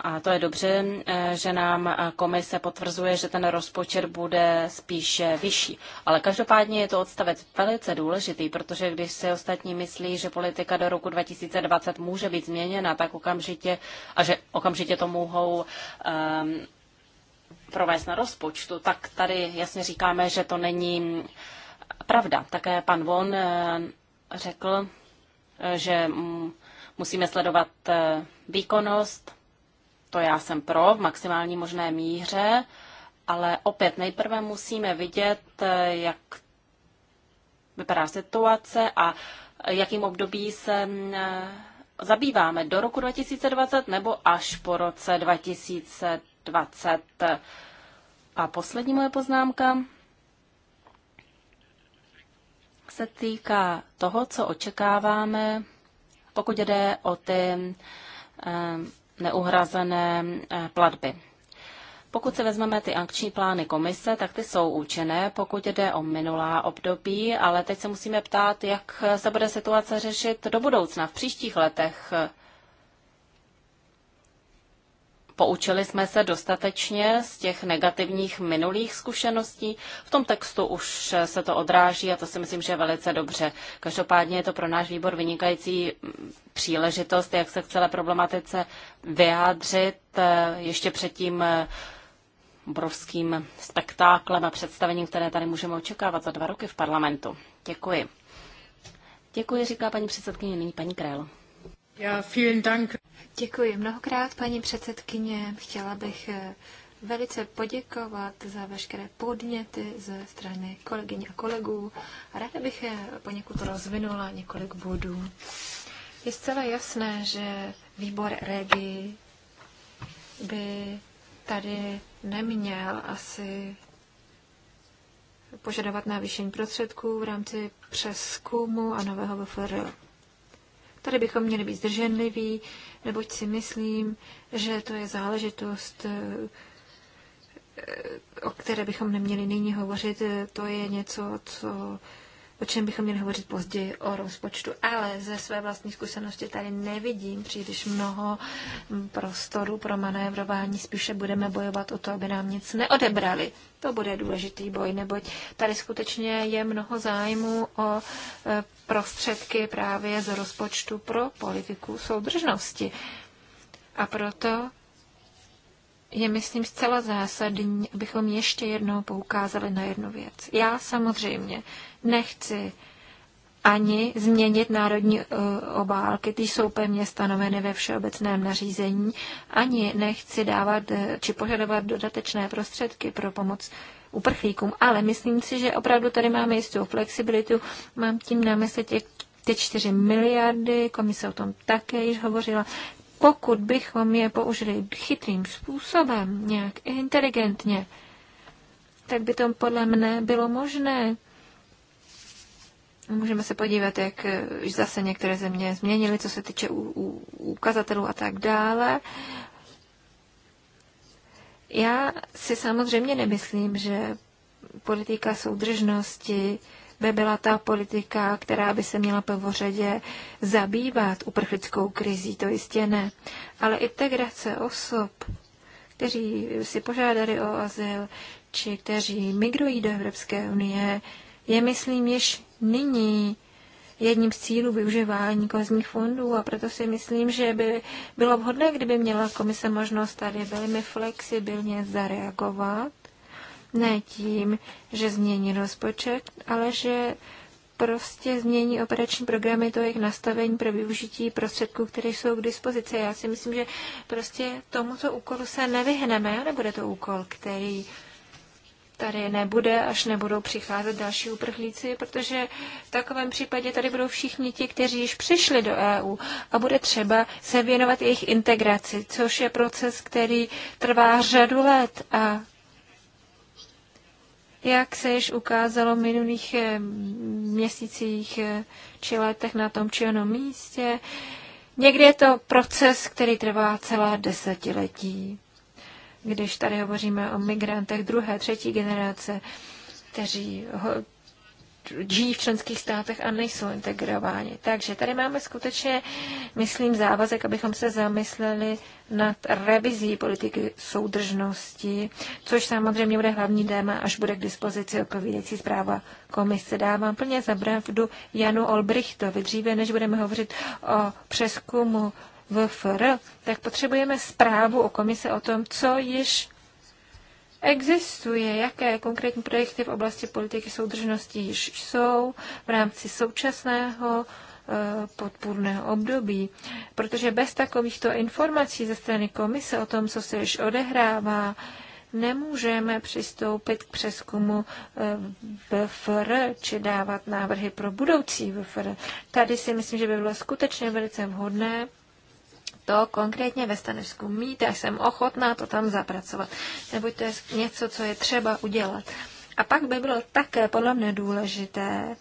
a to je dobře, eh, že nám eh, komise potvrzuje, že ten rozpočet bude spíše vyšší. Ale každopádně je to odstavec velice důležitý, protože když se ostatní myslí, že politika do roku 2020 může být změněna, tak okamžitě, a že okamžitě to mohou um, provést na rozpočtu, tak tady jasně říkáme, že to není pravda. Také pan Von eh, řekl, eh, že musíme sledovat eh, výkonnost. To já jsem pro v maximální možné míře, ale opět nejprve musíme vidět, jak vypadá situace a jakým období se zabýváme do roku 2020 nebo až po roce 2020. A poslední moje poznámka se týká toho, co očekáváme, pokud jde o ty eh, neuhrazené eh, platby. Pokud se vezmeme ty akční plány komise, tak ty jsou účené. pokud jde o minulá období, ale teď se musíme ptát, jak se bude situace řešit do budoucna, v příštích letech. Poučili jsme se dostatečně z těch negativních minulých zkušeností. V tom textu už se to odráží a to si myslím, že je velice dobře. Každopádně je to pro náš výbor vynikající mm, příležitost, jak se k celé problematice vyjádřit eh, ještě předtím eh, obrovským spektáklem a představením, které tady můžeme očekávat za dva roky v parlamentu. Děkuji. Děkuji, říká paní předsedkyně, nyní paní Krél. Já vielen Dank. Děkuji mnohokrát, paní předsedkyně. Chtěla bych eh, velice poděkovat za veškeré podněty ze strany kolegyň a kolegů. Ráda bych je eh, poněkud rozvinula několik bodů. Je zcela jasné, že výbor regi by tady neměl asi požadovat navýšení prostředků v rámci přeskumu a nového VFR Tady bychom měli být zdrženliví, neboť si myslím, že to je záležitost, eh, eh, o které bychom neměli nyní hovořit. Eh, to je něco, co o čem bychom měli hovořit později o rozpočtu, ale ze své vlastní zkušenosti tady nevidím příliš mnoho prostoru pro manévrování, spíše budeme bojovat o to, aby nám nic neodebrali. To bude důležitý boj, neboť tady skutečně je mnoho zájmu o e, prostředky právě z rozpočtu pro politiku soudržnosti. A proto je, myslím, zcela zásadní, abychom ještě jednou poukázali na jednu věc. Já samozřejmě nechci ani změnit národní eh, obálky, ty jsou pevně stanoveny ve všeobecném nařízení, ani nechci dávat eh, či požadovat dodatečné prostředky pro pomoc uprchlíkům, ale myslím si, že opravdu tady máme jistou flexibilitu, mám tím na mysli těch ty 4 miliardy, komise o tom také již hovořila, pokud bychom je použili chytrým způsobem, nějak inteligentně, tak by to podle mne bylo možné. Můžeme se podívat, jak zase některé země změnily, co se týče u, u, ukazatelů a tak dále. Já si samozřejmě nemyslím, že politika soudržnosti by byla ta politika, která by se měla prvořadě zabývat uprchlickou krizí, to jistě ne. Ale integrace osob, kteří si požádali o azyl, či kteří migrují do Evropské unie, je, myslím, již nyní jedním z cílů využívání kozních fondů a proto si myslím, že by bylo vhodné, kdyby měla komise možnost tady velmi flexibilně zareagovat ne tím, že změní rozpočet, ale že prostě změní operační programy, to jejich nastavení pro využití prostředků, které jsou k dispozici. Já si myslím, že prostě tomuto úkolu se nevyhneme, nebude to úkol, který tady nebude, až nebudou přicházet další uprchlíci, protože v takovém případě tady budou všichni ti, kteří již přišli do EU a bude třeba se věnovat jejich integraci, což je proces, který trvá řadu let a jak se již ukázalo v minulých eh, měsících eh, či letech na tom či onom místě, někdy je to proces, který trvá celá desetiletí. Když tady hovoříme o migrantech druhé, třetí generace, kteří žijí v členských státech a nejsou integrováni. Takže tady máme skutečně, myslím, závazek, abychom se zamysleli nad revizí politiky soudržnosti, což samozřejmě bude hlavní téma, až bude k dispozici odpovídající zpráva komise. Dávám plně za pravdu Janu Olbrichtovi. Dříve, než budeme hovořit o přeskumu VFR, tak potřebujeme zprávu o komise o tom, co již Existuje, jaké konkrétní projekty v oblasti politiky soudržnosti již jsou v rámci současného eh, podpůrného období, protože bez takovýchto informací ze strany komise o tom, co se již odehrává, nemůžeme přistoupit k přeskumu eh, VFR či dávat návrhy pro budoucí VFR. Tady si myslím, že by bylo skutečně velice vhodné, to konkrétně ve Stanevsku mít a jsem ochotná to tam zapracovat. Nebo to je něco, co je třeba udělat. A pak by bylo také podle mě důležité,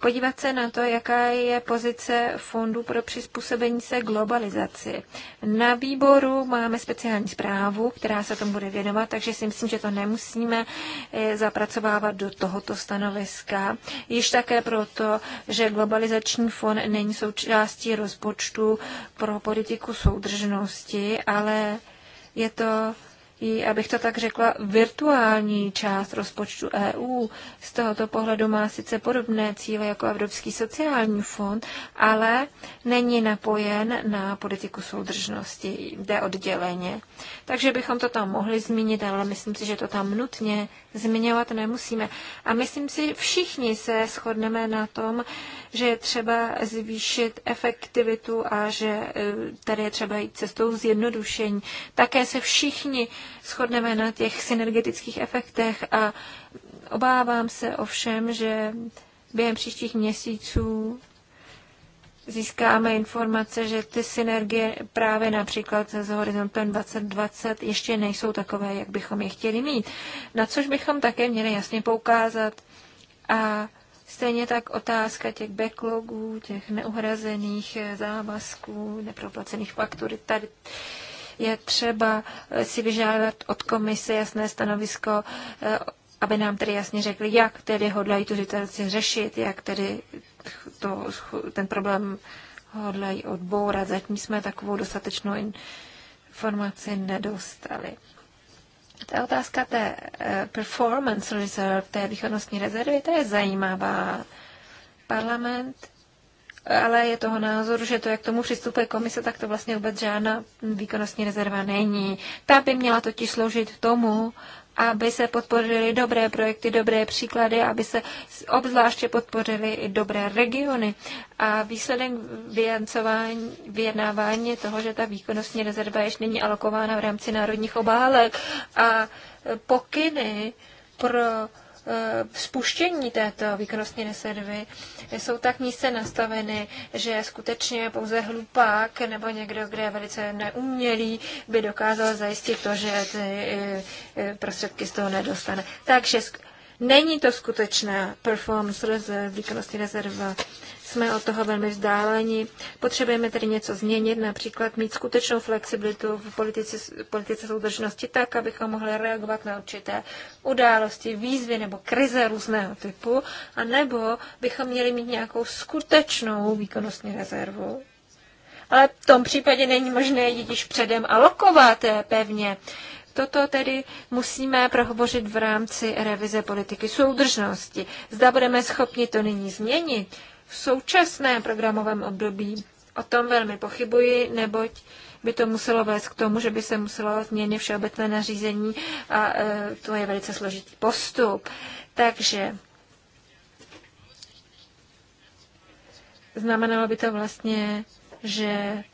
podívat se na to, jaká je pozice Fondu pro přizpůsobení se globalizaci. Na výboru máme speciální zprávu, která se tomu bude věnovat, takže si myslím, že to nemusíme eh, zapracovávat do tohoto stanoviska. Již také proto, že globalizační fond není součástí rozpočtu pro politiku soudržnosti, ale je to i, abych to tak řekla, virtuální část rozpočtu EU. Z tohoto pohledu má sice podobné cíle jako Evropský sociální fond, ale není napojen na politiku soudržnosti, jde odděleně. Takže bychom to tam mohli zmínit, ale myslím si, že to tam nutně zmiňovat nemusíme. A myslím si, všichni se shodneme na tom, že je třeba zvýšit efektivitu a že e, tady je třeba jít cestou zjednodušení. Také se všichni shodneme na těch synergetických efektech a obávám se ovšem, že během příštích měsíců získáme informace, že ty synergie právě například s horizontem 2020 ještě nejsou takové, jak bychom je chtěli mít. Na což bychom také měli jasně poukázat. A stejně tak otázka těch backlogů, těch neuhrazených eh, závazků, neproplacených faktur, tady je třeba eh, si vyžádat od komise jasné stanovisko eh, aby nám tedy jasně řekli, jak tedy hodlají tu situaci řešit, jak tedy to, ten problém hodlají odbourat. Zatím jsme takovou dostatečnou informaci nedostali. Ta otázka té eh, performance reserve, té východnostní rezervy, to je zajímavá. Parlament ale je toho názoru, že to, jak tomu přistupuje komise, tak to vlastně vůbec žádná výkonnostní rezerva není. Ta by měla totiž sloužit tomu, aby se podpořily dobré projekty, dobré příklady, aby se obzvláště podpořily i dobré regiony. A výsledek vyjednávání je toho, že ta výkonnostní rezerva ještě není alokována v rámci národních obálek a pokyny pro Eh, spuštění této výkonnostní rezervy jsou tak nízce nastaveny, že skutečně pouze hlupák nebo někdo, kdo je velice neumělý, by dokázal zajistit to, že ty eh, eh, prostředky z toho nedostane. Takže Není to skutečná performance rezerv, výkonnostní rezerva jsme od toho velmi vzdáleni. Potřebujeme tedy něco změnit, například mít skutečnou flexibilitu v politice, politice soudržnosti tak, abychom mohli reagovat na určité události, výzvy nebo krize různého typu, a nebo bychom měli mít nějakou skutečnou výkonnostní rezervu. Ale v tom případě není možné jít již předem alokovat eh, pevně. Toto tedy musíme prohovořit v rámci revize politiky soudržnosti. Zda budeme schopni to nyní změnit, v současném programovém období. O tom velmi pochybuji, neboť by to muselo vést k tomu, že by se muselo změnit všeobecné nařízení a e, to je velice složitý postup. Takže znamenalo by to vlastně, že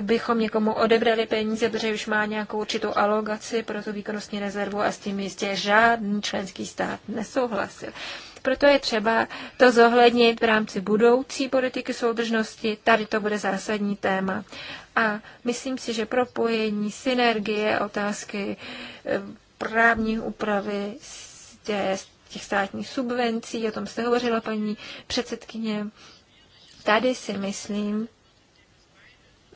bychom někomu odebrali peníze, protože už má nějakou určitou alokaci pro tu výkonnostní rezervu a s tím jistě žádný členský stát nesouhlasil. Proto je třeba to zohlednit v rámci budoucí politiky soudržnosti. Tady to bude zásadní téma. A myslím si, že propojení, synergie, otázky eh, právní úpravy těch státních subvencí, o tom jste hovořila paní předsedkyně. Tady si myslím,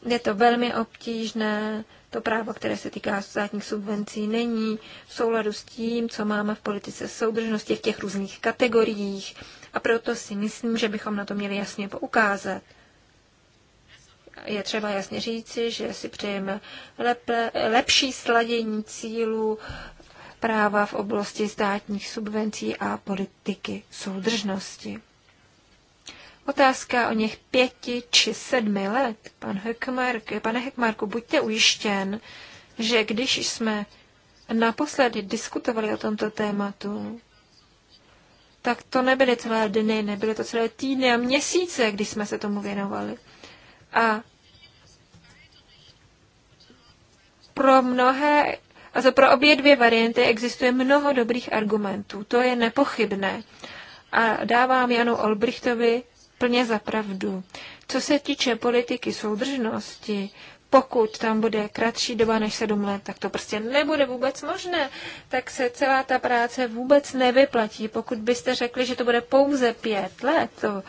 je to velmi obtížné to právo, které se týká státních subvencí, není v souladu s tím, co máme v politice soudržnosti v těch různých kategoriích. A proto si myslím, že bychom na to měli jasně poukázat. Je třeba jasně říci, že si přejeme lepe, lepší sladění cílů práva v oblasti státních subvencí a politiky soudržnosti. Otázka o něch pěti či sedmi let. Pan Hekmark, pane Hekmarku, buďte ujištěn, že když jsme naposledy diskutovali o tomto tématu, tak to nebyly celé dny, nebyly to celé týdny a měsíce, kdy jsme se tomu věnovali. A pro mnohé, a to pro obě dvě varianty existuje mnoho dobrých argumentů, to je nepochybné. A dávám Janu Olbrichtovi plně za pravdu. Co se týče politiky soudržnosti, pokud tam bude kratší doba než sedm let, tak to prostě nebude vůbec možné, tak se celá ta práce vůbec nevyplatí. Pokud byste řekli, že to bude pouze pět let, to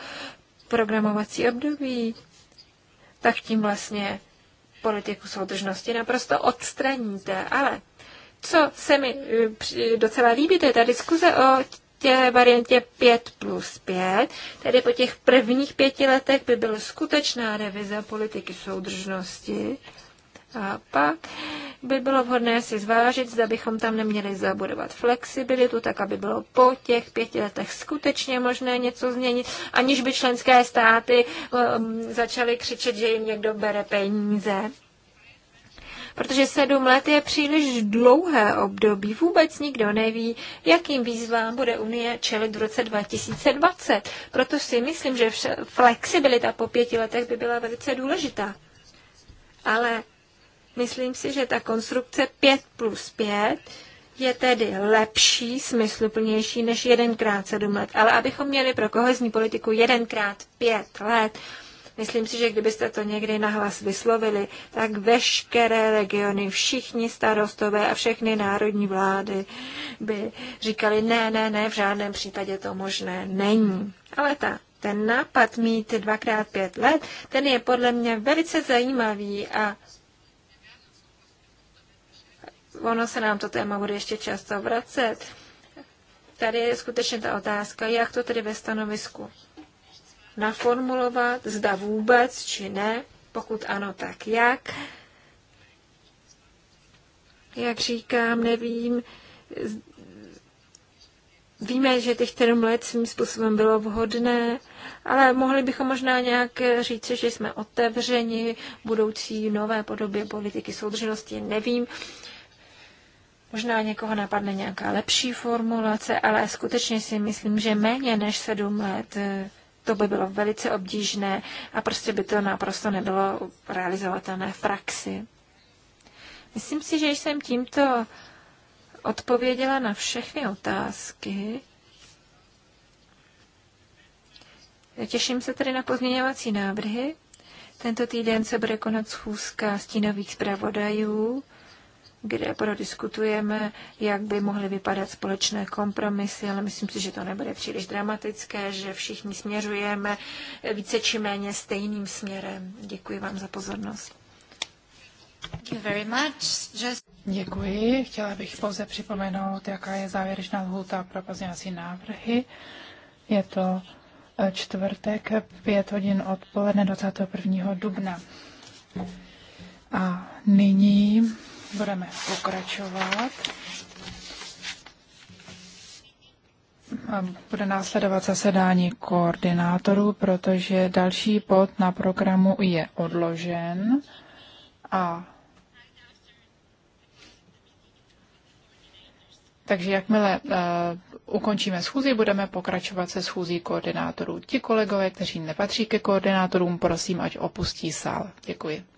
programovací období, tak tím vlastně politiku soudržnosti naprosto odstraníte. Ale co se mi eh, docela líbí, to je ta diskuze o té variantě 5 plus 5, tedy po těch prvních pěti letech by byla skutečná revize politiky soudržnosti. A pak by bylo vhodné si zvážit, zda bychom tam neměli zabudovat flexibilitu, tak aby bylo po těch pěti letech skutečně možné něco změnit, aniž by členské státy um, začaly křičet, že jim někdo bere peníze protože sedm let je příliš dlouhé období. Vůbec nikdo neví, jakým výzvám bude Unie čelit v roce 2020. Proto si myslím, že flexibilita po pěti letech by byla velice důležitá. Ale myslím si, že ta konstrukce 5 plus 5 je tedy lepší, smysluplnější než jedenkrát sedm let. Ale abychom měli pro kohezní politiku jedenkrát pět let, Myslím si, že kdybyste to někdy nahlas vyslovili, tak veškeré regiony, všichni starostové a všechny národní vlády by říkali, ne, ne, ne, v žádném případě to možné není. Ale ta ten nápad mít dvakrát pět let, ten je podle mě velice zajímavý a ono se nám to téma bude ještě často vracet. Tady je skutečně ta otázka, jak to tedy ve stanovisku naformulovat, zda vůbec či ne, pokud ano, tak jak. Jak říkám, nevím, Víme, že těch sedm let svým způsobem bylo vhodné, ale mohli bychom možná nějak říct, že jsme otevřeni budoucí nové podobě politiky soudržnosti, nevím. Možná někoho napadne nějaká lepší formulace, ale skutečně si myslím, že méně než sedm let eh, to by bylo velice obtížné a prostě by to naprosto nebylo realizovatelné v praxi. Myslím si, že jsem tímto odpověděla na všechny otázky. Těším se tedy na pozměňovací návrhy. Tento týden se bude konat schůzka stínových zpravodajů kde prodiskutujeme, jak by mohly vypadat společné kompromisy, ale myslím si, že to nebude příliš dramatické, že všichni směřujeme více či méně stejným směrem. Děkuji vám za pozornost. Děkuji. Chtěla bych pouze připomenout, jaká je závěrečná lhůta pro pozměňovací návrhy. Je to eh, čtvrtek, pět hodin odpoledne 21. dubna. A nyní budeme pokračovat. Bude následovat zasedání koordinátorů, protože další pod na programu je odložen a Takže jakmile uh, ukončíme schůzi, budeme pokračovat se schůzí koordinátorů. Ti kolegové, kteří nepatří ke koordinátorům, prosím, ať opustí sál. Děkuji.